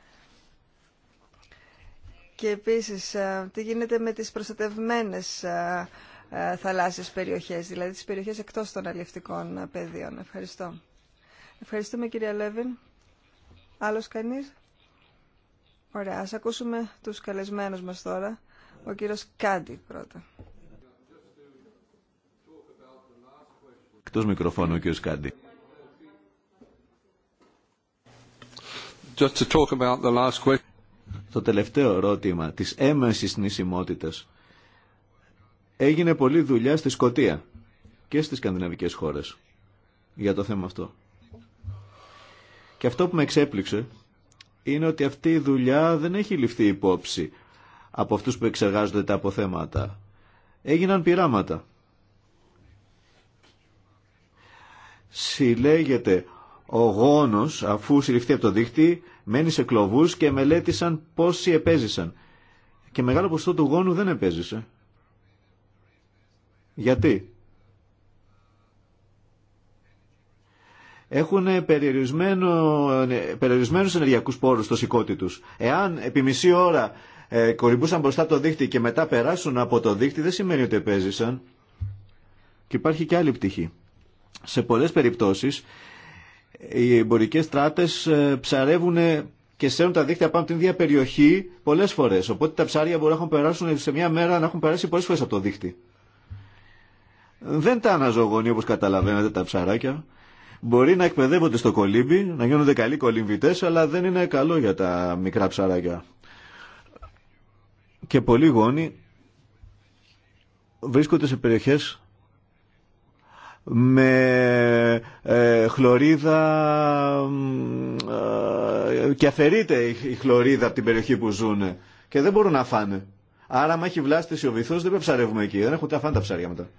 Και επίσης, τι γίνεται με τις προστατευμένες θαλάσσιες περιοχές, δηλαδή τις περιοχές εκτός των αλληλευτικών πεδίων. Ευχαριστώ. Ευχαριστούμε κυρία Λέβιν. Άλλος κανείς? Ωραία, ας ακούσουμε τους καλεσμένους μας τώρα. Ο κύριος Κάντι πρώτα. Εκτός μικροφώνου ο κύριος Κάντι. Το τελευταίο ερώτημα της έμεσης νησιμότητας. Έγινε πολλή δουλειά στη Σκωτία και στις σκανδιναβικές χώρες για το θέμα αυτό. Και αυτό που με εξέπληξε είναι ότι αυτή η δουλειά δεν έχει ληφθεί υπόψη από αυτούς που εξεργάζονται τα αποθέματα. Έγιναν πειράματα. Συλλέγεται ο γόνος αφού συλληφθεί από το δίχτυ, μένει σε κλωβούς και μελέτησαν πόσοι επέζησαν. Και μεγάλο ποσοστό του γόνου δεν επέζησε. Γιατί. Έχουν περιορισμένου ε, περιορισμένους ενεργειακούς πόρους στο σηκώτη τους. Εάν επί μισή ώρα ε, κορυμπούσαν μπροστά από το δίχτυ και μετά περάσουν από το δίχτυ δεν σημαίνει ότι επέζησαν. Και υπάρχει και άλλη πτυχή. Σε πολλές περιπτώσεις οι εμπορικές στράτες ε, ψαρεύουν και σέρνουν τα δίχτυα πάνω από την ίδια περιοχή πολλές φορές. Οπότε τα ψάρια μπορούν να έχουν περάσουν σε μια μέρα να έχουν περάσει πολλές φορές από το δίχτυ. Δεν τα αναζωογονεί όπως καταλαβαίνετε τα ψαράκια. Μπορεί να εκπαιδεύονται στο κολύμπι, να γίνονται καλοί κολυμβητές, αλλά δεν είναι καλό για τα μικρά ψαράκια και πολλοί γόνοι βρίσκονται σε περιοχές με ε, χλωρίδα ε, και αφαιρείται η χλωρίδα από την περιοχή που ζουν και δεν μπορούν να φάνε. Άρα, άμα έχει βλάστηση ο βυθός, δεν ψαρεύουμε εκεί. Δεν έχουν τα φάντα τα ψάρια μετά.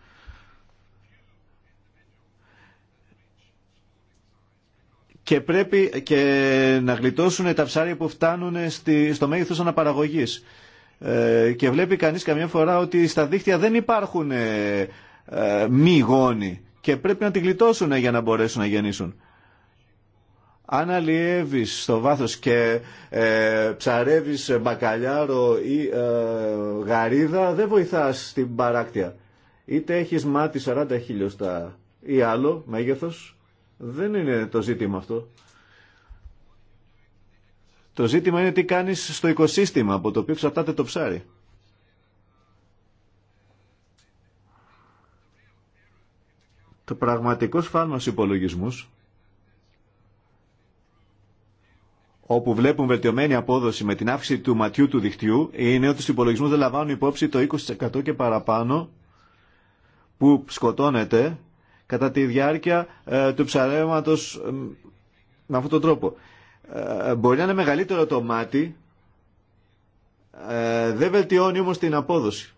Και πρέπει και να γλιτώσουν τα ψάρια που φτάνουν στη, στο μέγεθος αναπαραγωγής. Ε, και βλέπει κανείς καμιά φορά ότι στα δίχτυα δεν υπάρχουν ε, ε, μη γόνοι και πρέπει να τη γλιτώσουν για να μπορέσουν να γεννήσουν. Αν αλλιεύεις στο βάθος και ε, ψαρεύεις μπακαλιάρο ή γαρίδα, δεν βοηθάς την παράκτεια. Είτε έχεις μάτι 40 χιλιοστά ή άλλο μέγεθος, δεν είναι το ζήτημα αυτό. Το ζήτημα είναι τι κάνεις στο οικοσύστημα από το οποίο εξαρτάται το ψάρι. Το πραγματικό σφάλμα στους υπολογισμούς, όπου βλέπουν βελτιωμένη απόδοση με την αύξηση του ματιού του δικτυού, είναι ότι στους υπολογισμούς δεν λαμβάνουν υπόψη το 20% και παραπάνω που σκοτώνεται κατά τη διάρκεια ε, του ψαρέματος ε, με αυτόν τον τρόπο. Ε, μπορεί να είναι μεγαλύτερο το μάτι, ε, δεν βελτιώνει όμως την απόδοση.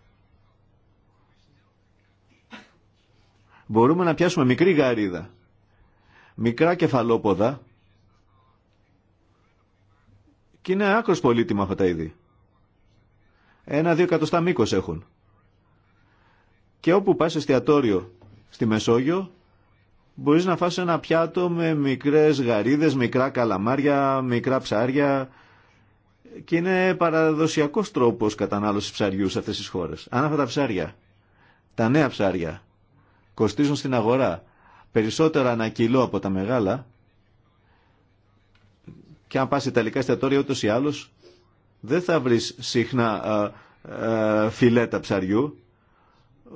Μπορούμε να πιάσουμε μικρή γαρίδα, μικρά κεφαλόποδα και είναι άκρος πολύτιμα αυτά τα είδη. Ένα-δύο εκατοστά μήκος έχουν. Και όπου πας εστιατόριο στη Μεσόγειο μπορείς να φας ένα πιάτο με μικρές γαρίδες, μικρά καλαμάρια, μικρά ψάρια και είναι παραδοσιακός τρόπος κατανάλωσης ψαριού σε αυτές τις χώρες. Αν αυτά τα ψάρια, τα νέα ψάρια, κοστίζουν στην αγορά περισσότερα ένα κιλό από τα μεγάλα και αν πας ιταλικά εστιατόρια ούτως ή άλλως δεν θα βρεις συχνά α, ε, ε, φιλέτα ψαριού,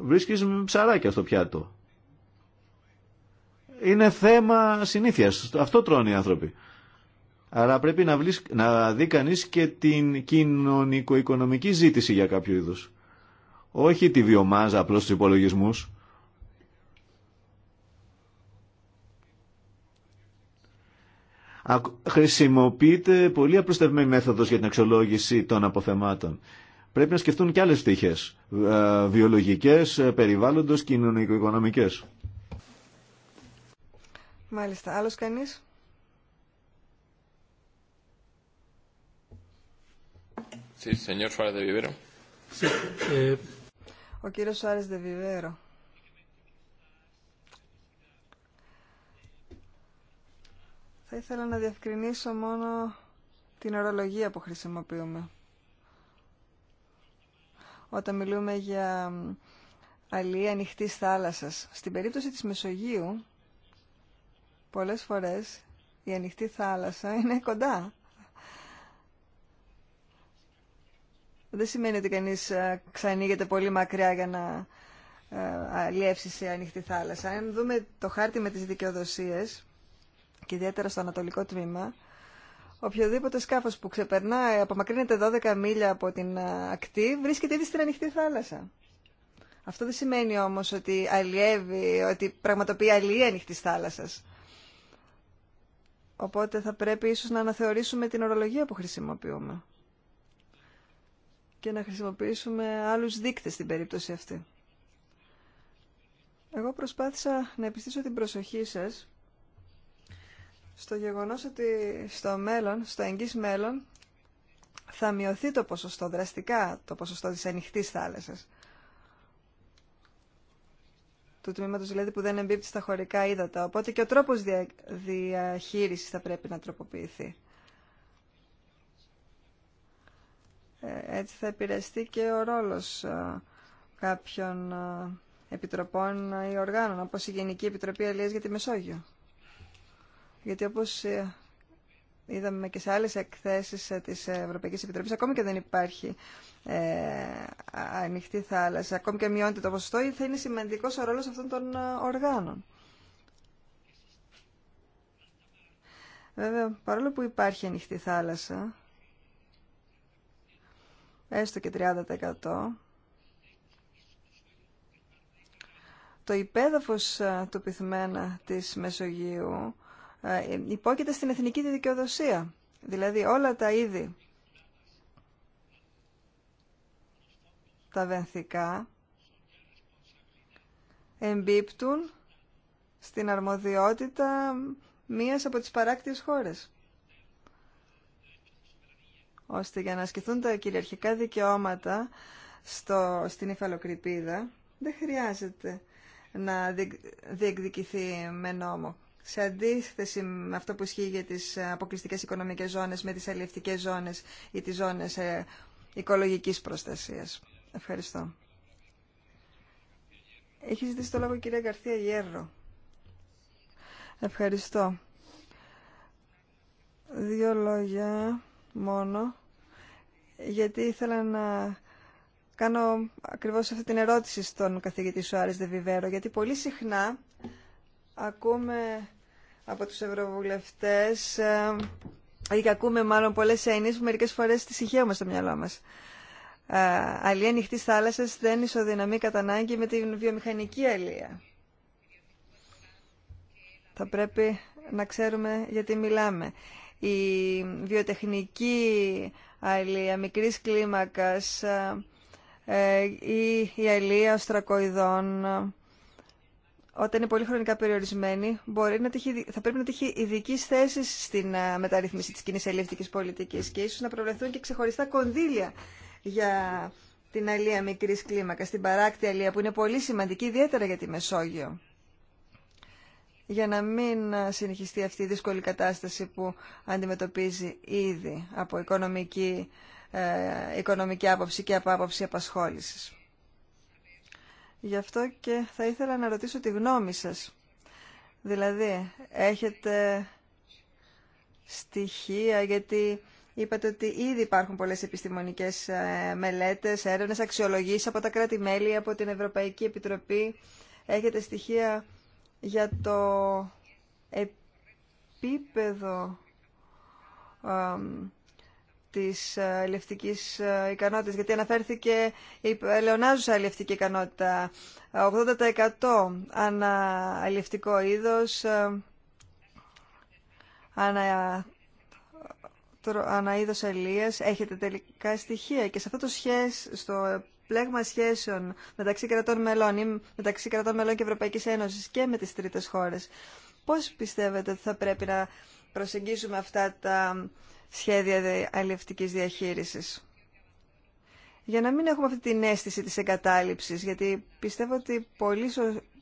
βρίσκεις ψαράκια στο πιάτο είναι θέμα συνήθεια, Αυτό τρώνε οι άνθρωποι. Άρα πρέπει να, να δει κανεί και την κοινωνικο-οικονομική ζήτηση για κάποιο είδο. Όχι τη βιομάζα απλώς του υπολογισμού. Χρησιμοποιείται πολύ απλουστευμένη μέθοδος για την αξιολόγηση των αποθεμάτων. Πρέπει να σκεφτούν και άλλες ε, Βιολογικέ περιβάλλοντο, περιβάλλοντος, οικονομικέ. Μάλιστα. Άλλος κανείς? Eh, Ο κύριος Σουάρες Δεβιβέρο. Θα ήθελα να διευκρινίσω μόνο την ορολογία που χρησιμοποιούμε. Όταν μιλούμε για αλληλεία ανοιχτή θάλασσα. Στην περίπτωση της Μεσογείου, Πολλές φορές η ανοιχτή θάλασσα είναι κοντά. Δεν σημαίνει ότι κανείς ε, ξανοίγεται πολύ μακριά για να ε, αλλιεύσει σε ανοιχτή θάλασσα. Αν δούμε το χάρτη με τις δικαιοδοσίες, και ιδιαίτερα στο ανατολικό τμήμα, οποιοδήποτε σκάφος που ξεπερνάει, απομακρύνεται 12 μίλια από την ε, ακτή, βρίσκεται ήδη στην ανοιχτή θάλασσα. Αυτό δεν σημαίνει όμως ότι αλλιεύει, ότι πραγματοποιεί αλληλεία ανοιχτής θάλασσας. Οπότε θα πρέπει ίσως να αναθεωρήσουμε την ορολογία που χρησιμοποιούμε και να χρησιμοποιήσουμε άλλους δείκτες στην περίπτωση αυτή. Εγώ προσπάθησα να επιστήσω την προσοχή σας στο γεγονός ότι στο μέλλον, στο εγγύς μέλλον, θα μειωθεί το ποσοστό, δραστικά το ποσοστό της ανοιχτή θάλασσας του τμήματος δηλαδή που δεν εμπίπτει στα χωρικά ύδατα. Οπότε και ο τρόπος δια, διαχείρισης θα πρέπει να τροποποιηθεί. Ε, έτσι θα επηρεαστεί και ο ρόλος ε, κάποιων ε, επιτροπών ή οργάνων, όπως η Γενική Επιτροπή επιτροπη αλλιες για τη Μεσόγειο. Γιατί όπως είδαμε και σε άλλες εκθέσεις ε, της Ευρωπαϊκής Επιτροπής, ακόμη και δεν υπάρχει ε, ανοιχτή θάλασσα, ακόμη και μειώνεται το ποσοστό, θα είναι σημαντικός ο ρόλος αυτών των ε, οργάνων. Βέβαια, παρόλο που υπάρχει ανοιχτή θάλασσα, έστω και 30%, το υπέδαφος του πυθμένα της Μεσογείου ε, υπόκειται στην εθνική τη δικαιοδοσία. Δηλαδή όλα τα είδη τα βενθικά εμπίπτουν στην αρμοδιότητα μίας από τις παράκτιες χώρες. Ώστε για να ασκηθούν τα κυριαρχικά δικαιώματα στο, στην υφαλοκρηπίδα δεν χρειάζεται να διεκδικηθεί με νόμο σε αντίθεση με αυτό που ισχύει για τις ε, αποκλειστικές οικονομικές ζώνες με τις αλληλευτικές ζώνες ή τις ζώνες ε, οικολογικής προστασίας. Ευχαριστώ. Έχει ζητήσει το λόγο η κυρία Γκαρθία Γέρρο. Ευχαριστώ. Δύο λόγια μόνο, γιατί ήθελα να κάνω ακριβώς αυτή την ερώτηση στον καθηγητή Σουάρης Δεβιβέρο, γιατί πολύ συχνά ακούμε από τους ευρωβουλευτές ε, ακούμε μάλλον πολλές έννοιες που μερικές φορές τις ηχαίωμα στο μυαλό μας. Ε, αλία ανοιχτή θάλασσα δεν ισοδυναμεί κατά με την βιομηχανική αλία. Θα πρέπει να ξέρουμε γιατί μιλάμε. Η βιοτεχνική αλία μικρής κλίμακας ε, ή η αλία οστρακοειδών όταν είναι πολύ χρονικά περιορισμένη, μπορεί να τυχει, θα πρέπει να τύχει ειδική θέση στην ε, μεταρρύθμιση τη κοινή ελεύθερη πολιτική και ίσω να προβλεφθούν και ξεχωριστά κονδύλια για την αλία μικρή κλίμακα την παράκτη αλία που είναι πολύ σημαντική ιδιαίτερα για τη Μεσόγειο. Για να μην ε, συνεχιστεί αυτή η δύσκολη κατάσταση που αντιμετωπίζει ήδη από οικονομική, ε, οικονομική άποψη και από άποψη απασχόλησης. Γι' αυτό και θα ήθελα να ρωτήσω τη γνώμη σας. Δηλαδή, έχετε στοιχεία, γιατί είπατε ότι ήδη υπάρχουν πολλές επιστημονικές ε, μελέτες, έρευνες, αξιολογήσεις από τα κράτη-μέλη, από την Ευρωπαϊκή Επιτροπή. Έχετε στοιχεία για το επίπεδο ε, της αλληλευτικής ε, ε, ικανότητας, γιατί αναφέρθηκε η λεωνάζουσα αλληλευτική ικανότητα, 80% ανά αλληλευτικό είδος, ε, ανά, αλληλείας, έχετε τελικά στοιχεία. Και σε αυτό το σχέση, στο πλέγμα σχέσεων μεταξύ κρατών μελών μεταξύ κρατών μελών και Ευρωπαϊκής Ένωσης και με τις τρίτες χώρες, πώς πιστεύετε ότι θα πρέπει να προσεγγίσουμε αυτά τα σχέδια αλληλευτικής διαχείρισης. Για να μην έχουμε αυτή την αίσθηση της εγκατάλειψης, γιατί πιστεύω ότι πολύ,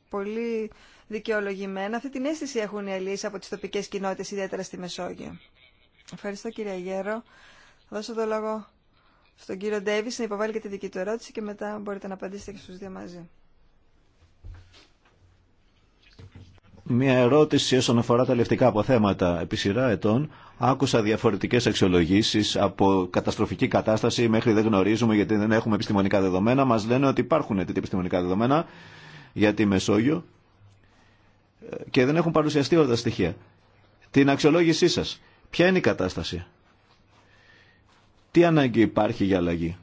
πολύ δικαιολογημένα αυτή την αίσθηση έχουν οι αλληλείς από τις τοπικές κοινότητες, ιδιαίτερα στη Μεσόγειο. Ευχαριστώ κύριε Γέρο. Δώσω το λόγο στον κύριο Ντέβις να υποβάλει και τη δική του ερώτηση και μετά μπορείτε να απαντήσετε και στους δύο μαζί. Μια ερώτηση όσον αφορά τα λευτικά αποθέματα. Επί σειρά ετών άκουσα διαφορετικέ αξιολογήσει από καταστροφική κατάσταση μέχρι δεν γνωρίζουμε γιατί δεν έχουμε επιστημονικά δεδομένα. μα λένε ότι υπάρχουν τέτοια επιστημονικά δεδομένα για τη Μεσόγειο και δεν έχουν παρουσιαστεί όλα τα στοιχεία. Την αξιολόγησή σα, Ποια είναι η κατάσταση. Τι ανάγκη υπάρχει για αλλαγή.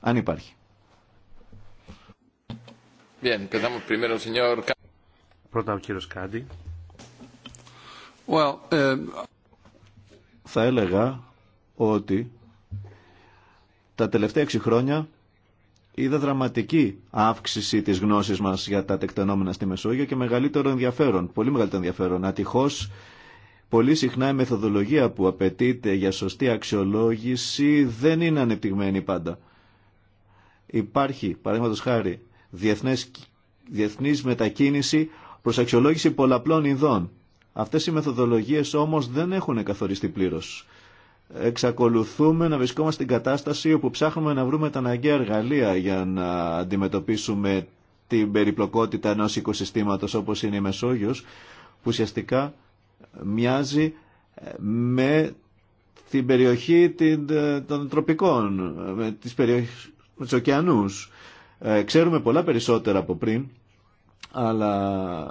Αν υπάρχει. Πρώτα ο κύριος Κάντι. Well, ε, Θα έλεγα ότι τα τελευταία έξι χρόνια είδα δραματική αύξηση της γνώσης μας για τα τεκτενόμενα στη Μεσόγειο και μεγαλύτερο ενδιαφέρον, πολύ μεγαλύτερο ενδιαφέρον. Ατυχώς, πολύ συχνά η μεθοδολογία που απαιτείται για σωστή αξιολόγηση δεν είναι ανεπτυγμένη πάντα. Υπάρχει, παραδείγματος χάρη, διεθνές, διεθνής μετακίνηση προς αξιολόγηση πολλαπλών ειδών. Αυτές οι μεθοδολογίες όμως δεν έχουν καθοριστεί πλήρω. Εξακολουθούμε να βρισκόμαστε στην κατάσταση όπου ψάχνουμε να βρούμε τα αναγκαία εργαλεία για να αντιμετωπίσουμε την περιπλοκότητα ενός οικοσυστήματος όπως είναι η Μεσόγειος, που ουσιαστικά μοιάζει ε, με την περιοχή ε, των τροπικών, ε, με τις περιοχές, με Ξέρουμε πολλά περισσότερα από πριν αλλά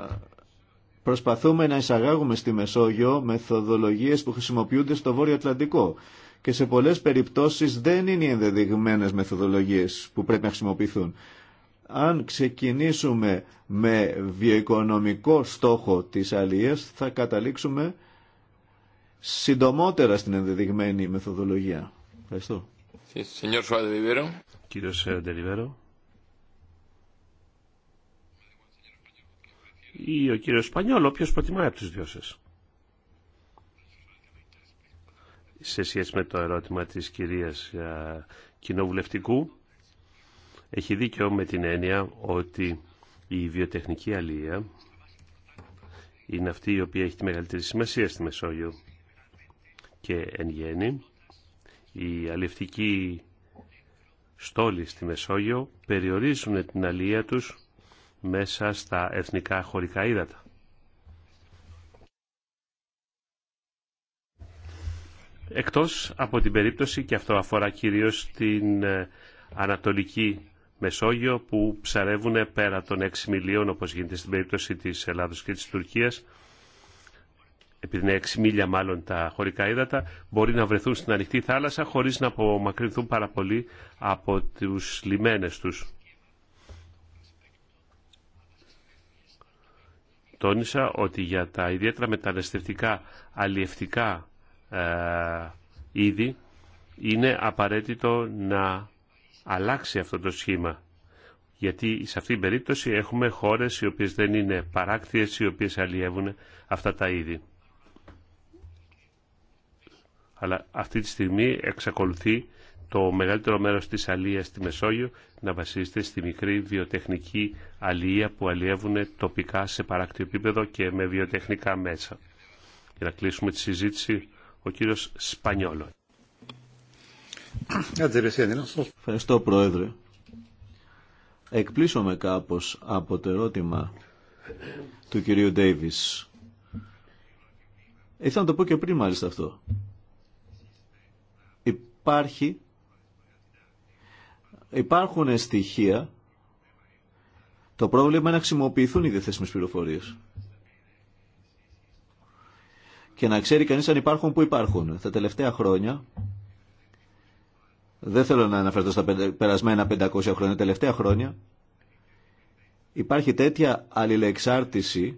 προσπαθούμε να εισαγάγουμε στη Μεσόγειο μεθοδολογίες που χρησιμοποιούνται στο Βόρειο Ατλαντικό και σε πολλές περιπτώσεις δεν είναι οι ενδεδειγμένες μεθοδολογίες που πρέπει να χρησιμοποιηθούν. Αν ξεκινήσουμε με βιοοικονομικό στόχο της αλίας θα καταλήξουμε συντομότερα στην ενδεδειγμένη μεθοδολογία. Ευχαριστώ. Κύριε ή ο κύριος Σπανιόλο, ποιος προτιμάει από τους δυο σας. Σε σχέση με το ερώτημα της κυρίας Κοινοβουλευτικού, έχει δίκιο με την έννοια ότι η βιοτεχνική αλληλεία είναι αυτή η οποία έχει τη μεγαλύτερη σημασία στη Μεσόγειο. Και εν γέννη, η αλληλευτική στόλοι στη Μεσόγειο περιορίζουν την αλία τους μέσα στα εθνικά χωρικά ύδατα. Εκτός από την περίπτωση, και αυτό αφορά κυρίως την ε, Ανατολική Μεσόγειο, που ψαρεύουν πέρα των 6 μιλίων, όπως γίνεται στην περίπτωση της Ελλάδος και της Τουρκίας, επειδή είναι 6 μίλια μάλλον τα χωρικά ύδατα, μπορεί να βρεθούν στην ανοιχτή θάλασσα χωρίς να απομακρυνθούν πάρα πολύ από τους λιμένες τους. τόνισα ότι για τα ιδιαίτερα μεταναστευτικά αλλιευτικά ε, είδη είναι απαραίτητο να αλλάξει αυτό το σχήμα. Γιατί σε αυτήν την περίπτωση έχουμε χώρες οι οποίες δεν είναι παράκτιες, οι οποίες αλλιεύουν αυτά τα είδη. Αλλά αυτή τη στιγμή εξακολουθεί το μεγαλύτερο μέρος της αλίας στη Μεσόγειο να βασίζεται στη μικρή βιοτεχνική αλία που αλλιεύουν τοπικά σε παράκτιο επίπεδο και με βιοτεχνικά μέσα. Για να κλείσουμε τη συζήτηση, ο κύριος Σπανιόλο. Ευχαριστώ Πρόεδρε. Εκπλήσωμαι κάπως από το ερώτημα του κυρίου Ντέιβις. Ήθελα να το πω και πριν μάλιστα αυτό. Υπάρχει Υπάρχουν στοιχεία. Το πρόβλημα είναι να χρησιμοποιηθούν οι διαθέσιμες πληροφορίες. Και να ξέρει κανείς αν υπάρχουν που υπάρχουν. Τα τελευταία χρόνια, δεν θέλω να αναφερθώ στα περασμένα 500 χρόνια, τα τελευταία χρόνια, υπάρχει τέτοια αλληλεξάρτηση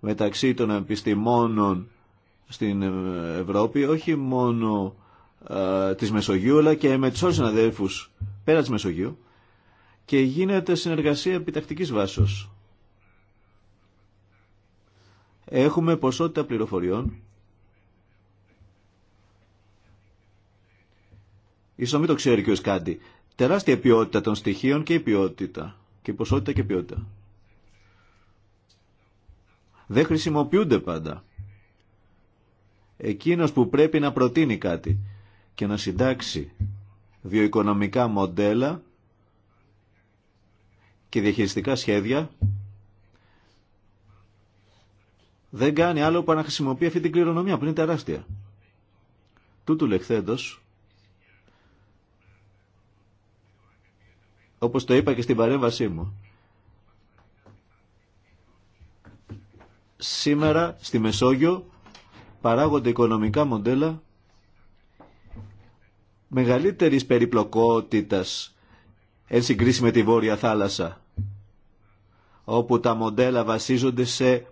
μεταξύ των επιστημόνων στην Ευρώπη, όχι μόνο ε, της Μεσογείου αλλά και με τους όλους συναδέλφους πέρα τη Μεσογείου και γίνεται συνεργασία επιτακτικής βάσης. Έχουμε ποσότητα πληροφοριών. Ίσως μην το ξέρει και ο Σκάντη. Τεράστια ποιότητα των στοιχείων και η ποιότητα. Και η ποσότητα και η ποιότητα. Δεν χρησιμοποιούνται πάντα. Εκείνος που πρέπει να προτείνει κάτι και να συντάξει βιοοικονομικά μοντέλα και διαχειριστικά σχέδια δεν κάνει άλλο παρά να χρησιμοποιεί αυτή την κληρονομιά που είναι τεράστια. Τούτου λεχθέντος, όπως το είπα και στην παρέμβασή μου, σήμερα στη Μεσόγειο παράγονται οικονομικά μοντέλα μεγαλύτερης περιπλοκότητας εν συγκρίση με τη Βόρεια Θάλασσα όπου τα μοντέλα βασίζονται σε,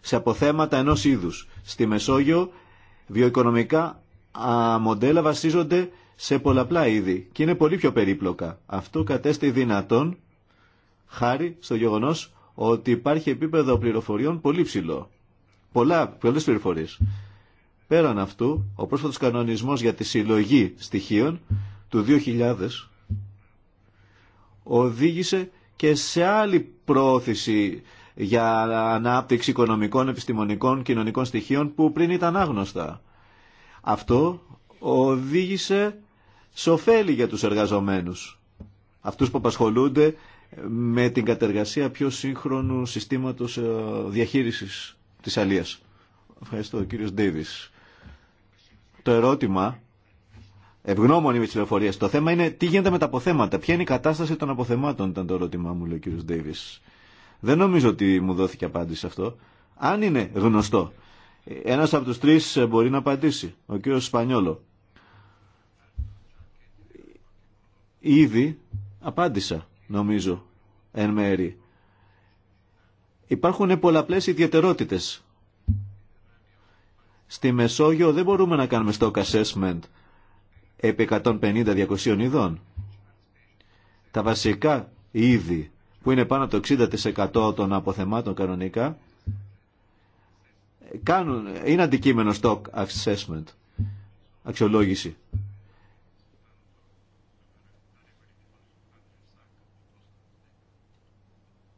σε αποθέματα ενός είδους. Στη Μεσόγειο βιοοικονομικά μοντέλα βασίζονται σε πολλαπλά είδη και είναι πολύ πιο περίπλοκα. Αυτό κατέστη δυνατόν χάρη στο γεγονός ότι υπάρχει επίπεδο πληροφοριών πολύ ψηλό. Πολλά, πολλές πληροφορίες. Πέραν αυτού, ο πρόσφατος κανονισμός για τη συλλογή στοιχείων του 2000 οδήγησε και σε άλλη πρόθεση για ανάπτυξη οικονομικών, επιστημονικών, κοινωνικών στοιχείων που πριν ήταν άγνωστα. Αυτό οδήγησε σε ωφέλη για τους εργαζομένους, αυτούς που απασχολούνται με την κατεργασία πιο σύγχρονου συστήματος ε, διαχείρισης της αλίας. Ευχαριστώ, κύριος Ντέιβις το ερώτημα, ευγνώμων είμαι τη πληροφορία. Το θέμα είναι τι γίνεται με τα αποθέματα. Ποια είναι η κατάσταση των αποθεμάτων, ήταν το ερώτημά μου, λέει ο κ. Ντέιβι. Δεν νομίζω ότι μου δόθηκε απάντηση σε αυτό. Αν είναι γνωστό, ένα από του τρει μπορεί να απαντήσει. Ο κ. Σπανιόλο. Ήδη απάντησα, νομίζω, εν μέρη. Υπάρχουν πολλαπλές ιδιαιτερότητες Στη Μεσόγειο δεν μπορούμε να κάνουμε stock assessment επί 150-200 ειδών. Τα βασικά είδη που είναι πάνω από το 60% των αποθεμάτων κανονικά κάνουν, είναι αντικείμενο stock assessment, αξιολόγηση.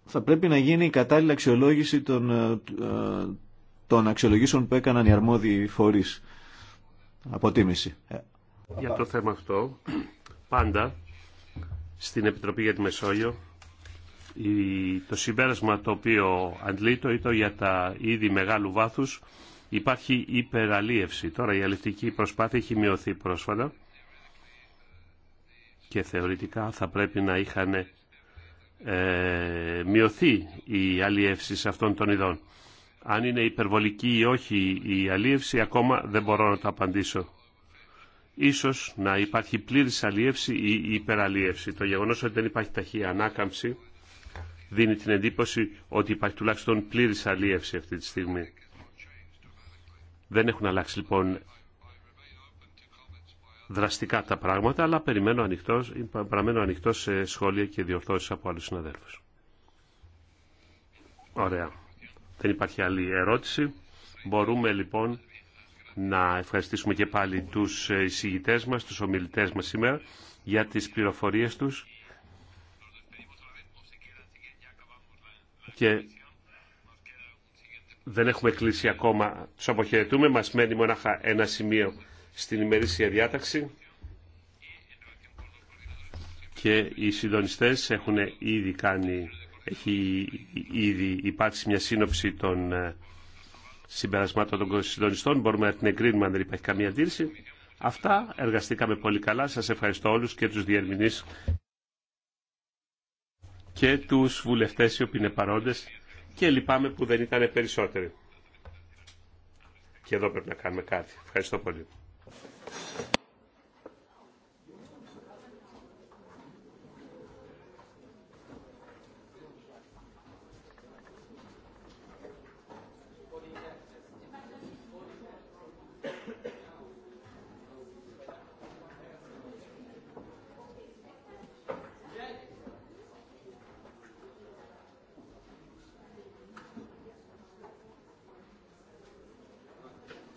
Θα πρέπει να γίνει η κατάλληλη αξιολόγηση των, ε, των αξιολογήσεων που έκαναν οι αρμόδιοι φορεί Αποτίμηση. Ε. Για το θέμα αυτό, πάντα στην Επιτροπή για τη Μεσόγειο το συμπέρασμα το οποίο αντλείτο το για τα είδη μεγάλου βάθους υπάρχει υπεραλίευση. Τώρα η αλευτική προσπάθεια έχει μειωθεί πρόσφατα και θεωρητικά θα πρέπει να είχαν ε, μειωθεί οι αλλιεύσεις αυτών των ειδών. Αν είναι υπερβολική ή όχι η αλίευση ακόμα δεν μπορώ να το απαντήσω. Ίσως να υπάρχει πλήρης αλίευση ή υπεραλίευση. Το γεγονός ότι δεν υπάρχει ταχεία ανάκαμψη δίνει την εντύπωση ότι υπάρχει τουλάχιστον πλήρης αλίευση αυτή τη στιγμή. Δεν έχουν αλλάξει λοιπόν δραστικά τα πράγματα, αλλά περιμένω ανοιχτός, παραμένω ανοιχτός σε σχόλια και διορθώσεις από άλλους συναδέλφους. Ωραία. Δεν υπάρχει άλλη ερώτηση. Μπορούμε λοιπόν να ευχαριστήσουμε και πάλι τους εισηγητές μας, τους ομιλητές μας σήμερα για τις πληροφορίες τους και δεν έχουμε κλείσει ακόμα. Τους αποχαιρετούμε. Μας μένει μονάχα ένα σημείο στην ημερήσια διάταξη και οι συντονιστές έχουν ήδη κάνει έχει ήδη υπάρξει μια σύνοψη των ε, συμπερασμάτων των συντονιστών. Μπορούμε να την εγκρίνουμε αν δεν υπάρχει καμία αντίρρηση. Αυτά εργαστήκαμε πολύ καλά. Σας ευχαριστώ όλους και τους διερμηνείς και τους βουλευτές οι οποίοι είναι παρόντες και λυπάμαι που δεν ήταν περισσότεροι. Και εδώ πρέπει να κάνουμε κάτι. Ευχαριστώ πολύ.